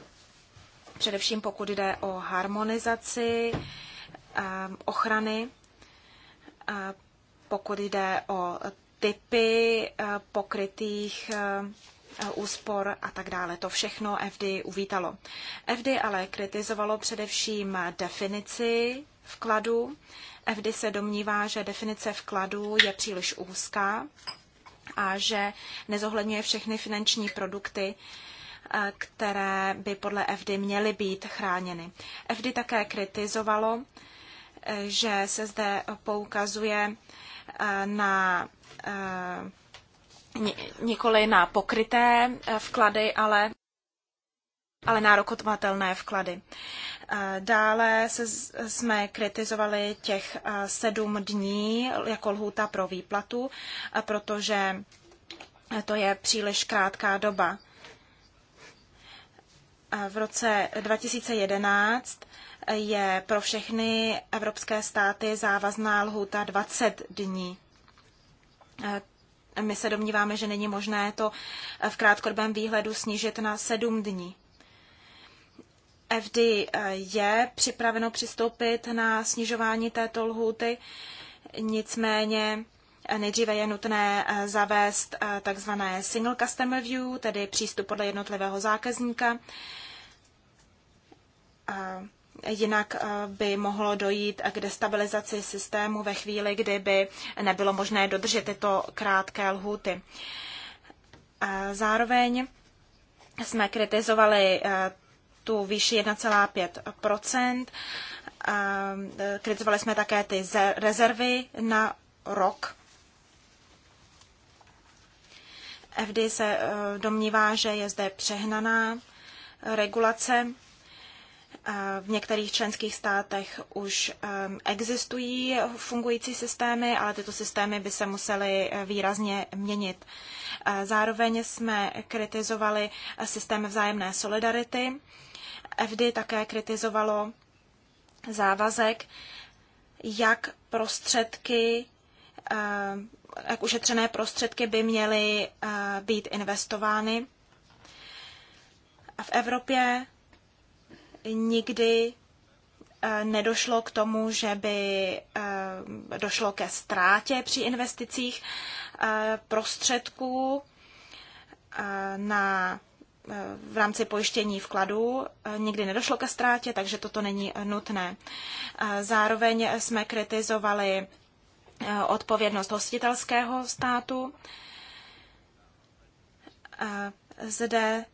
především pokud jde o harmonizaci ochrany, pokud jde o typy pokrytých Eh, úspor a tak dále. To všechno FD uvítalo. FD ale kritizovalo především definici vkladu. FD se domnívá, že definice vkladu je příliš úzká a že nezohledňuje všechny finanční produkty, eh, které by podle FD měly být chráněny. FD také kritizovalo, eh, že se zde poukazuje na nikoli na pokryté eh, vklady, ale, ale nárokovatelné vklady. Eh, dále se, jsme kritizovali těch eh, sedm dní jako lhůta pro výplatu, protože to je příliš krátká doba. V roce 2011 je pro všechny evropské státy závazná lhůta 20 dní. My se domníváme, že není možné to v krátkodobém výhledu snížit na sedm dní. FD je připraveno přistoupit na snižování této lhůty, nicméně Nejdříve je nutné eh, zavést eh, takzvané single customer view, tedy přístup podle jednotlivého zákazníka. Eh, Jinak eh, by mohlo dojít k destabilizaci systému ve chvíli, kdy by nebylo možné dodržet tyto krátké lhuty. Eh, zároveň jsme kritizovali eh, tu výši 1,5 Kritizovali jsme také ty rezervy na rok. FD se domnívá, že je zde přehnaná regulace Eh, v některých členských státech už ehm, existují fungující systémy, ale tyto systémy by se musely eh, výrazně měnit. Eh, zároveň jsme kritizovali systém vzájemné solidarity. FD také kritizovalo závazek, jak prostředky, jak ušetřené prostředky by měly být investovány. V Evropě nikdy eh, nedošlo k tomu, že by eh, došlo ke ztrátě při investicích eh, prostředků na, v rámci pojištění vkladů. Nikdy nedošlo ke ztrátě, takže toto není nutné. Zároveň jsme kritizovali odpovědnost hostitelského státu. Zde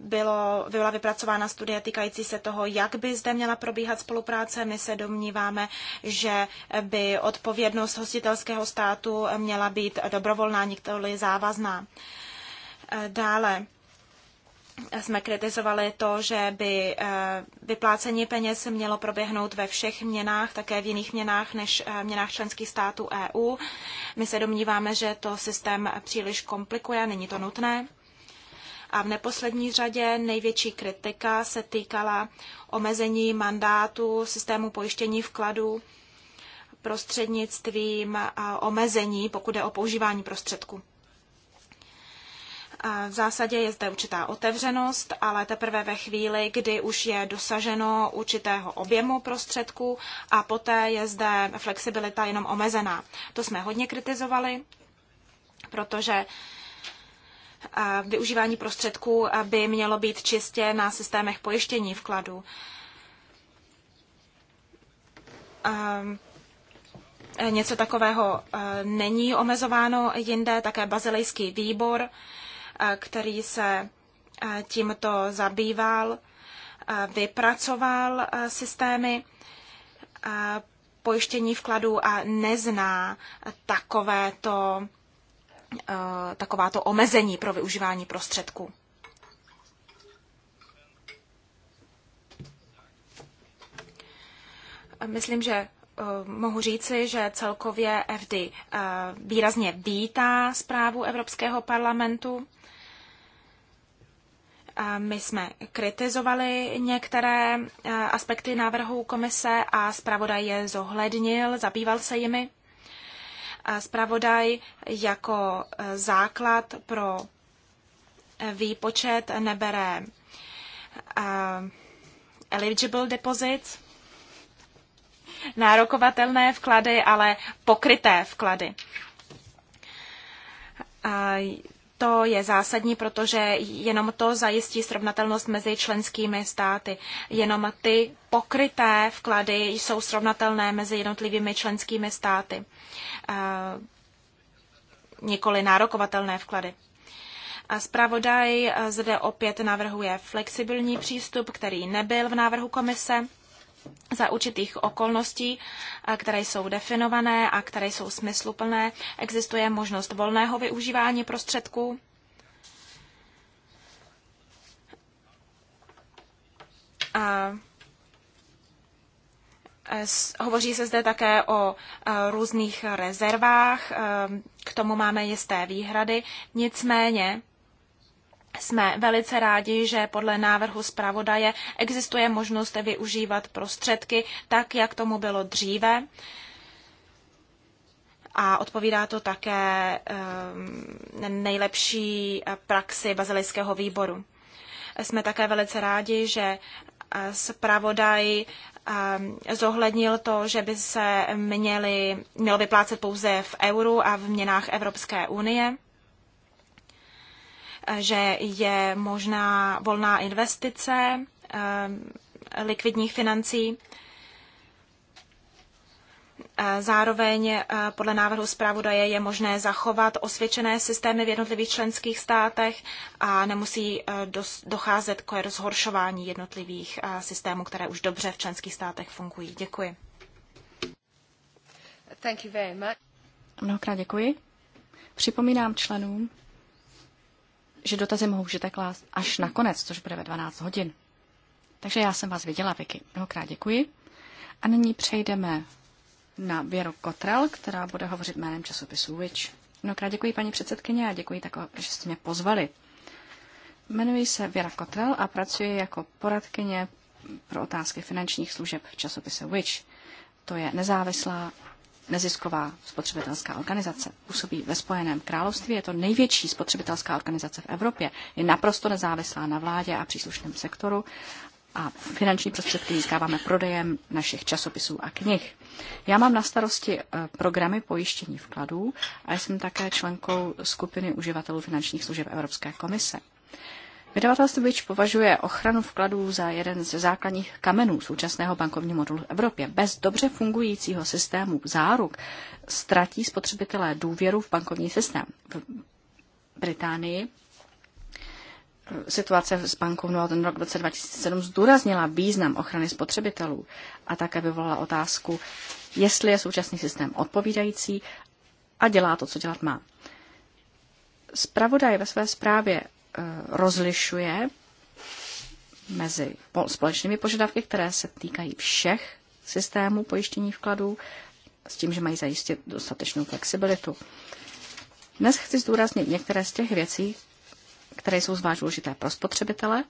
bylo, byla vypracována studie týkající se toho, jak by zde měla probíhat spolupráce. My se domníváme, že by odpovědnost hostitelského státu měla být dobrovolná, nikoli závazná. E, dále jsme kritizovali to, že by e, vyplácení peněz mělo proběhnout ve všech měnách, také v jiných měnách než e, měnách členských států EU. My se domníváme, že to systém příliš komplikuje, není to nutné. A v neposlední řadě největší kritika se týkala omezení mandátu systému pojištění vkladů prostřednictvím omezení, pokud je o používání prostředků. V zásadě je zde určitá otevřenost, ale teprve ve chvíli, kdy už je dosaženo určitého objemu prostředků a poté je zde flexibilita jenom omezená. To jsme hodně kritizovali, protože využívání prostředků by mělo být čistě na systémech pojištění vkladu. Ehm, něco takového eh, není omezováno jinde, také bazilejský výbor, eh, který se eh, tímto zabýval, vypracoval systémy pojištění vkladů a nezná takovéto Eh, takováto omezení pro využívání prostředků. Myslím, že eh, mohu říci, že celkově FD eh, výrazně vítá zprávu Evropského parlamentu. My jsme kritizovali některé aspekty návrhu komise a zpravodaj je zohlednil, zabýval se jimi zpravodaj jako e, základ pro e, výpočet nebere e, eligible deposits, nárokovatelné vklady, ale pokryté vklady. To je zásadní, protože jenom to zajistí srovnatelnost mezi členskými státy. Jenom ty pokryté vklady jsou srovnatelné mezi jednotlivými členskými státy. Eh, nikoli nárokovatelné vklady. A zpravodaj eh, zde opět navrhuje flexibilní přístup, který nebyl v návrhu komise za určitých okolností, které jsou definované a které jsou smysluplné, existuje možnost volného využívání prostředků. A e, Hovoří se zde také o e, různých rezervách, e, k tomu máme jisté výhrady. Nicméně jsme velice rádi, že podle návrhu zpravodaje existuje možnost využívat prostředky tak, jak tomu bylo dříve. A odpovídá to také ehm, nejlepší praxi bazilického výboru. Jsme také velice rádi, že eh, zpravodaj ehm, zohlednil to, že by se měli, mělo vyplácet pouze v euru a v měnách Evropské unie že je možná volná investice eh, likvidních financí. Eh, zároveň eh, podle návrhu zpravodaje je možné zachovat osvědčené systémy v jednotlivých členských státech a nemusí docházet k rozhoršování jednotlivých systémů, které už dobře v členských státech fungují. Děkuji. Thank you very much. Mnohokrát děkuji. Připomínám členům, že dotazy můžete klást až na konec, což bude ve 12 hodin. Takže já jsem vás viděla, Vicky. Mnohokrát děkuji. A nyní přejdeme na Věru Kotrel, která bude hovořit jménem časopisu Witch. Mnohokrát děkuji, paní předsedkyně, a děkuji, tako, že jste mě pozvali. Jmenuji se Věra Kotrel a pracuji jako poradkyně pro otázky finančních služeb v časopise Witch. To je nezávislá nezisková spotřebitelská organizace. Působí ve Spojeném království, je to největší spotřebitelská organizace v Evropě. Je naprosto nezávislá na vládě a příslušném sektoru a finanční prostředky získáváme prodejem našich časopisů a knih. Já mám na starosti eh, programy pojištění vkladů a jsem také členkou skupiny uživatelů finančních služeb Evropské komise. Vydavatelství Witch považuje ochranu vkladů za jeden ze základních kamenů současného bankovního modulu v Evropě. Bez dobře fungujícího systému záruk ztratí spotřebitelé důvěru v bankovní systém. V Británii Situace s bankou Northern Rock v roce 2007 zdůraznila význam ochrany spotřebitelů a také vyvolala otázku, jestli je současný systém odpovídající a dělá to, co dělat má. Spravodaj ve své zprávě Eh, rozlišuje mezi společnými požadavky, které se týkají všech systémů pojištění vkladů, s tím, že mají zajistit dostatečnou flexibilitu. Dnes chci zdůraznit některé z těch věcí, které jsou zvlášť důležité pro spotřebitele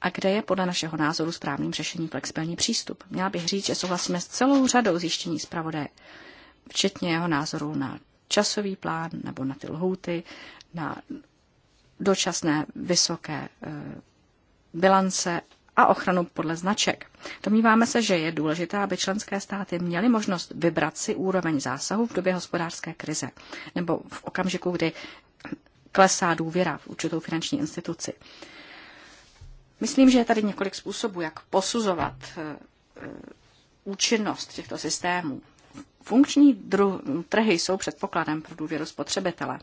a kde je podle našeho názoru správným řešením flexibilní přístup. Měla bych říct, že souhlasíme s celou řadou zjištění zpravodaje, včetně jeho názoru na časový plán nebo na ty lhouty, na dočasné vysoké eh, bilance a ochranu podle značek. Domníváme se, že je důležité, aby členské státy měly možnost vybrat si úroveň zásahu v době hospodářské krize nebo v okamžiku, kdy klesá důvěra v určitou finanční instituci. Myslím, že je tady několik způsobů, jak posuzovat eh, eh, účinnost těchto systémů. Funkční trhy jsou předpokladem pro důvěru spotřebitele.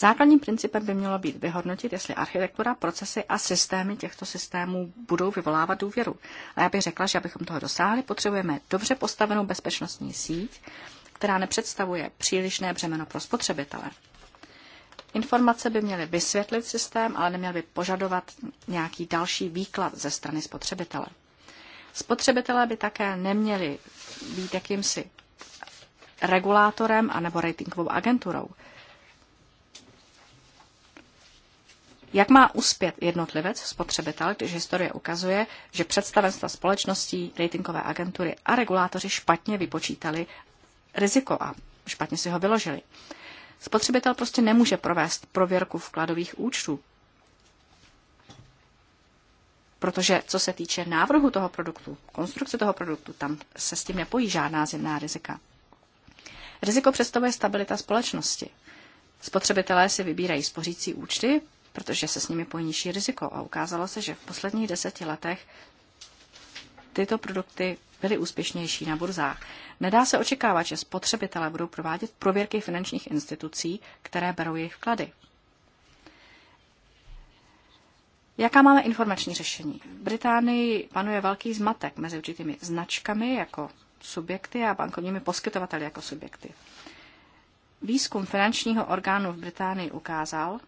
Základním principem by mělo být vyhodnotit, jestli architektura, procesy a systémy těchto systémů budou vyvolávat důvěru. A já bych řekla, že abychom toho dosáhli, potřebujeme dobře postavenou bezpečnostní síť, která nepředstavuje přílišné břemeno pro spotřebitele. Informace by měly vysvětlit systém, ale neměl by požadovat nějaký další výklad ze strany spotřebitele. Spotřebitelé by také neměli být jakýmsi regulátorem anebo ratingovou agenturou. Jak má uspět jednotlivec, spotřebitel, když historie ukazuje, že představenstva společností, ratingové agentury a regulátoři špatně vypočítali riziko a špatně si ho vyložili? Spotřebitel prostě nemůže provést prověrku vkladových účtů, protože co se týče návrhu toho produktu, konstrukce toho produktu, tam se s tím nepojí žádná zimná rizika. Riziko představuje stabilita společnosti. Spotřebitelé si vybírají spořící účty, protože se s nimi pojí nižší riziko. A ukázalo se, že v posledních deseti letech tyto produkty byly úspěšnější na burzách. Nedá se očekávat, že spotřebitelé budou provádět prověrky finančních institucí, které berou jejich vklady. Jaká máme informační řešení? V Británii panuje velký zmatek mezi určitými značkami jako subjekty a bankovními poskytovateli jako subjekty. Výzkum finančního orgánu v Británii ukázal,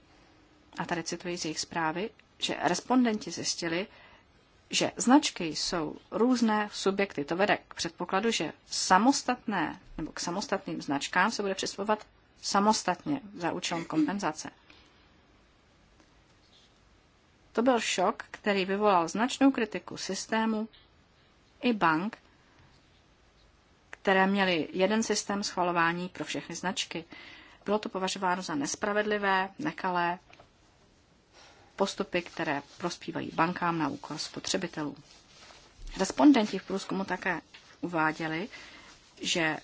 a tady cituji z jejich zprávy, že respondenti zjistili, že značky jsou různé subjekty. To vede k předpokladu, že samostatné nebo k samostatným značkám se bude přistupovat samostatně za účelem kompenzace. To byl šok, který vyvolal značnou kritiku systému i bank, které měly jeden systém schvalování pro všechny značky. Bylo to považováno za nespravedlivé, nekalé postupy, které prospívají bankám na úkor spotřebitelů. Respondenti v průzkumu také uváděli, že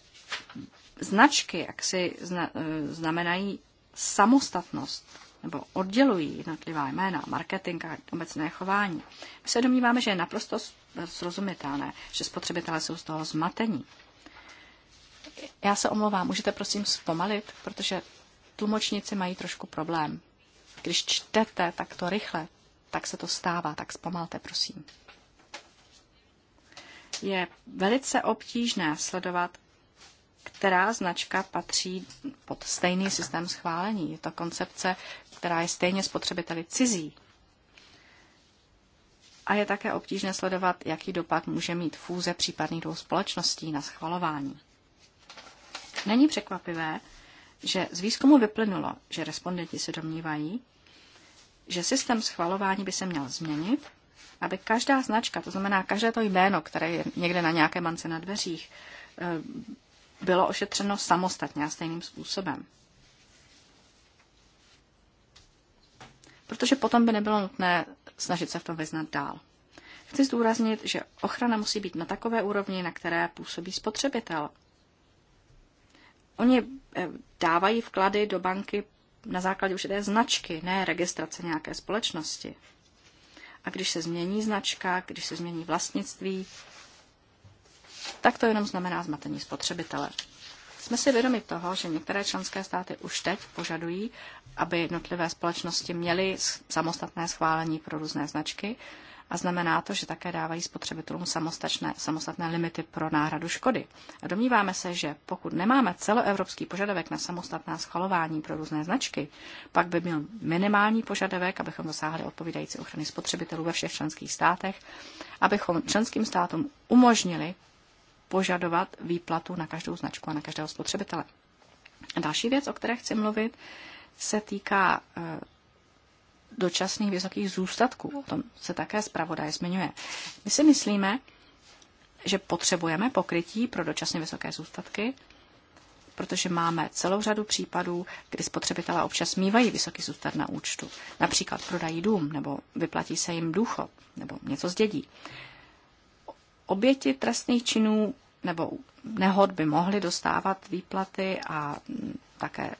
značky jaksi e, znamenají samostatnost nebo oddělují jednotlivá jména, marketing a obecné chování. My se domníváme, že je naprosto srozumitelné, že spotřebitelé jsou z toho zmatení. Já se omlouvám, můžete prosím zpomalit, protože tlumočníci mají trošku problém. Když čtete takto rychle, tak se to stává, tak zpomalte, prosím. Je velice obtížné sledovat, která značka patří pod stejný systém schválení. Je to koncepce, která je stejně spotřebiteli cizí. A je také obtížné sledovat, jaký dopad může mít fůze případných dvou společností na schvalování. Není překvapivé, že z výzkumu vyplynulo, že respondenti se domnívají, že systém schvalování by se měl změnit, aby každá značka, to znamená každé to jméno, které je někde na nějaké mance na dveřích, eh, bylo ošetřeno samostatně a stejným způsobem. Protože potom by nebylo nutné snažit se v tom vyznat dál. Chci zdůraznit, že ochrana musí být na takové úrovni, na které působí spotřebitel, Oni eh, dávají vklady do banky na základě už té značky, ne registrace nějaké společnosti. A když se změní značka, když se změní vlastnictví, tak to jenom znamená zmatení spotřebitele. Jsme si vědomi toho, že některé členské státy už teď požadují, aby jednotlivé společnosti měly samostatné schválení pro různé značky a znamená to, že také dávají spotřebitelům samostatné, limity pro náhradu škody. A domníváme se, že pokud nemáme celoevropský požadavek na samostatná schvalování pro různé značky, pak by měl minimální požadavek, abychom dosáhli odpovídající ochrany spotřebitelů ve všech členských státech, abychom členským státům umožnili požadovat výplatu na každou značku a na každého spotřebitele. Další věc, o které chci mluvit, se týká eh, dočasných vysokých zůstatků. O tom se také zpravodaj zmiňuje. My si myslíme, že potřebujeme pokrytí pro dočasně vysoké zůstatky, protože máme celou řadu případů, kdy spotřebitelé občas mývají vysoký zůstat na účtu. Například prodají dům, nebo vyplatí se jim důchod, nebo něco zdědí. Oběti trestných činů nebo nehod by mohly dostávat výplaty a také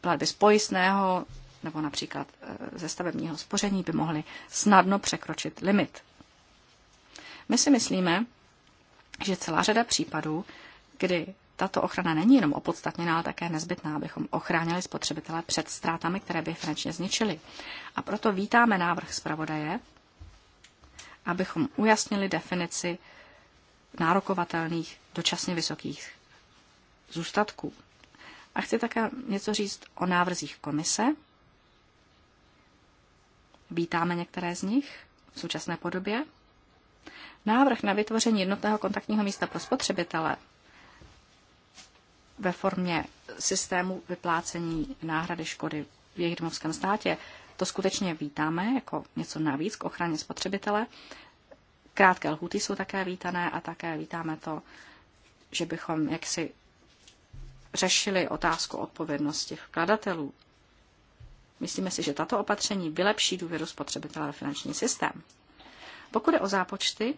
platby z pojistného, nebo například eh, ze stavebního spoření by mohly snadno překročit limit. My si myslíme, že celá řada případů, kdy tato ochrana není jenom opodstatněná, ale také nezbytná, abychom ochránili spotřebitele před ztrátami, které by finančně zničily. A proto vítáme návrh zpravodaje, abychom ujasnili definici nárokovatelných dočasně vysokých zůstatků. A chci také něco říct o návrzích komise, Vítáme některé z nich v současné podobě. Návrh na vytvoření jednotného kontaktního místa pro spotřebitele ve formě systému vyplácení náhrady škody v jejich domovském státě, to skutečně vítáme jako něco navíc k ochraně spotřebitele. Krátké lhuty jsou také vítané a také vítáme to, že bychom jaksi řešili otázku odpovědnosti vkladatelů Myslíme si, že tato opatření vylepší důvěru spotřebitele ve finanční systém. Pokud je o zápočty,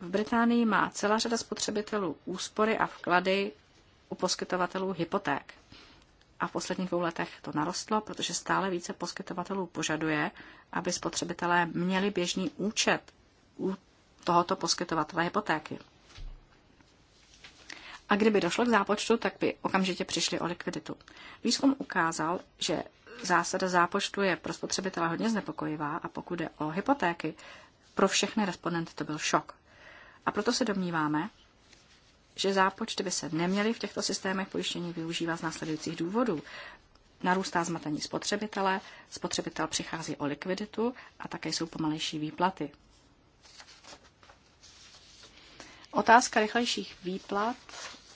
v Británii má celá řada spotřebitelů úspory a vklady u poskytovatelů hypoték. A v posledních dvou letech to narostlo, protože stále více poskytovatelů požaduje, aby spotřebitelé měli běžný účet u tohoto poskytovatele hypotéky. A kdyby došlo k zápočtu, tak by okamžitě přišli o likviditu. Výzkum ukázal, že zásada zápočtu je pro spotřebitele hodně znepokojivá a pokud je o hypotéky, pro všechny respondenty to byl šok. A proto se domníváme, že zápočty by se neměly v těchto systémech pojištění využívat z následujících důvodů. Narůstá zmatení spotřebitele, spotřebitel přichází o likviditu a také jsou pomalejší výplaty. Otázka rychlejších výplat,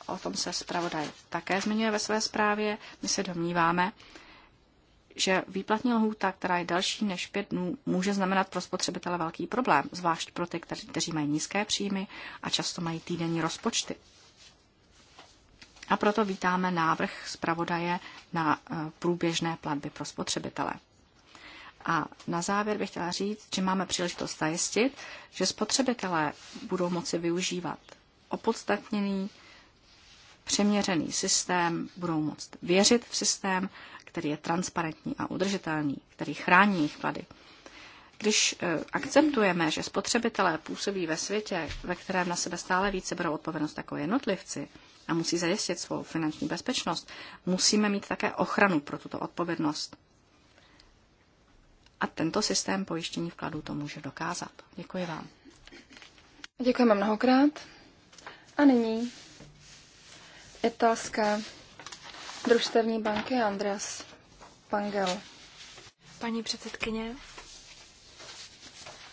o tom se zpravodaj také zmiňuje ve své zprávě. My se domníváme, že výplatní lhůta, která je další než pět dnů, může znamenat pro spotřebitele velký problém, zvlášť pro ty, kteří, mají nízké příjmy a často mají týdenní rozpočty. A proto vítáme návrh zpravodaje na eh, průběžné platby pro spotřebitele. A na závěr bych chtěla říct, že máme příležitost zajistit, že spotřebitelé budou moci využívat opodstatněný přiměřený systém, budou moct věřit v systém, který je transparentní a udržitelný, který chrání jejich vklady. Když eh, akceptujeme, že spotřebitelé působí ve světě, ve kterém na sebe stále více berou odpovědnost jako jednotlivci a musí zajistit svou finanční bezpečnost, musíme mít také ochranu pro tuto odpovědnost. A tento systém pojištění vkladů to může dokázat. Děkuji vám. Děkujeme mnohokrát. A nyní italské družstevní banky Andreas Pangel. Paní předsedkyně,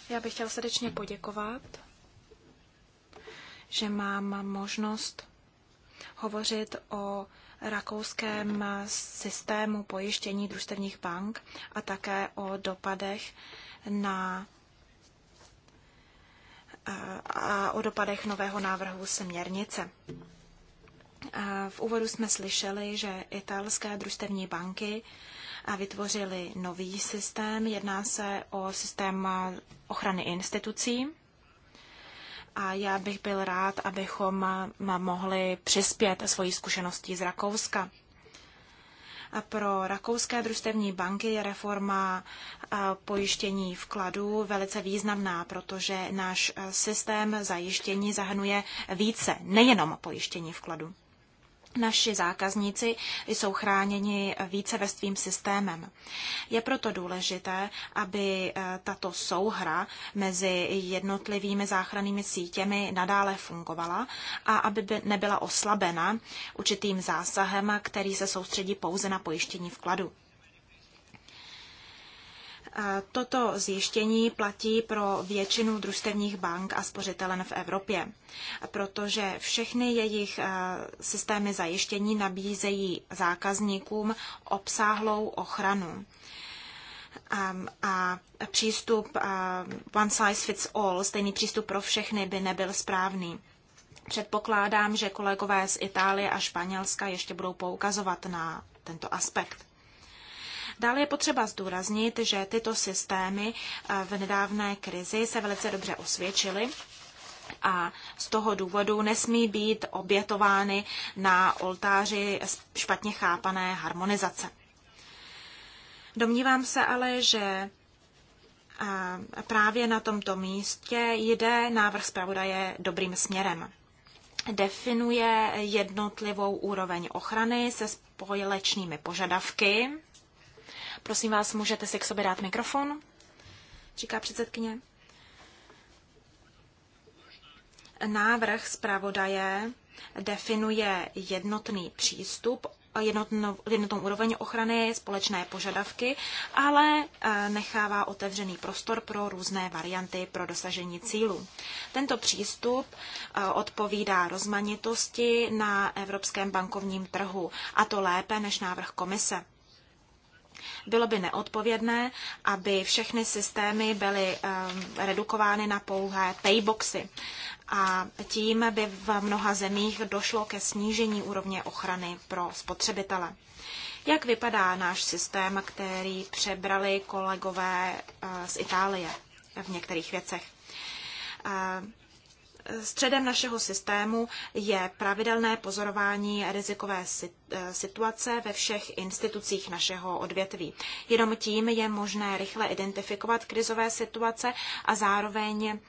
já bych chtěl srdečně poděkovat, že mám možnost hovořit o rakouském systému pojištění družstevních bank a také o dopadech na a o dopadech nového návrhu směrnice. V úvodu jsme slyšeli, že italské družstevní banky vytvořily nový systém. Jedná se o systém ochrany institucí. A já bych byl rád, abychom mohli přispět svojí zkušeností z Rakouska. A pro rakouské družstevní banky je reforma pojištění vkladů velice významná, protože náš systém zajištění zahrnuje více, nejenom pojištění vkladů. Naši zákazníci jsou chráněni více ve svým systémem. Je proto důležité, aby eh, tato souhra mezi jednotlivými záchrannými sítěmi nadále fungovala a aby nebyla oslabena určitým zásahem, který se soustředí pouze na pojištění vkladu. Toto zjištění platí pro většinu družstevních bank a spořitelen v Evropě, protože všechny jejich e, systémy zajištění nabízejí zákazníkům obsáhlou ochranu a přístup one size fits all, stejný přístup pro všechny, by nebyl správný. Předpokládám, že kolegové z Itálie a Španělska ještě budou poukazovat na tento aspekt. Dále je potřeba zdůraznit, že tyto systémy eh, v nedávné krizi se velice dobře osvědčily a z toho důvodu nesmí být obětovány na oltáři špatně chápané harmonizace. Domnívám se ale, že eh, právě na tomto místě jde návrh zpravodaje dobrým směrem. Definuje jednotlivou úroveň ochrany se společnými požadavky Prosím vás, můžete si k sobě dát mikrofon? Říká předsedkyně. Návrh zpravodaje definuje jednotný přístup, jednotnou, jednotnou úroveň ochrany, společné požadavky, ale eh, nechává otevřený prostor pro různé varianty pro dosažení cílu. Tento přístup eh, odpovídá rozmanitosti na evropském bankovním trhu, a to lépe než návrh komise. Bylo by neodpovědné, aby všechny systémy byly ehm, redukovány na pouhé payboxy. A tím by v mnoha zemích došlo ke snížení úrovně ochrany pro spotřebitele. Jak vypadá náš systém, který přebrali kolegové eh, z Itálie v některých věcech? Ehm, Středem našeho systému je pravidelné pozorování rizikové eh, situace ve všech institucích našeho odvětví. Jenom tím je možné rychle identifikovat krizové situace a zároveň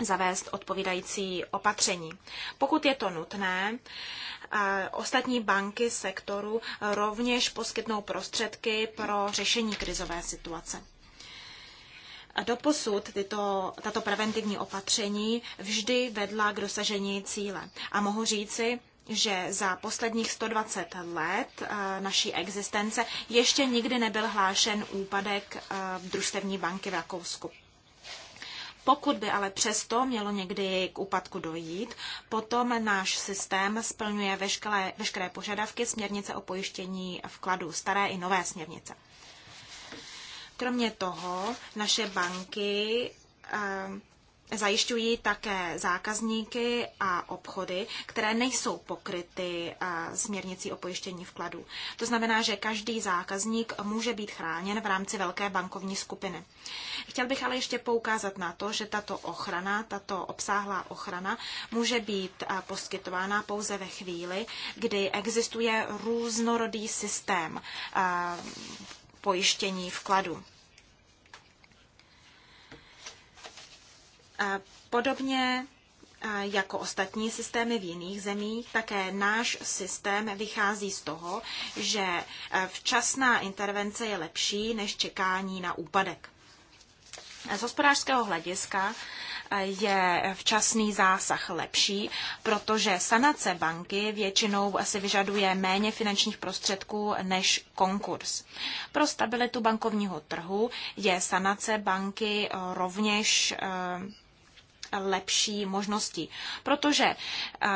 zavést odpovídající opatření. Pokud je to nutné, eh, ostatní banky sektoru rovněž poskytnou prostředky pro řešení krizové situace. A doposud tyto, tato preventivní opatření vždy vedla k dosažení cíle. A mohu říci, že za posledních 120 let eh, naší existence ještě nikdy nebyl hlášen úpadek eh, družstevní banky v Rakousku. Pokud by ale přesto mělo někdy k úpadku dojít, potom náš systém splňuje veškeré, veškeré požadavky směrnice o pojištění vkladů staré i nové směrnice. Kromě toho naše banky ehm, zajišťují také zákazníky a obchody, které nejsou pokryty eh, směrnicí o pojištění vkladů. To znamená, že každý zákazník může být chráněn v rámci velké bankovní skupiny. Chtěl bych ale ještě poukázat na to, že tato ochrana, tato obsáhlá ochrana může být eh, poskytována pouze ve chvíli, kdy existuje různorodý systém ehm, pojištění vkladu. Podobně jako ostatní systémy v jiných zemích, také náš systém vychází z toho, že e, včasná intervence je lepší než čekání na úpadek. Z hospodářského hlediska je včasný zásah lepší, protože sanace banky většinou asi vyžaduje méně finančních prostředků než konkurs. Pro stabilitu bankovního trhu je sanace banky eh, rovněž eh, lepší možnosti, protože eh,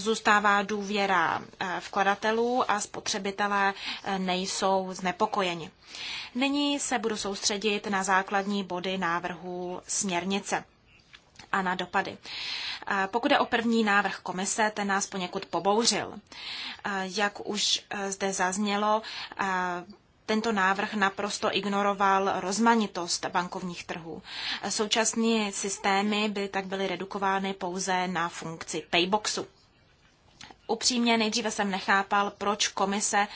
zůstává důvěra vkladatelů a spotřebitelé nejsou znepokojeni. Nyní se budu soustředit na základní body návrhu směrnice a na dopady. Pokud je o první návrh komise, ten nás poněkud pobouřil. Jak už e, zde zaznělo, tento návrh naprosto ignoroval rozmanitost bankovních trhů. Současné systémy by tak byly redukovány pouze na funkci payboxu. Upřímně nejdříve jsem nechápal, proč komise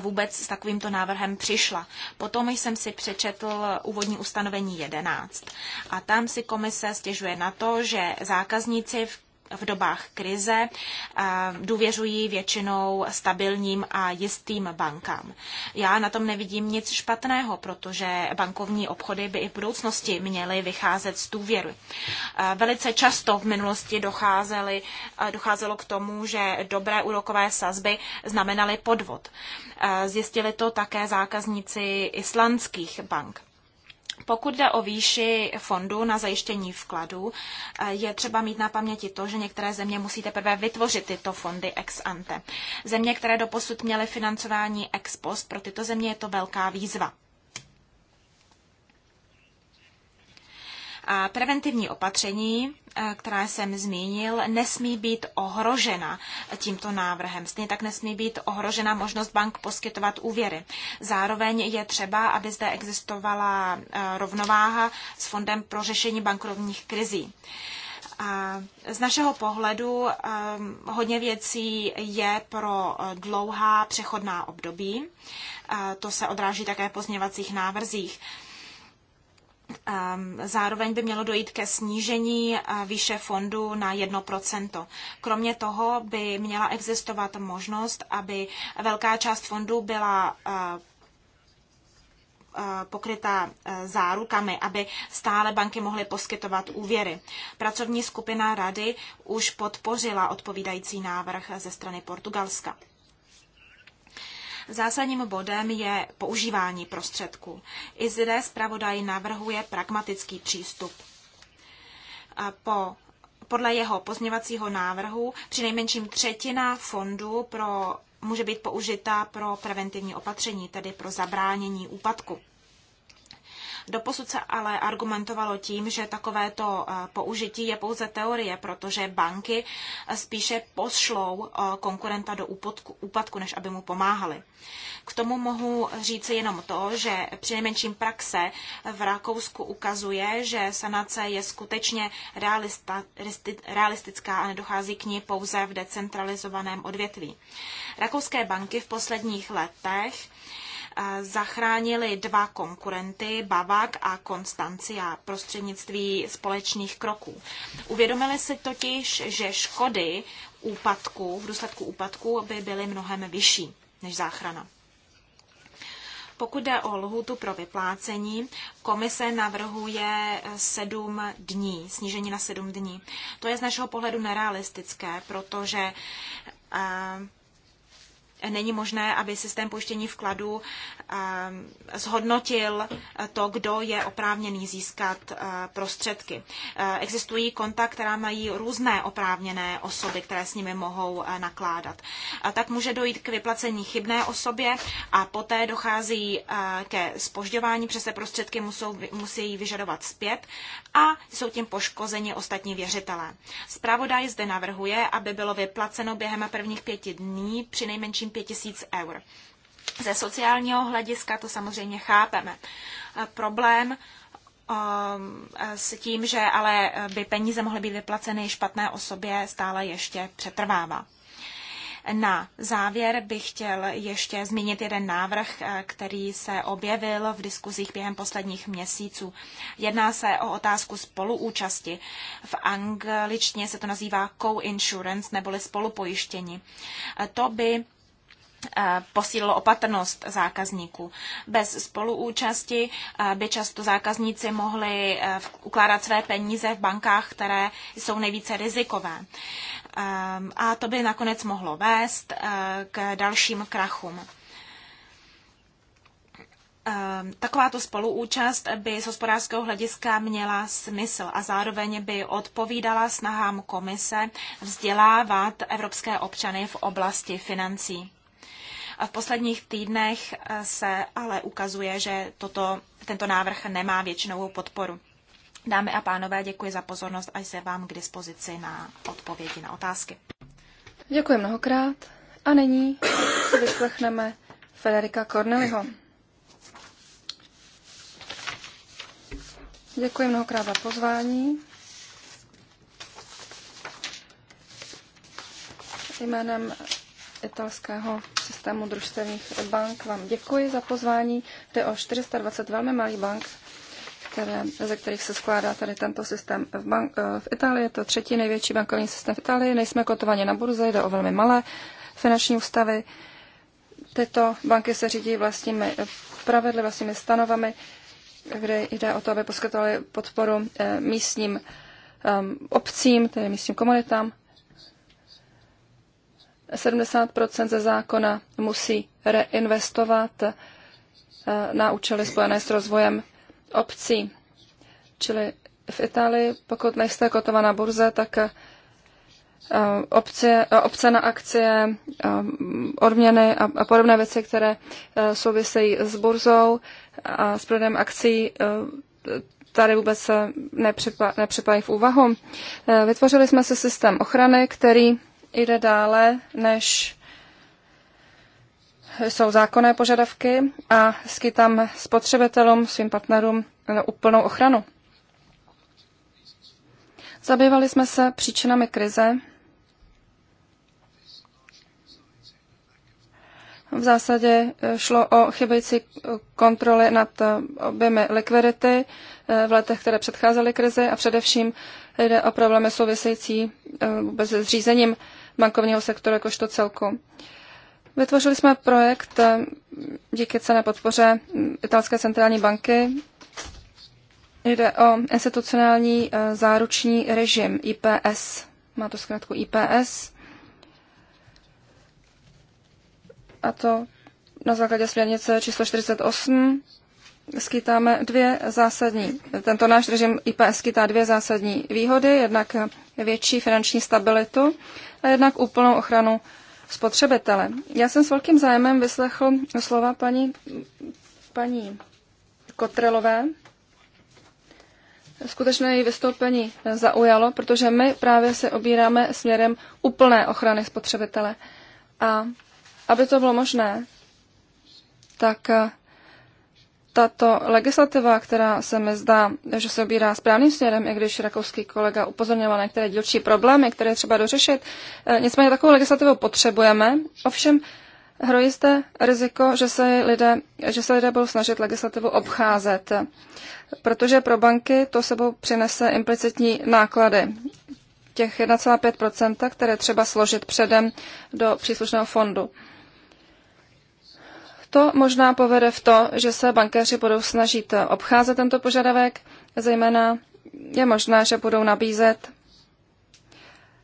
vůbec s takovýmto návrhem přišla. Potom jsem si přečetl úvodní ustanovení 11 a tam si komise stěžuje na to, že zákazníci v v dobách krize eh, důvěřují většinou stabilním a jistým bankám. Já na tom nevidím nic špatného, protože bankovní obchody by i v budoucnosti měly vycházet z důvěry. Eh, velice často v minulosti docházeli, eh, docházelo k tomu, že dobré úrokové sazby znamenaly podvod. Zjistili to také zákazníci islandských bank. Pokud jde o výši fondu na zajištění vkladu, eh, je třeba mít na paměti to, že některé země musí teprve vytvořit tyto fondy ex ante. Země, které doposud měly financování ex post, pro tyto země je to velká výzva. A Preventivní opatření, eh, která jsem zmínil, nesmí být ohrožena tímto návrhem. Stejně tak nesmí být ohrožena možnost bank poskytovat úvěry. Zároveň je třeba, aby zde existovala eh, rovnováha s Fondem pro řešení bankovních krizí. A z našeho pohledu eh, hodně věcí je pro dlouhá přechodná období. To se odráží také v pozměvacích návrzích. Ehm, zároveň by mělo dojít ke snížení eh, výše fondu na 1%. Kromě toho by měla existovat možnost, aby velká část fondu byla eh, eh, pokrytá zárukami, aby stále banky mohly poskytovat úvěry. Pracovní skupina rady už podpořila odpovídající návrh ze strany Portugalska. Zásadním bodem je používání prostředků. I zde zpravodaj navrhuje pragmatický přístup. A po podle jeho pozměvacího návrhu při nejmenším třetina fondu pro, může být použita pro preventivní opatření, tedy pro zabránění úpadku. Doposud se ale argumentovalo tím, že takovéto eh, použití je pouze teorie, protože banky eh, spíše pošlou eh, konkurenta do úpadku, než aby mu pomáhali. K tomu mohu říci jenom to, že přinejmenším praxe v Rakousku ukazuje, že sanace je skutečně realistická a nedochází k ní pouze v decentralizovaném odvětví. Rakouské banky v posledních letech Eh, zachránili dva konkurenty, Bavak a Konstancia, prostřednictví společných kroků. Uvědomili si totiž, že škody úpadku, v důsledku úpadku by byly mnohem vyšší než záchrana. Pokud jde o lhůtu pro vyplácení, komise navrhuje sedm dní, snížení na sedm dní. To je z našeho pohledu nerealistické, protože uh, není možné, aby systém pojištění vkladů eh, zhodnotil to, kdo je oprávněný získat eh, prostředky. Eh, existují konta, která mají různé oprávněné osoby, které s nimi mohou nakládat. A tak může dojít k vyplacení chybné osobě a poté dochází ke spožďování, přes se prostředky musou, musí vyžadovat zpět a jsou tím poškozeni ostatní věřitelé. Zpravodaj zde navrhuje, aby bylo vyplaceno během prvních pěti dní při nejmenším tuším 5000 eur. Ze sociálního hlediska to samozřejmě chápeme. Eh, problém ehm, eh, s tím, že ale eh, by peníze mohly být vyplaceny špatné osobě, stále ještě přetrvává. Na závěr bych chtěl ještě zmínit jeden návrh, který se objevil v diskuzích během posledních měsíců. Jedná se o otázku spoluúčasti. V angličtině se to nazývá co-insurance neboli spolupojištění. To by Eh, posílilo opatrnost zákazníků. Bez spoluúčasti eh, by často zákazníci mohli eh, ukládat své peníze v bankách, které jsou nejvíce rizikové. A to by nakonec mohlo vést k dalším krachům. Takováto spoluúčast by z hospodářského hlediska měla smysl a zároveň by odpovídala snahám komise vzdělávat evropské občany v oblasti financí. V posledních týdnech eh, se ale ukazuje, že toto, tento návrh nemá většinovou podporu. Dámy a pánové, děkuji za pozornost a jsem vám k dispozici na odpovědi na otázky. Děkuji mnohokrát a nyní si vyslechneme Federika Corneliho. Děkuji mnohokrát za pozvání. Jménem italského systému družstevních bank vám děkuji za pozvání. Jde o 420 velmi malých bank, které, ze kterých se skládá tady tento systém v, bank, eh, v Itálii. Je to třetí největší bankovní systém v Itálii. Nejsme kotovaně na burze, jde o velmi malé finanční ústavy. Tyto banky se řídí vlastními pravidly, vlastními stanovami, kde jde o to, aby poskytovaly podporu eh, místním eh, obcím, tedy místním komunitám 70 ze zákona musí reinvestovat eh, na účely spojené s rozvojem obcí. Čili v Itálii, pokud nejste kotová na burze, tak eh, obce, eh, obce na akcie, odměny a, a podobné věci, které souvisejí s burzou a s prodejem akcí, tady vůbec nepřipa, nepřipadají v úvahu. Vytvořili jsme si systém ochrany, který jde dále, než jsou zákonné požadavky a skytám spotřebitelům, svým partnerům eh, úplnou ochranu. Zabývali jsme se příčinami krize. V zásadě eh, šlo o chybějící kontroly nad eh, objemy likvidity v letech, které předcházely krizi a především jde o problémy související s řízením bankovního sektoru jakožto celku. Vytvořili jsme projekt eh, díky cené podpoře Italské centrální banky. Jde o institucionální eh, záruční režim IPS. Má to zkrátku IPS. A to na základě směrnice číslo 48 skýtáme dvě zásadní, tento náš režim IPS skýtá dvě zásadní výhody, jednak větší finanční stabilitu a jednak úplnou ochranu spotřebitele. Já jsem s velkým zájmem vyslechl slova paní, paní Kotrelové. Skutečně její vystoupení zaujalo, protože my právě se obíráme směrem úplné ochrany spotřebitele. A aby to bylo možné, tak tato legislativa, která se mi zdá, že se obírá správným směrem, i když rakouský kolega upozorňoval na některé dílčí problémy, které třeba dořešit, eh, nicméně takovou legislativu potřebujeme, ovšem hrojí zde riziko, že se, lidé, že se lidé budou snažit legislativu obcházet, protože pro banky to sebou přinese implicitní náklady těch 1,5%, které třeba složit předem do příslušného fondu. To možná povede v to, že se bankéři budou snažit obcházet tento požadavek, zejména je možné, že budou nabízet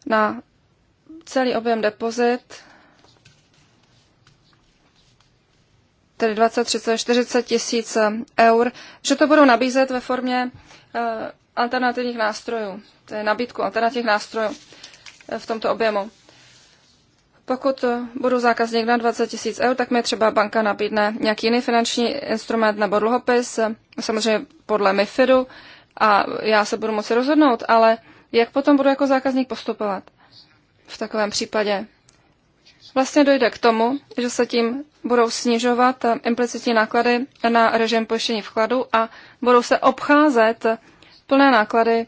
na celý objem depozit, tedy 20, 30, 40 tisíc eur, že to budou nabízet ve formě eh, alternativních nástrojů, tedy nabídku alternativních nástrojů eh, v tomto objemu. Pokud eh, budu zákazník na 20 tisíc eur, tak mi třeba banka nabídne nějaký jiný finanční instrument nebo dluhopis, eh, samozřejmě podle MIFIDu, a já se budu moci rozhodnout, ale jak potom budu jako zákazník postupovat v takovém případě? Vlastně dojde k tomu, že se tím budou snižovat eh, implicitní náklady na režim pojištění vkladu a budou se obcházet plné náklady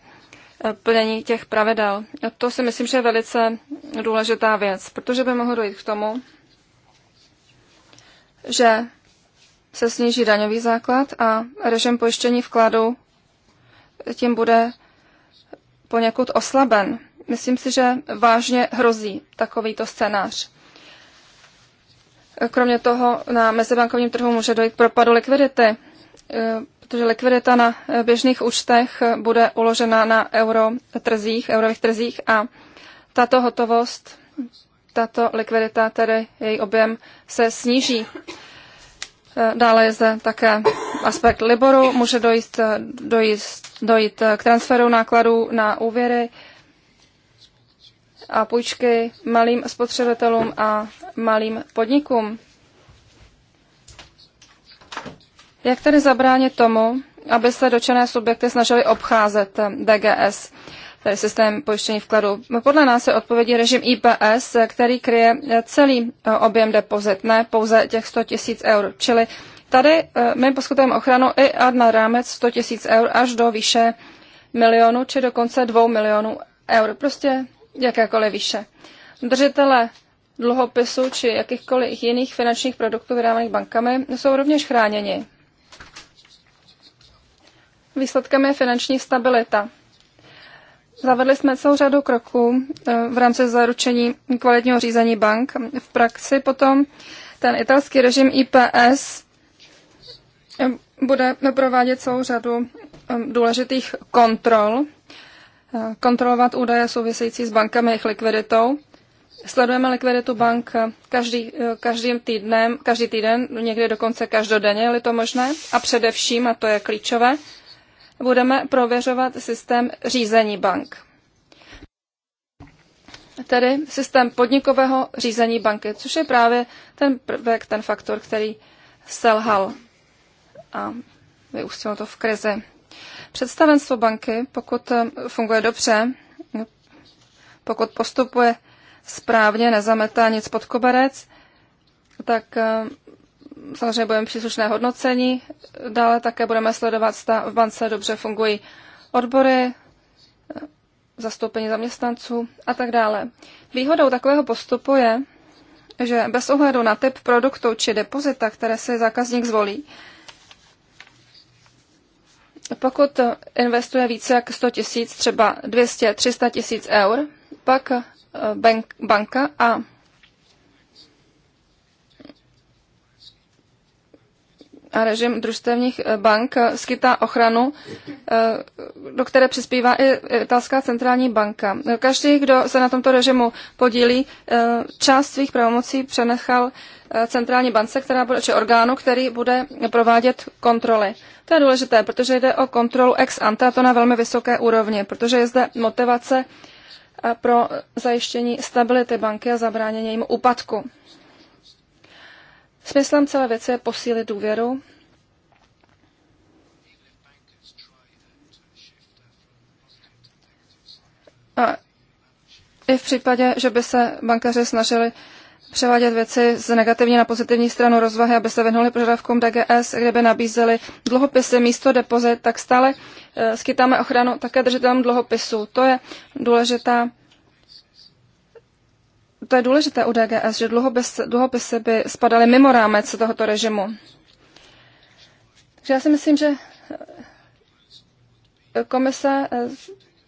Eh, plnění těch pravidel. A to si myslím, že je velice důležitá věc, protože by mohlo dojít k tomu, že se sníží daňový základ a režim pojištění vkladu tím bude poněkud oslaben. Myslím si, že vážně hrozí takovýto scénář. Kromě toho na mezibankovním trhu může dojít k propadu likvidity eh, protože likvidita na eh, běžných účtech eh, bude uložena na euro trzích, eurových trzích a tato hotovost, tato likvidita, tedy její objem, se sníží. Eh, dále je zde také aspekt Liboru. Může dojít, dojít, dojít k transferu nákladů na úvěry a půjčky malým spotřebitelům a malým podnikům. Jak tedy zabránit tomu, aby se dočené subjekty snažily obcházet eh, DGS, tedy systém pojištění vkladu? Podle nás je odpovědí režim IPS, který kryje eh, celý eh, objem depozit, ne pouze těch 100 tisíc eur. Čili tady my poskytujeme ochranu i na rámec 100 tisíc eur až do výše milionu či dokonce dvou milionů eur, prostě jakékoliv výše. Držitele dluhopisu či jakýchkoliv jiných finančních produktů vydávaných bankami jsou rovněž chráněni. Výsledkem je finanční stabilita. Zavedli jsme celou řadu kroků eh, v rámci zaručení kvalitního řízení bank. V praxi potom ten italský režim IPS eh, bude provádět celou řadu eh, důležitých kontrol, kontrolovat údaje související s bankami a jejich likviditou. Sledujeme likviditu bank každý, každým týdnem, každý týden, někdy dokonce každodenně, je to možné. A především, a to je klíčové, budeme prověřovat systém řízení bank. Tedy systém podnikového řízení banky, což je právě ten prvek, ten faktor, který selhal a vyústilo to v krizi. Představenstvo banky, pokud eh, funguje dobře, pokud postupuje správně, nezametá nic pod koberec, tak eh, samozřejmě budeme příslušné hodnocení. Dále také budeme sledovat, zda v bance dobře fungují odbory, zastoupení zaměstnanců a tak dále. Výhodou takového postupu je, že bez ohledu na typ produktu či depozita, které si zákazník zvolí, pokud investuje více jak 100 tisíc, třeba 200-300 tisíc eur, pak eh, bank, banka a a režim družstevních eh, bank eh, skytá ochranu, eh, do které přispívá i italská centrální banka. Každý, kdo se na tomto režimu podílí, část svých pravomocí přenechal centrální bance, která bude, či orgánu, který bude provádět kontroly. To je důležité, protože jde o kontrolu ex ante, a to na velmi vysoké úrovni, protože je zde motivace pro zajištění stability banky a zabránění jejímu úpadku. Smyslem celé věci je posílit důvěru A i v případě, že by se bankaři snažili převádět věci z negativní na pozitivní stranu rozvahy, aby se vyhnuli požadavkům DGS, kde by nabízeli dluhopisy místo depozit, tak stále eh, skytáme ochranu také držitelům dluhopisů. To je důležitá to je důležité u DGS, že dluhopis, dluhopisy by spadaly mimo rámec tohoto režimu. Takže já si myslím, že eh, komise eh,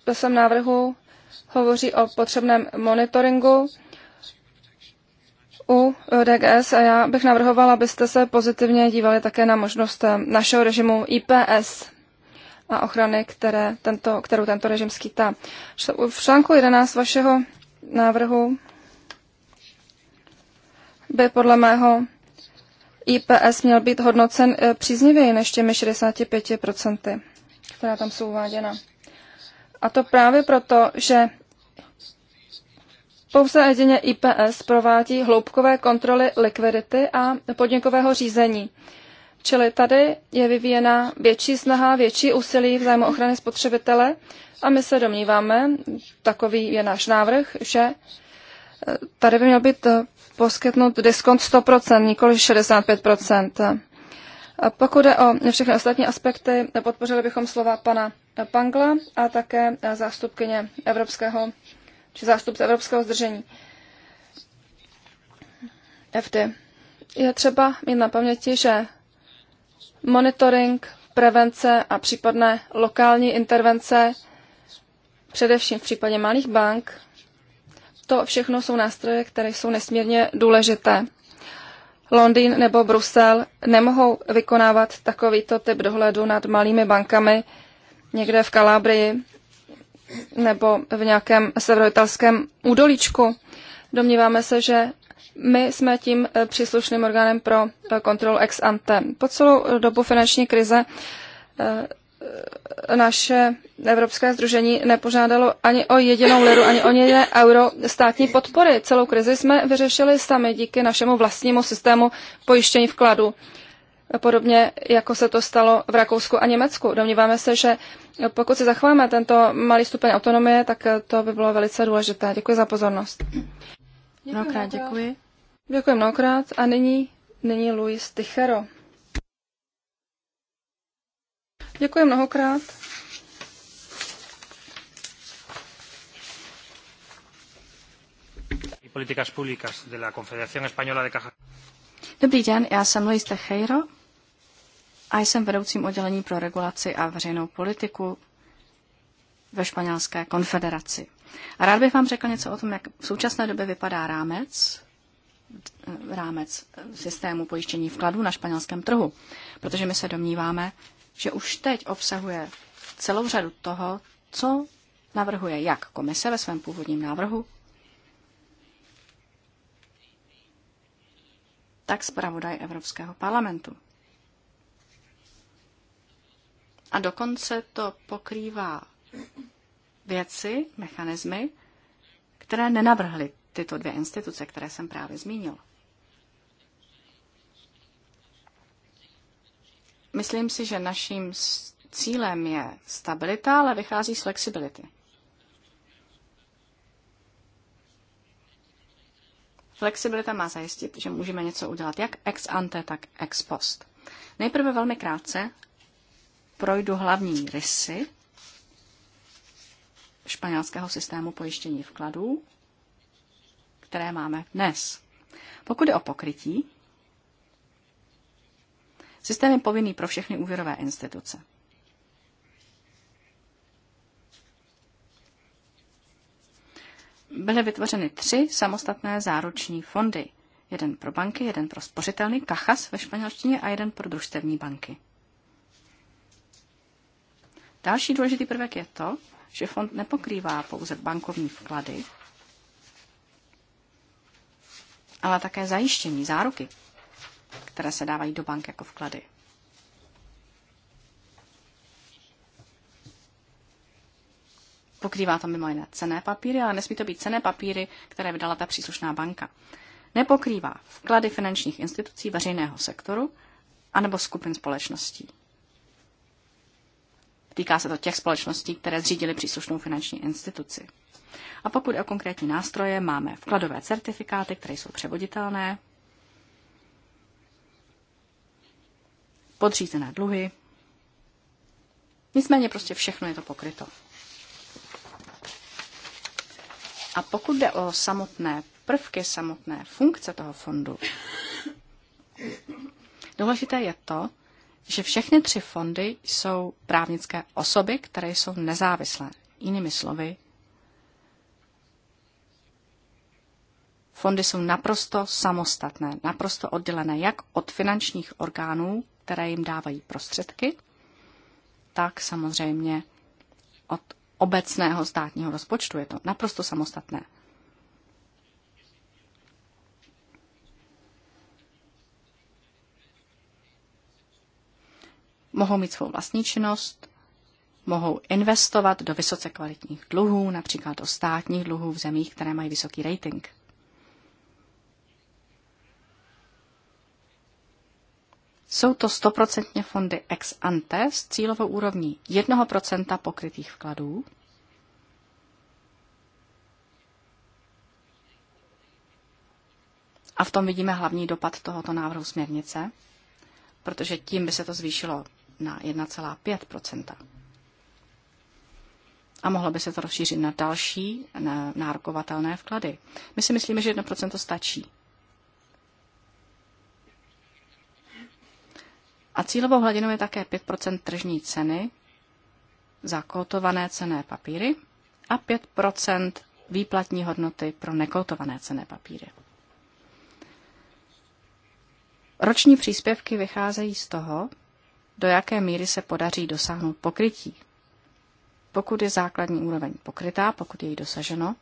ve svém návrhu hovoří o potřebném monitoringu u eh, DGS a já bych navrhovala, abyste se pozitivně dívali také na možnost našeho režimu IPS a ochrany, které tento, kterou tento režim skýtá. V článku 11 vašeho návrhu by podle mého IPS měl být hodnocen eh, příznivěji než těmi 65%, která tam jsou uváděna. A to právě proto, že pouze jedině IPS provádí hloubkové kontroly likvidity a podnikového řízení. Čili tady je vyvíjena větší snaha, větší úsilí v zájmu ochrany spotřebitele a my se domníváme, takový je náš návrh, že eh, tady by měl být eh, poskytnout diskont 100%, nikoli 65%. A pokud jde o všechny ostatní aspekty, podpořili bychom slova pana Pangla a také zástupkyně Evropského, či zástupce Evropského zdržení. FD. Je třeba mít na paměti, že monitoring, prevence a případné lokální intervence, především v případě malých bank, to všechno jsou nástroje, které jsou nesmírně důležité. Londýn nebo Brusel nemohou vykonávat takovýto typ dohledu nad malými bankami někde v Kalábrii nebo v nějakém severoitalském údolíčku. Domníváme se, že my jsme tím eh, příslušným orgánem pro eh, kontrolu ex ante. Po celou dobu finanční krize eh, naše Evropské združení nepožádalo ani o jedinou liru, ani o jediné euro státní podpory. Celou krizi jsme vyřešili sami díky našemu vlastnímu systému pojištění vkladu. Podobně jako se to stalo v Rakousku a Německu. Domníváme se, že pokud si zachováme tento malý stupeň autonomie, tak to by bylo velice důležité. Děkuji za pozornost. Mnohokrát děkuji. Děkuji mnohokrát a nyní, nyní Luis Tichero. Děkuji mnohokrát. Dobrý den, já jsem Luis Tejero a jsem vedoucím oddělení pro regulaci a veřejnou politiku ve Španělské konfederaci. A rád bych vám řekl něco o tom, jak v současné době vypadá rámec, rámec systému pojištění vkladů na španělském trhu, protože my se domníváme, že už teď obsahuje celou řadu toho, co navrhuje jak komise ve svém původním návrhu, tak zpravodaj Evropského parlamentu. A dokonce to pokrývá věci, mechanismy, které nenavrhly tyto dvě instituce, které jsem právě zmínil. Myslím si, že naším cílem je stabilita, ale vychází z flexibility. Flexibilita má zajistit, že můžeme něco udělat jak ex ante, tak ex post. Nejprve velmi krátce projdu hlavní rysy španělského systému pojištění vkladů, které máme dnes. Pokud je o pokrytí, Systém je povinný pro všechny úvěrové instituce. Byly vytvořeny tři samostatné záruční fondy. Jeden pro banky, jeden pro spořitelny, kachas ve španělštině a jeden pro družstevní banky. Další důležitý prvek je to, že fond nepokrývá pouze bankovní vklady, ale také zajištění záruky, které se dávají do bank jako vklady. Pokrývá to mimo jiné cené papíry, ale nesmí to být cené papíry, které vydala ta příslušná banka. Nepokrývá vklady finančních institucí veřejného sektoru anebo skupin společností. Týká se to těch společností, které zřídily příslušnou finanční instituci. A pokud o konkrétní nástroje, máme vkladové certifikáty, které jsou převoditelné, podřízené dluhy. Nicméně prostě všechno je to pokryto. A pokud jde o samotné prvky, samotné funkce toho fondu, důležité je to, že všechny tři fondy jsou právnické osoby, které jsou nezávislé. Jinými slovy, fondy jsou naprosto samostatné, naprosto oddělené jak od finančních orgánů, které jim dávají prostředky, tak samozřejmě od obecného státního rozpočtu je to naprosto samostatné. Mohou mít svou vlastní činnost, mohou investovat do vysoce kvalitních dluhů, například do státních dluhů v zemích, které mají vysoký rating. Jsou to stoprocentně fondy ex ante s cílovou úrovní 1% pokrytých vkladů. A v tom vidíme hlavní dopad tohoto návrhu směrnice, protože tím by se to zvýšilo na 1,5 a mohlo by se to rozšířit na další nárokovatelné vklady. My si myslíme, že 1% stačí. A cílovou hladinou je také 5 tržní ceny za kotované cené papíry a 5 výplatní hodnoty pro nekotované cené papíry. Roční příspěvky vycházejí z toho, do jaké míry se podaří dosáhnout pokrytí. Pokud je základní úroveň pokrytá, pokud je jí dosaženo,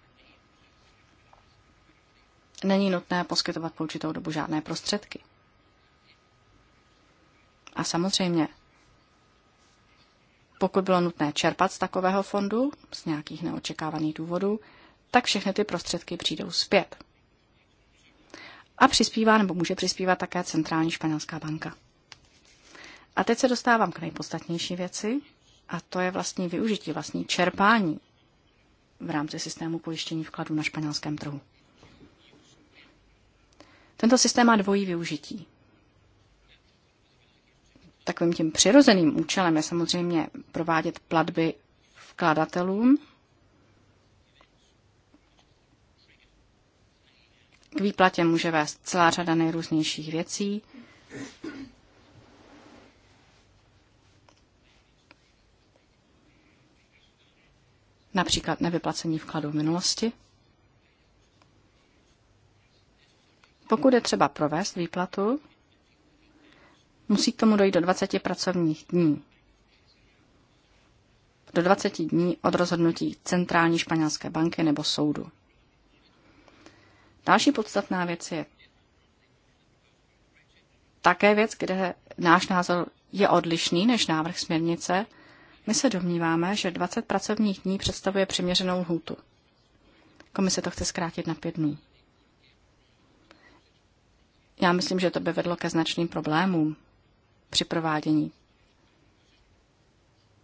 není nutné poskytovat po určitou dobu žádné prostředky. A samozřejmě, pokud bylo nutné čerpat z takového fondu z nějakých neočekávaných důvodů, tak všechny ty prostředky přijdou zpět. A přispívá nebo může přispívat také Centrální španělská banka. A teď se dostávám k nejpodstatnější věci, a to je vlastní využití, vlastní čerpání v rámci systému pojištění vkladů na španělském trhu. Tento systém má dvojí využití. Takovým tím přirozeným účelem je samozřejmě provádět platby vkladatelům. K výplatě může vést celá řada nejrůznějších věcí. Například nevyplacení vkladů v minulosti. Pokud je třeba provést výplatu, Musí k tomu dojít do 20 pracovních dní. Do 20 dní od rozhodnutí Centrální španělské banky nebo soudu. Další podstatná věc je také věc, kde náš názor je odlišný než návrh směrnice. My se domníváme, že 20 pracovních dní představuje přiměřenou lhůtu. Komise to chce zkrátit na pět dnů. Já myslím, že to by vedlo ke značným problémům při provádění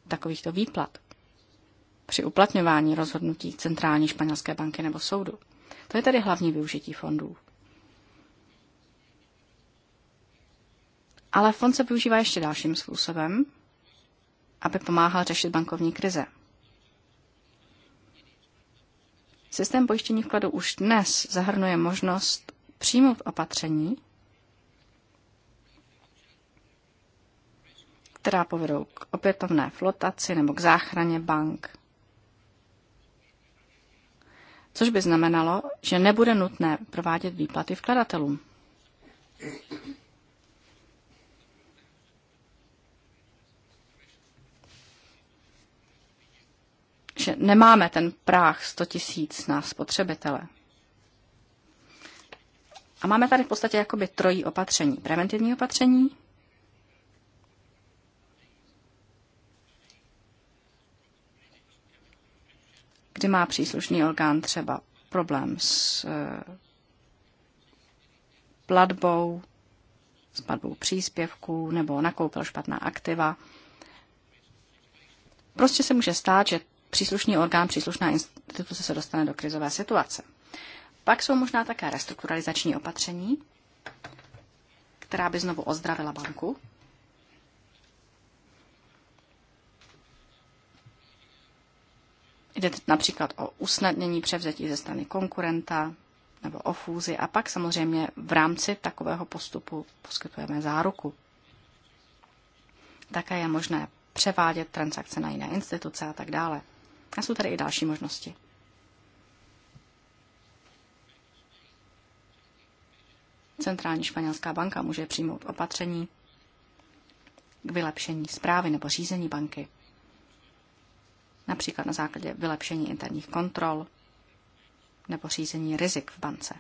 takovýchto výplat při uplatňování rozhodnutí Centrální španělské banky nebo soudu. To je tedy hlavní využití fondů. Ale fond se využívá ještě dalším způsobem, aby pomáhal řešit bankovní krize. Systém pojištění vkladu už dnes zahrnuje možnost přijmout opatření, která povedou k opětovné flotaci nebo k záchraně bank. Což by znamenalo, že nebude nutné provádět výplaty vkladatelům. Že nemáme ten práh 100 tisíc na spotřebitele. A máme tady v podstatě jakoby trojí opatření. Preventivní opatření, kdy má příslušný orgán třeba problém s eh, platbou, s platbou příspěvků nebo nakoupil špatná aktiva. Prostě se může stát, že příslušný orgán, příslušná instituce se dostane do krizové situace. Pak jsou možná také restrukturalizační opatření, která by znovu ozdravila banku, Jde například o usnadnění převzetí ze strany konkurenta nebo o fúzi a pak samozřejmě v rámci takového postupu poskytujeme záruku. Také je možné převádět transakce na jiné instituce a tak dále. A jsou tady i další možnosti. Centrální španělská banka může přijmout opatření k vylepšení zprávy nebo řízení banky například na základě vylepšení interních kontrol nebo řízení rizik v bance.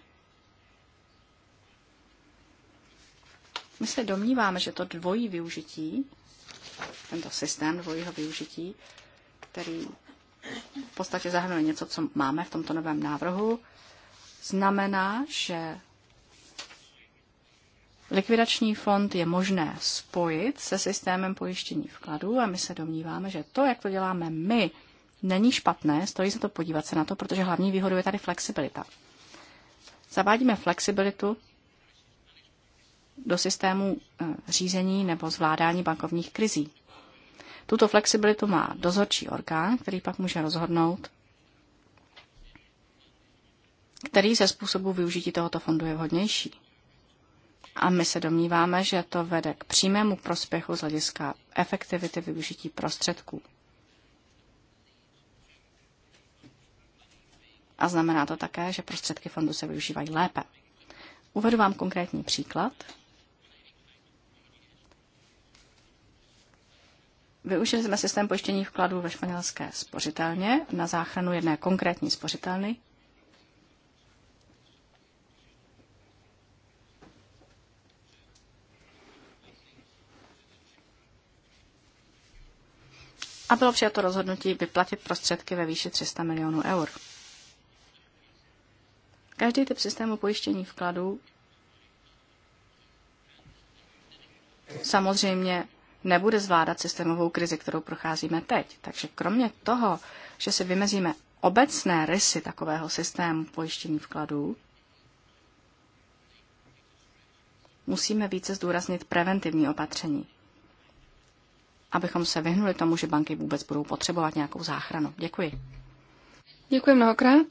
My se domníváme, že to dvojí využití, tento systém dvojího využití, který v podstatě zahrnuje něco, co máme v tomto novém návrhu, znamená, že Likvidační fond je možné spojit se systémem pojištění vkladů a my se domníváme, že to, jak to děláme my, není špatné, stojí se to podívat se na to, protože hlavní výhodou je tady flexibilita. Zavádíme flexibilitu do systému eh, řízení nebo zvládání bankovních krizí. Tuto flexibilitu má dozorčí orgán, který pak může rozhodnout, který ze způsobu využití tohoto fondu je vhodnější a my se domníváme, že to vede k přímému prospěchu z hlediska efektivity využití prostředků. A znamená to také, že prostředky fondu se využívají lépe. Uvedu vám konkrétní příklad. Využili jsme systém pojištění vkladů ve španělské spořitelně na záchranu jedné konkrétní spořitelny, a bylo přijato rozhodnutí vyplatit prostředky ve výši 300 milionů eur. Každý typ systému pojištění vkladů samozřejmě nebude zvládat systémovou krizi, kterou procházíme teď. Takže kromě toho, že si vymezíme obecné rysy takového systému pojištění vkladů, musíme více zdůraznit preventivní opatření abychom se vyhnuli tomu, že banky vůbec budou potřebovat nějakou záchranu. Děkuji. Děkuji mnohokrát.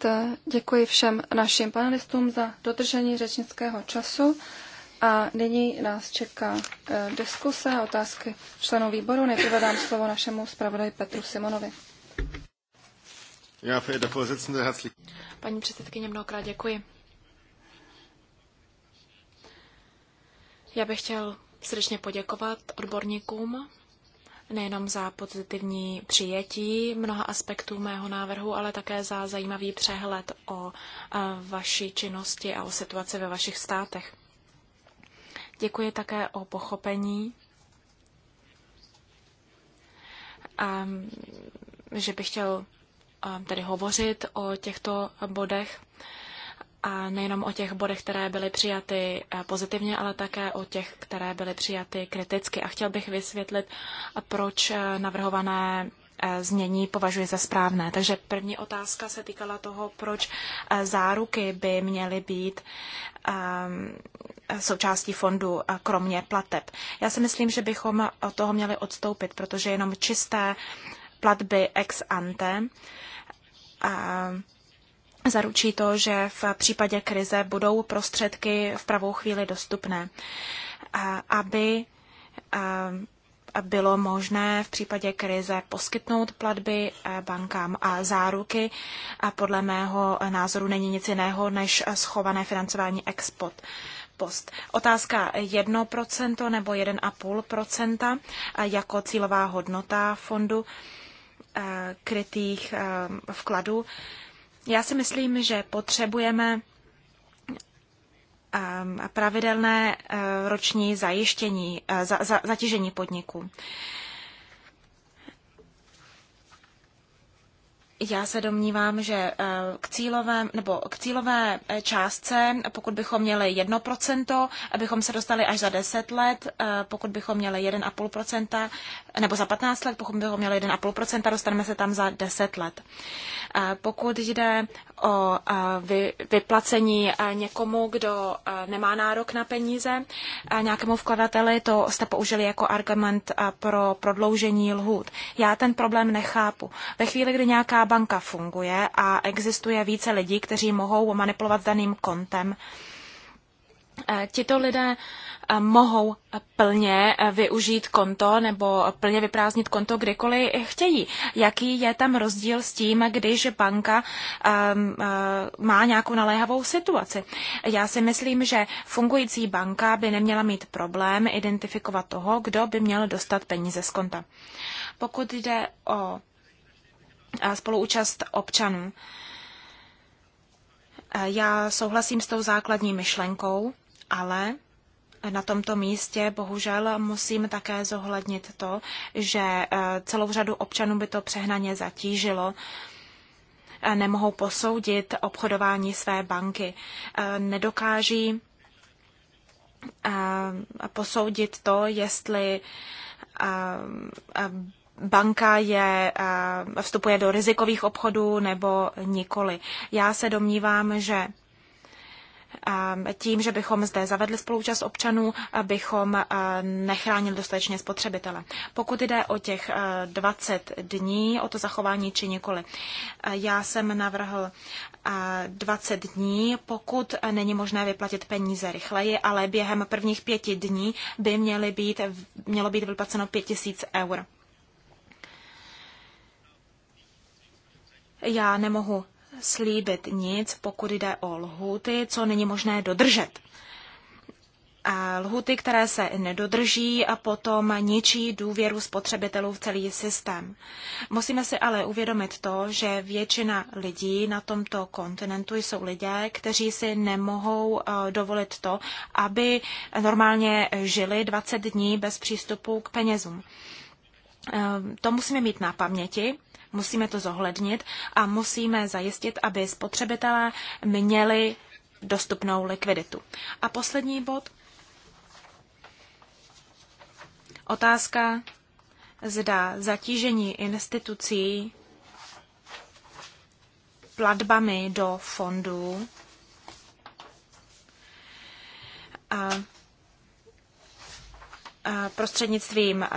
Děkuji všem našim panelistům za dodržení řečnického času. A nyní nás čeká e, diskuse a otázky členů výboru. Nejprve dám slovo našemu zpravodaji Petru Simonovi. Já, Paní předsedkyně, mnohokrát děkuji. Já bych chtěl srdečně poděkovat odborníkům nejenom za pozitivní přijetí mnoha aspektů mého návrhu, ale také za zajímavý přehled o vaší činnosti a o situaci ve vašich státech. Děkuji také o pochopení, a, že bych chtěl tedy hovořit o těchto bodech a nejenom o těch bodech, které byly přijaty eh, pozitivně, ale také o těch, které byly přijaty kriticky. A chtěl bych vysvětlit, proč eh, navrhované eh, znění považuji za správné. Takže první otázka se týkala toho, proč záruky by měly být ehm, součástí fondu, kromě plateb. Já si myslím, že bychom od toho měli odstoupit, protože jenom čisté platby ex ante ehm, zaručí to, že v případě krize budou prostředky v pravou chvíli dostupné, aby bylo možné v případě krize poskytnout platby e, bankám a záruky. A podle mého názoru není nic jiného než schované financování export post. Otázka 1% nebo 1,5% jako cílová hodnota fondu e, krytých e, vkladů. Já si myslím, že potřebujeme ehm, pravidelné ehm, roční zajištění, eh, zatížení podniku. Já se domnívám, že eh, k, cílové nebo k cílové eh, částce, pokud bychom měli 1%, abychom se dostali až za 10 eh, let, pokud bychom měli 1,5%, nebo za 15 let, pokud bychom měli 1,5%, dostaneme se tam za 10 let. Pokud jde o vyplacení někomu, kdo nemá nárok na peníze, nějakému vkladateli, to jste použili jako argument pro prodloužení lhůt. Já ten problém nechápu. Ve chvíli, kdy nějaká banka funguje a existuje více lidí, kteří mohou manipulovat daným kontem. Eh, tito lidé eh, mohou plně eh, využít konto nebo plně vyprázdnit konto kdykoliv chtějí. Jaký je tam rozdíl s tím, když banka ehm, má nějakou naléhavou situaci? Já si myslím, že fungující banka by neměla mít problém identifikovat toho, kdo by měl dostat peníze z konta. Pokud jde o spoluúčast občanů. Eh, já souhlasím s tou základní myšlenkou, ale na tomto místě bohužel musím také zohlednit to, že eh, celou řadu občanů by to přehnaně zatížilo. Eh, nemohou posoudit obchodování své banky. Nedokáží posoudit to, jestli banka je, eh, vstupuje do rizikových obchodů nebo nikoli. Já se domnívám, že eh, tím, že bychom zde zavedli spoluúčast občanů, eh, bychom nechránili dostatečně spotřebitele. Pokud jde o těch 20 dní, o to zachování či nikoli, já jsem navrhl 20 dní, pokud není možné vyplatit peníze rychleji, ale během prvních pěti dní by měly být, mělo být vyplaceno 5000 eur. Já nemohu slíbit nic, pokud jde o lhuty, co není možné dodržet. A lhuty, které se nedodrží a potom ničí důvěru spotřebitelů v celý systém. Musíme si ale uvědomit to, že většina lidí na tomto kontinentu jsou lidé, kteří si nemohou eh, dovolit to, aby normálně žili 20 dní bez přístupu k penězům. Eh, to musíme mít na paměti Musíme to zohlednit a musíme zajistit, aby spotřebitelé měli dostupnou likviditu. A poslední bod. Otázka, zda zatížení institucí platbami do fondů a Eh, prostřednictvím eh,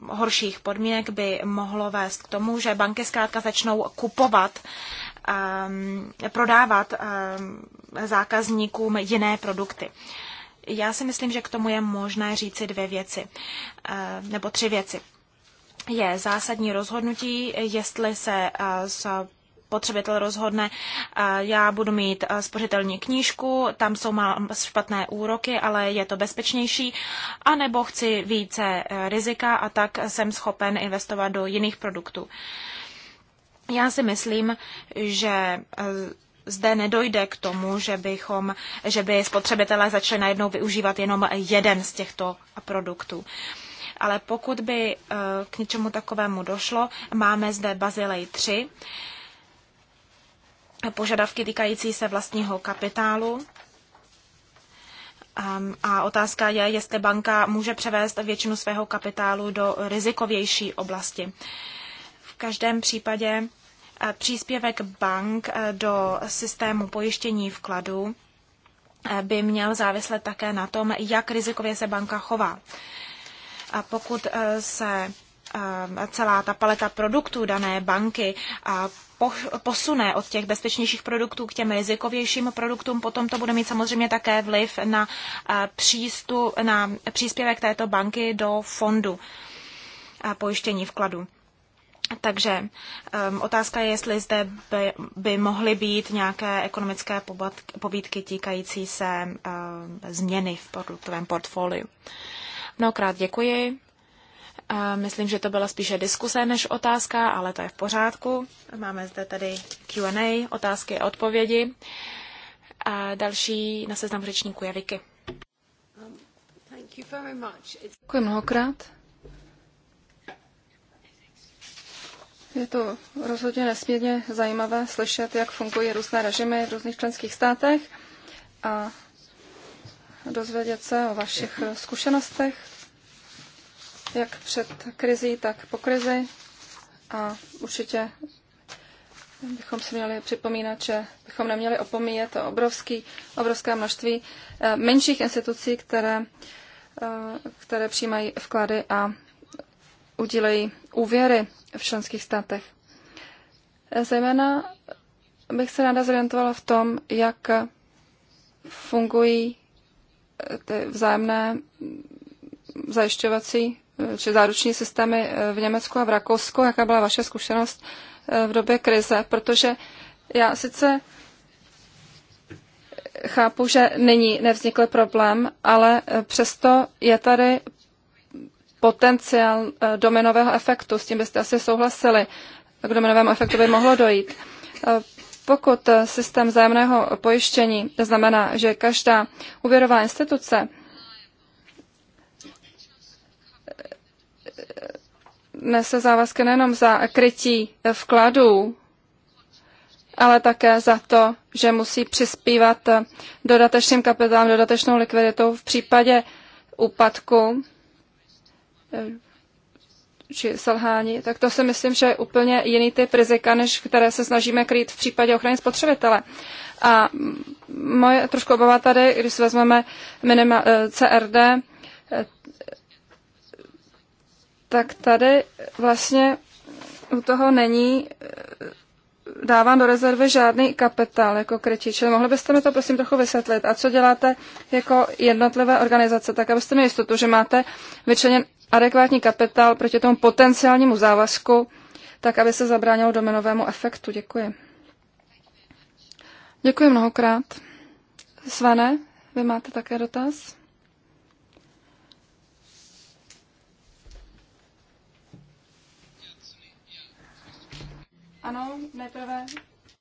horších podmínek by mohlo vést k tomu, že banky zkrátka začnou kupovat, eh, prodávat zákazníkům jiné produkty. Já si myslím, že k tomu je možné říci dvě věci, nebo tři věci. Je zásadní rozhodnutí, jestli se z spotřebitel rozhodne, já budu mít spořitelní knížku, tam jsou špatné úroky, ale je to bezpečnější, anebo chci více e, rizika a tak jsem schopen investovat do jiných produktů. Já si myslím, že e, zde nedojde k tomu, že, bychom, že by spotřebitelé začali najednou využívat jenom jeden z těchto produktů. Ale pokud by e, k něčemu takovému došlo, máme zde Bazilej 3, požadavky týkající se vlastního kapitálu. A otázka je, jestli banka může převést většinu svého kapitálu do rizikovější oblasti. V každém případě eh, příspěvek bank eh, do systému pojištění vkladů eh, by měl záviset také na tom, jak rizikově se banka chová. A pokud se Eh, celá ta paleta produktů dané banky posune od těch bezpečnějších produktů k těm rizikovějším produktům, potom to bude mít samozřejmě také vliv na, eh, přístup, na příspěvek této banky do fondu pojištění vkladu. Takže um, otázka je, jestli zde by, by mohly být nějaké ekonomické pobídky týkající se um, změny v produktovém portfoliu. Mnohokrát děkuji Myslím, že to byla spíše diskuse než otázka, ale to je v pořádku. Máme zde tady Q&A, otázky a odpovědi. A další na seznam řečníků je Vicky. Um, Děkuji mnohokrát. Je to rozhodně nesmírně zajímavé slyšet, jak fungují různé režimy v různých členských státech a dozvědět se o vašich zkušenostech jak před krizí, tak po krizi. A určitě bychom si měli připomínat, že bychom neměli opomíjet obrovský, obrovské množství eh, menších institucí, které, eh, které přijímají vklady a udílejí úvěry v členských státech. Eh, zejména bych se ráda zorientovala v tom, jak fungují ty vzájemné zajišťovací či záruční systémy eh, v Německu a v Rakousku. Jaká byla vaše zkušenost eh, v době krize? Protože já sice chápu, že nyní nevznikl problém, ale eh, přesto je tady potenciál dominového efektu. S tím byste asi souhlasili. K dominovému efektu by mohlo dojít. Pokud systém zájemného pojištění to znamená, že každá úvěrová instituce nese závazky nejenom za krytí vkladů, ale také za to, že musí přispívat dodatečným kapitálem, dodatečnou likviditou v případě úpadku eh, či selhání, tak to si myslím, že je úplně jiný typ rizika, než které se snažíme krýt v případě ochrany spotřebitele. A moje trošku obava tady, když vezmeme minima, eh, CRD, tak tady vlastně u toho není eh, dáván do rezervy žádný kapitál jako krytí. Čili mohli byste mi to prosím trochu vysvětlit. A co děláte jako jednotlivé organizace, tak abyste měli jistotu, že máte vyčleněn adekvátní kapitál proti tomu potenciálnímu závazku, tak aby se zabránilo dominovému efektu. Děkuji. Děkuji mnohokrát. Svane, vy máte také dotaz? Ano, nejprve.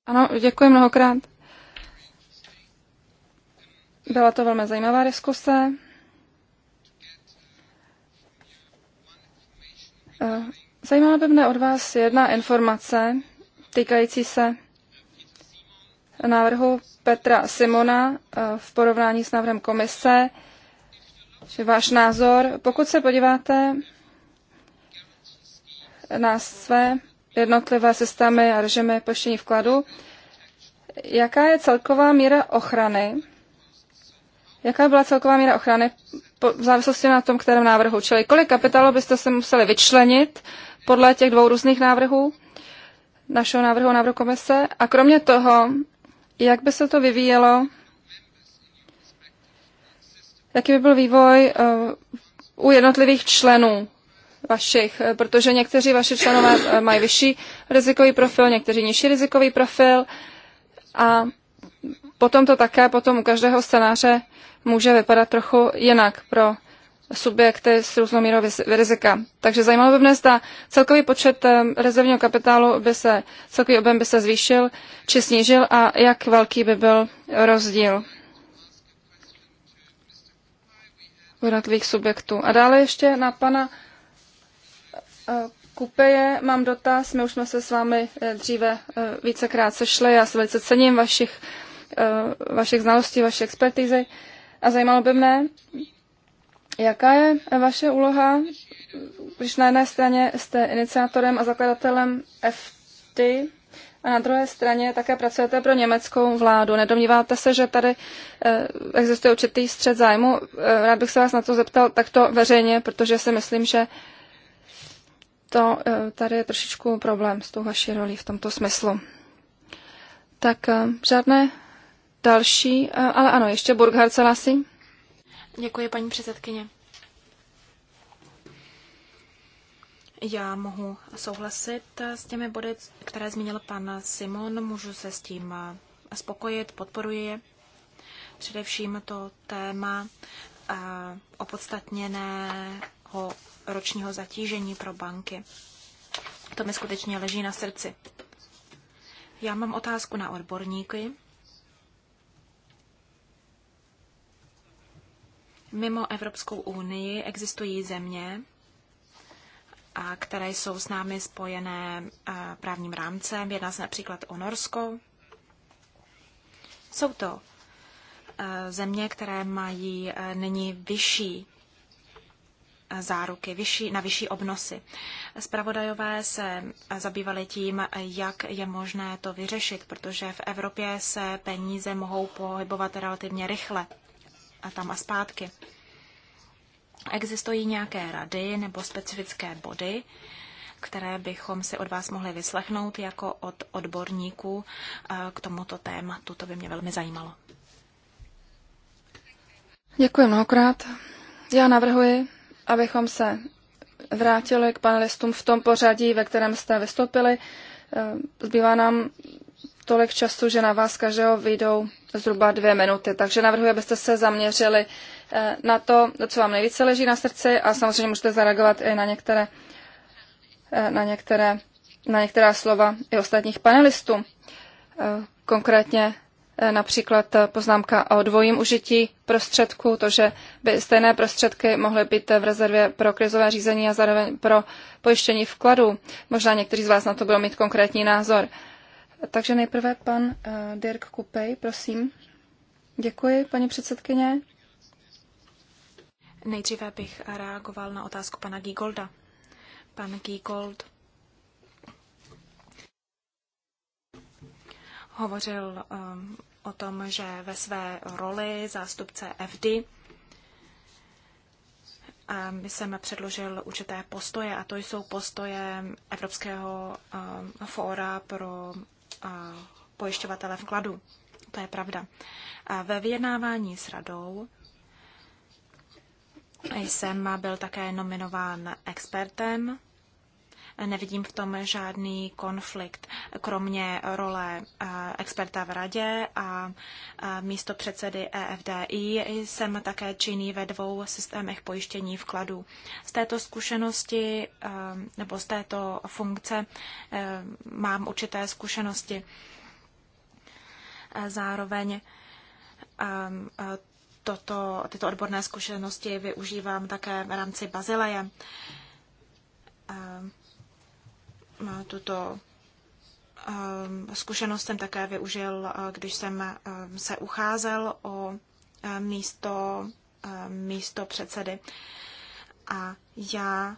Ano, děkuji mnohokrát. Byla to velmi zajímavá diskuse. Eh, zajímala by mne od vás jedna informace týkající se návrhu Petra Simona eh, v porovnání s návrhem komise. Či váš názor, pokud se podíváte na své jednotlivé systémy a režimy pojištění vkladu. Jaká je celková míra ochrany? Jaká byla celková míra ochrany v závislosti na tom, kterém návrhu? Čili kolik kapitálu byste se museli vyčlenit podle těch dvou různých návrhů, našeho návrhu a návrhu komise? A kromě toho, jak by se to vyvíjelo, jaký by byl vývoj uh, u jednotlivých členů vašich, eh, protože někteří vaši členové eh, mají vyšší rizikový profil, někteří nižší rizikový profil a potom to také potom u každého scénáře může vypadat trochu jinak pro subjekty s různou mírou rizika. Takže zajímalo by mě, zda celkový počet eh, rezervního kapitálu by se, celkový objem by se zvýšil či snížil a jak velký by byl rozdíl jednotlivých subjektů. A dále ještě na pana Eh, Kupeje, mám dotaz. My už jsme se s vámi eh, dříve eh, vícekrát sešli. Já se velice cením vašich, vašich znalostí, vaší expertizy. A zajímalo by mne, jaká je vaše úloha, když na jedné straně jste iniciátorem a zakladatelem FT a na druhé straně také pracujete pro německou vládu. Nedomníváte se, že tady existuje určitý střed zájmu? Rád bych se vás na to zeptal takto veřejně, protože si myslím, že to eh, tady je trošičku problém s tou vaší rolí v tomto smyslu. Tak eh, žádné další, eh, ale ano, ještě Burghard Salasi. Děkuji, paní předsedkyně. Já mohu souhlasit s těmi body, které zmínil pan Simon, můžu se s tím spokojit, podporuji je. Především to téma opodstatněného ročního zatížení pro banky. To mi skutečně leží na srdci. Já mám otázku na odborníky. Mimo Evropskou unii existují země, a které jsou s námi spojené právním rámcem. Jedná se například o Norsko. Jsou to země, které mají nyní vyšší záruky vyšší, na vyšší obnosy. Spravodajové se zabývali tím, jak je možné to vyřešit, protože v Evropě se peníze mohou pohybovat relativně rychle a tam a zpátky. Existují nějaké rady nebo specifické body, které bychom si od vás mohli vyslechnout jako od odborníků eh, k tomuto tématu. To by mě velmi zajímalo. Děkuji mnohokrát. Já navrhuji, abychom se vrátili k panelistům v tom pořadí, ve kterém jste vystoupili. Eh, zbývá nám tolik času, že na vás každého vyjdou zhruba dvě minuty. Takže navrhuji, abyste se zaměřili eh, na to, co vám nejvíce leží na srdci a samozřejmě můžete zareagovat i na některé, eh, na některé, na některá slova i ostatních panelistů. Konkrétně například poznámka o dvojím užití prostředků, to, že by stejné prostředky mohly být v rezervě pro krizové řízení a zároveň pro pojištění vkladů. Možná někteří z vás na to budou mít konkrétní názor. Takže nejprve pan eh, Dirk Kupej, prosím. Děkuji, paní předsedkyně. Nejdříve bych reagoval na otázku pana Giegolda. Pan Giegold hovořil um, o tom, že ve své roli zástupce FD jsem předložil určité postoje a to jsou postoje Evropského eh, fóra pro eh, pojišťovatele vkladu. To je pravda. A ve vyjednávání s radou jsem byl také nominován expertem Nevidím v tom žádný konflikt, kromě role eh, experta v radě a eh, místo předsedy EFDI jsem také činný ve dvou systémech pojištění vkladů. Z této zkušenosti eh, nebo z této funkce mám určité zkušenosti. Zároveň toto, tyto odborné zkušenosti využívám také v rámci Bazileje tuto ehm, zkušenost jsem také využil, eh, když jsem ehm, se ucházel o ehm, místo, místo předsedy. A já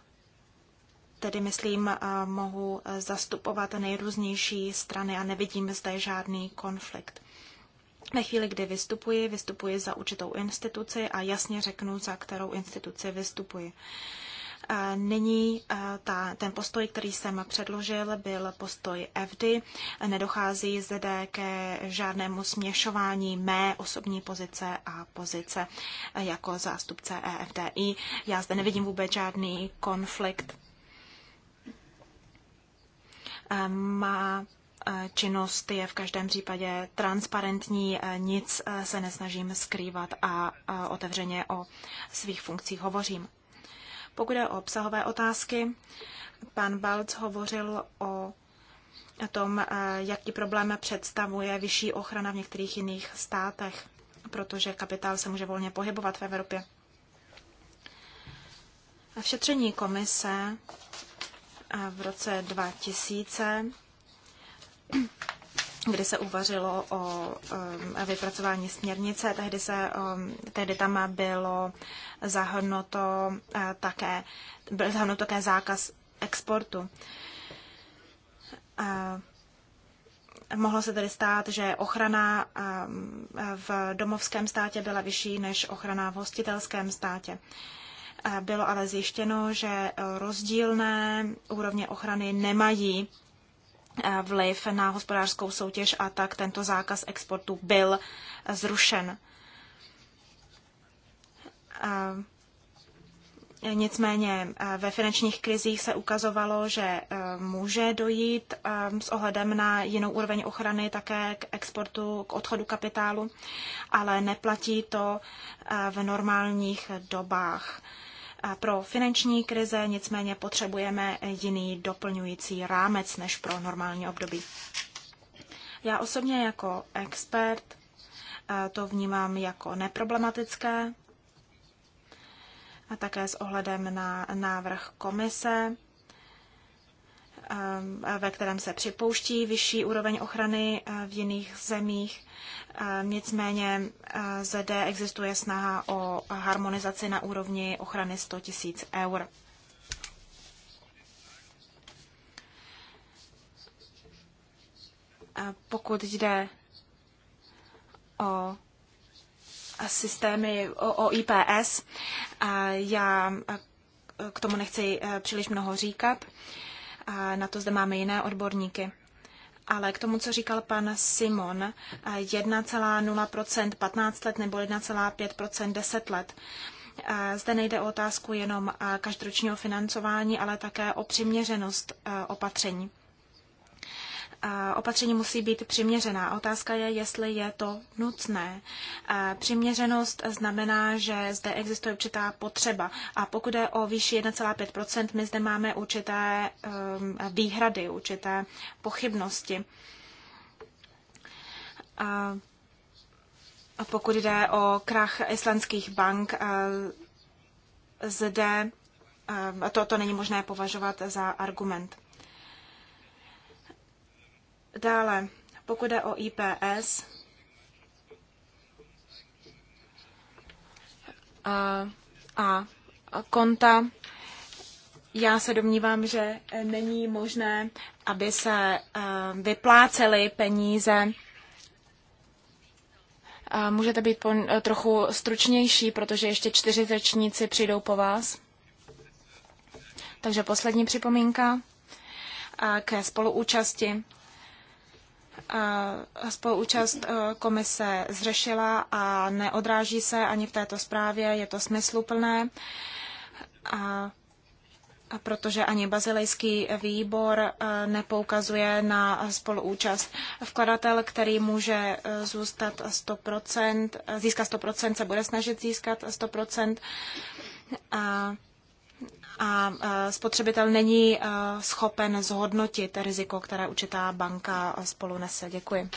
tedy, myslím, eh, mohu zastupovat nejrůznější strany a nevidím zde žádný konflikt. Ve chvíli, kdy vystupuji, vystupuji za určitou instituci a jasně řeknu, za kterou instituci vystupuji. Nyní ta, ten postoj, který jsem předložil, byl postoj FD. Nedochází zde ke žádnému směšování mé osobní pozice a pozice jako zástupce EFDI. Já zde nevidím vůbec žádný konflikt. Má činnost je v každém případě transparentní, nic se nesnažím skrývat a otevřeně o svých funkcích hovořím. Pokud je o obsahové otázky, pan Balc hovořil o tom, eh, jaký problém představuje vyšší ochrana v některých jiných státech, protože kapitál se může volně pohybovat v Evropě. V šetření komise eh, v roce 2000 kdy se uvařilo o vypracování směrnice. Tehdy, se, tehdy tam bylo zahrnuto eh, také, byl zahrnuto také zákaz exportu. A eh, mohlo se tedy stát, že ochrana v domovském státě byla vyšší než ochrana v hostitelském státě. Eh, bylo ale zjištěno, že rozdílné úrovně ochrany nemají Eh, vliv na hospodářskou soutěž a tak tento zákaz exportu byl zrušen. Eh, nicméně eh, ve finančních krizích se ukazovalo, že může dojít s ohledem na jinou úroveň ochrany také k exportu, k odchodu kapitálu, ale neplatí to v normálních dobách pro finanční krize, nicméně potřebujeme jiný doplňující rámec než pro normální období. Já osobně jako expert to vnímám jako neproblematické a také s ohledem na návrh komise Eh, ve kterém se připouští vyšší úroveň ochrany eh, v jiných zemích. Eh, nicméně zde existuje snaha o harmonizaci na úrovni ochrany 100 000 eur. Pokud jde o systémy o IPS, já k tomu nechci příliš mnoho říkat na to zde máme jiné odborníky. Ale k tomu, co říkal pan Simon, 1,0 15 let nebo 1,5 10 let. Zde nejde o otázku jenom každoročního financování, ale také o přiměřenost e, opatření opatření musí být přiměřená. Otázka je, jestli je to nutné. Přiměřenost znamená, že zde existuje určitá potřeba. A pokud je o výši 1,5 my zde máme určité um, výhrady, určité pochybnosti. A pokud jde o krach islandských bank, zde to, to není možné považovat za argument. Dále, pokud jde o IPS, a, a konta, já se domnívám, že není možné, aby se vyplácely peníze. Můžete být trochu stručnější, protože ještě čtyři řečníci přijdou po vás. Takže poslední připomínka k spoluúčasti spoluúčast e, komise zřešila a neodráží se ani v této zprávě. Je to smysluplné, a, a protože ani bazilejský výbor e, nepoukazuje na spoluúčast. Vkladatel, který může e, zůstat 100%, získat 100%, se bude snažit získat 100%. A a e, spotřebitel není e, schopen zhodnotit riziko, které určitá banka spolu nese. Děkuji.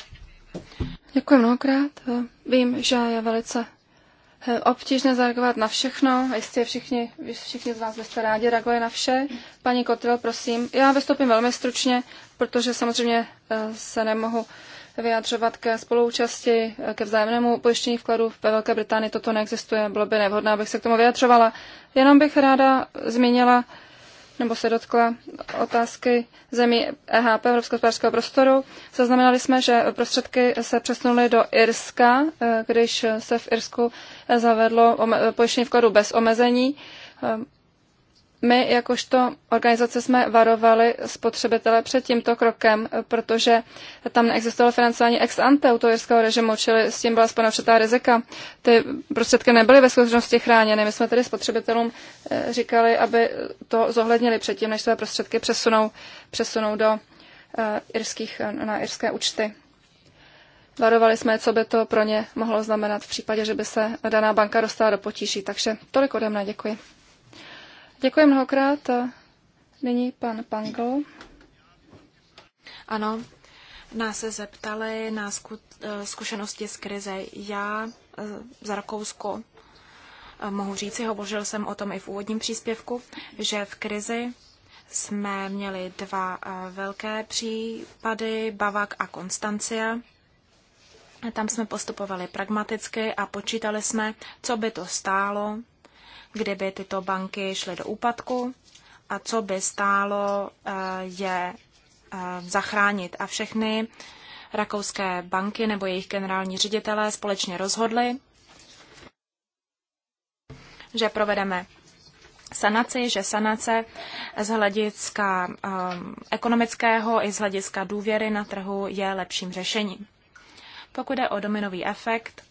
Děkuji mnohokrát. E, vím, že je velice obtížné zareagovat na všechno. Jistě všichni, všichni z vás byste rádi reagovali na vše. Paní Kotil, prosím. Já vystoupím velmi stručně, protože samozřejmě se nemohu vyjadřovat ke spolúčasti, ke vzájemnému pojištění vkladů ve Velké Británii. Toto neexistuje, bylo by nevhodné, abych se k tomu vyjadřovala. Jenom bych ráda zmínila nebo se dotkla otázky zemí EHP, Evropského hospodářského prostoru. Zaznamenali jsme, že prostředky se přesunuly do Irska, eh, když se v Irsku eh, zavedlo pojištění vkladu bez omezení. Eh, my jakožto organizace jsme varovali spotřebitele před tímto krokem, protože tam neexistovalo financování ex ante u toho režimu, čili s tím byla spojena všetá rizika. Ty prostředky nebyly ve skutečnosti chráněny. My jsme tedy spotřebitelům eh, říkali, aby to zohlednili předtím, než své prostředky přesunou, přesunou do eh, irských, na irské účty. Varovali jsme, co by to pro ně mohlo znamenat v případě, že by se daná banka dostala do potíží. Takže tolik ode mne, děkuji. Děkuji mnohokrát. Nyní pan Pangl. Ano, nás se zeptali na eh, zkušenosti z krize. Já eh, z Rakousko eh, mohu říci, hovořil jsem o tom i v úvodním příspěvku, že v krizi jsme měli dva velké případy, Bavak a Konstancia. Tam jsme postupovali pragmaticky a počítali jsme, co by to stálo kdyby tyto banky šly do úpadku a co by stálo eh, je eh, zachránit. A všechny rakouské banky nebo jejich generální ředitelé společně rozhodli, že provedeme sanaci, že sanace z hlediska um, ekonomického i z hlediska důvěry na trhu je lepším řešením. Pokud jde o dominový efekt,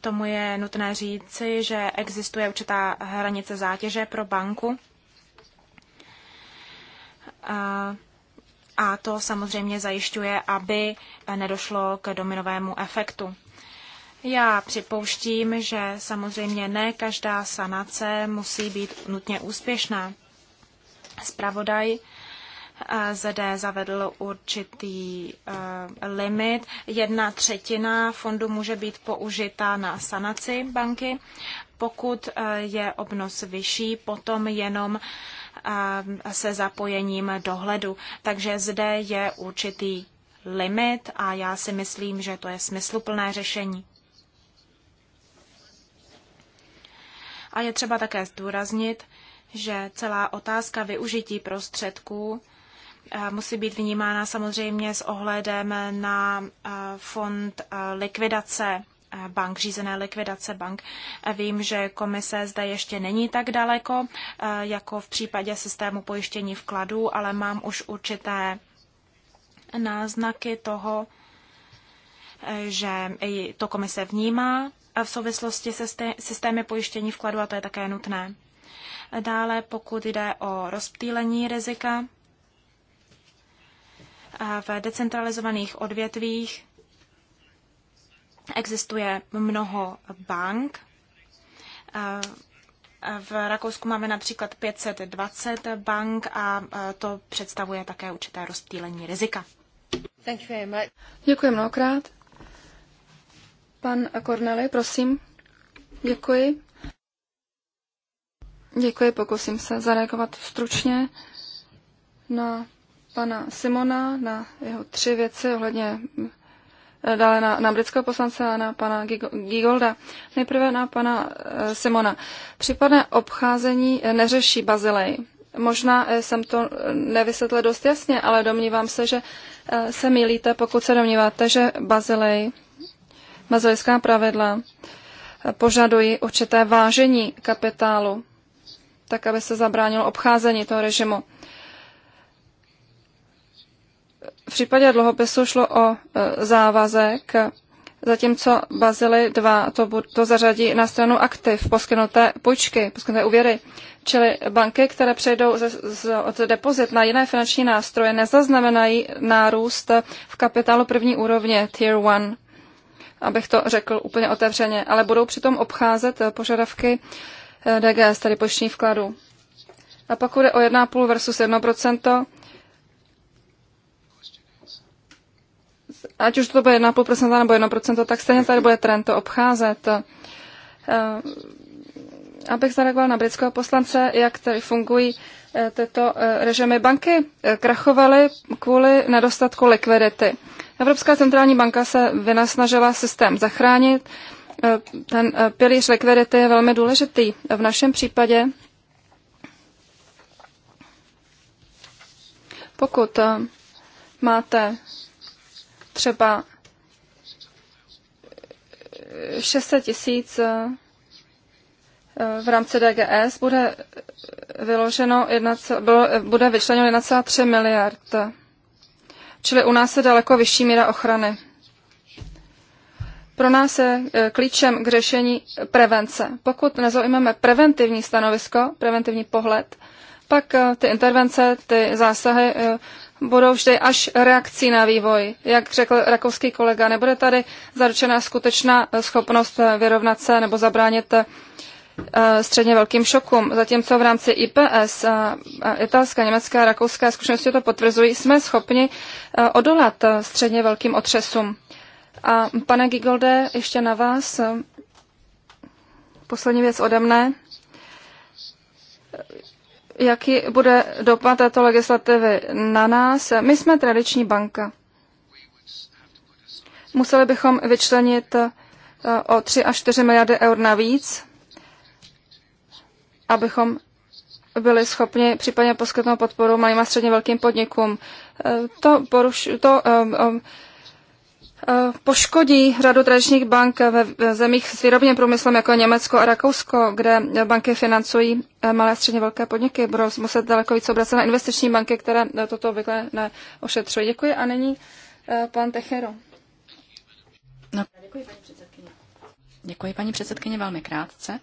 tomu je nutné říci, že existuje určitá hranice zátěže pro banku. A, a to samozřejmě zajišťuje, aby nedošlo k dominovému efektu. Já připouštím, že samozřejmě ne každá sanace musí být nutně úspěšná. Spravodaj ZD zavedl určitý eh, limit. Jedna třetina fondu může být použita na sanaci banky. Pokud eh, je obnos vyšší, potom jenom eh, se zapojením dohledu. Takže zde je určitý limit a já si myslím, že to je smysluplné řešení. A je třeba také zdůraznit, že celá otázka využití prostředků musí být vnímána samozřejmě s ohledem na fond likvidace bank, řízené likvidace bank. Vím, že komise zde ještě není tak daleko, jako v případě systému pojištění vkladů, ale mám už určité náznaky toho, e, že to komise vnímá v souvislosti se systémy pojištění vkladů. a to je také nutné. Dále, pokud jde o rozptýlení rizika, v decentralizovaných odvětvích existuje mnoho bank. V Rakousku máme například 520 bank a to představuje také určité rozptýlení rizika. Děkuji mnohokrát. Pan Corneli, prosím. Děkuji. Děkuji, pokusím se zareagovat stručně na pana Simona na jeho tři věci ohledně eh, dále na, na britského poslance a na pana Gigolda. Nejprve na pana eh, Simona. Případné obcházení eh, neřeší Bazilej. Možná jsem to nevysvětlil dost jasně, ale domnívám se, že se milíte, pokud se domníváte, že Bazilej, bazilejská pravidla požadují určité vážení kapitálu, tak aby se zabránilo obcházení toho režimu. V případě dluhopisu šlo o e, závazek, zatímco Bazily 2 to, to zařadí na stranu aktiv, poskytnuté půjčky, poskytnuté úvěry. Čili banky, které přejdou ze, z, od depozit na jiné finanční nástroje, nezaznamenají nárůst v kapitálu první úrovně, tier 1, abych to řekl úplně otevřeně, ale budou přitom obcházet e, požadavky e, DGS, tedy poštní vkladu. A pak jde o 1,5 versus 1%, ať už to bude 1,5% nebo 1%, tak stejně tady bude trend to obcházet. Eh, abych zareagoval na britského poslance, jak tady fungují eh, tyto eh, režimy. Banky krachovaly kvůli nedostatku likvidity. Evropská centrální banka se vynasnažila systém zachránit. Ten pilíř likvidity je velmi důležitý. V našem případě, pokud máte třeba 600 tisíc eh, v rámci DGS bude vyloženo, bylo, bude vyčleněno 1,3 miliard. Čili u nás je daleko vyšší míra ochrany. Pro nás je eh, klíčem k řešení prevence. Pokud nezaujmeme preventivní stanovisko, preventivní pohled, pak eh, ty intervence, ty zásahy budou vždy až reakcí na vývoj. Jak řekl rakovský kolega, nebude tady zaručená skutečná eh, schopnost eh, vyrovnat se nebo zabránit eh, středně velkým šokům. Zatímco v rámci IPS italská, italské, německé a rakouské zkušenosti to potvrzují, jsme schopni odolat středně velkým otřesům. A pane Gigolde, ještě na vás. Poslední věc ode mne jaký bude dopad této legislativy na nás. My jsme tradiční banka. Museli bychom vyčlenit eh, o 3 až 4 miliardy eur navíc, abychom byli schopni případně poskytnout podporu malým a středně velkým podnikům. Eh, to, poruš, to um, um, Eh, poškodí řadu tradičních bank ve zemích s výrobním průmyslem jako Německo a Rakousko, kde banky financují eh, malé a středně velké podniky. Budou muset daleko víc obracet na investiční banky, které eh, toto obvykle neošetřují. Děkuji a není pan Techero. No. Děkuji, paní předsedkyně. Děkuji, paní předsedkyně, velmi krátce.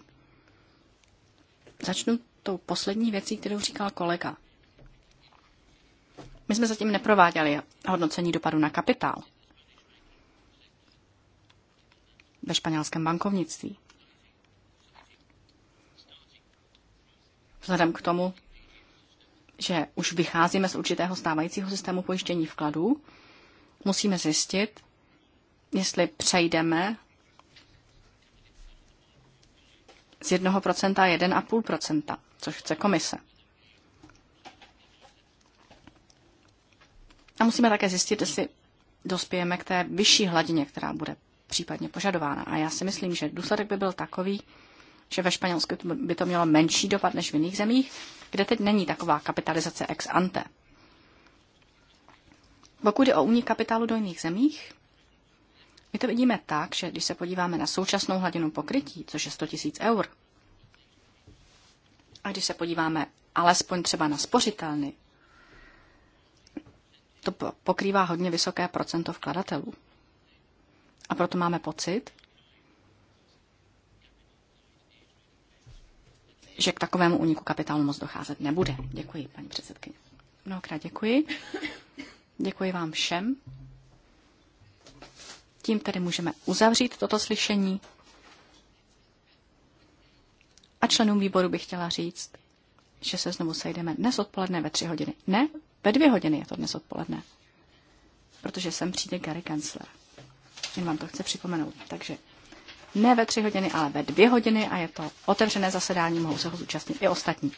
Začnu tou poslední věcí, kterou říkal kolega. My jsme zatím neprováděli hodnocení dopadu na kapitál. ve španělském bankovnictví. Vzhledem k tomu, že už vycházíme z určitého stávajícího systému pojištění vkladů, musíme zjistit, jestli přejdeme z 1% a 1,5%, což chce komise. A musíme také zjistit, jestli dospějeme k té vyšší hladině, která bude případně požadována. A já si myslím, že důsledek by byl takový, že ve Španělsku by to mělo menší dopad než v jiných zemích, kde teď není taková kapitalizace ex ante. Pokud je o únik kapitálu do jiných zemích, my to vidíme tak, že když se podíváme na současnou hladinu pokrytí, což je 100 000 eur, a když se podíváme alespoň třeba na spořitelny, to pokrývá hodně vysoké procento vkladatelů. A proto máme pocit, že k takovému úniku kapitálu moc docházet nebude. Děkuji, paní předsedkyně. Mnohokrát děkuji. Děkuji vám všem. Tím tedy můžeme uzavřít toto slyšení. A členům výboru bych chtěla říct, že se znovu sejdeme dnes odpoledne ve tři hodiny. Ne, ve dvě hodiny je to dnes odpoledne, protože sem přijde Gary Gensler. Jen vlastně vám to chci připomenout. Takže ne ve tři hodiny, ale ve dvě hodiny a je to otevřené zasedání, mohou se ho zúčastnit i ostatní.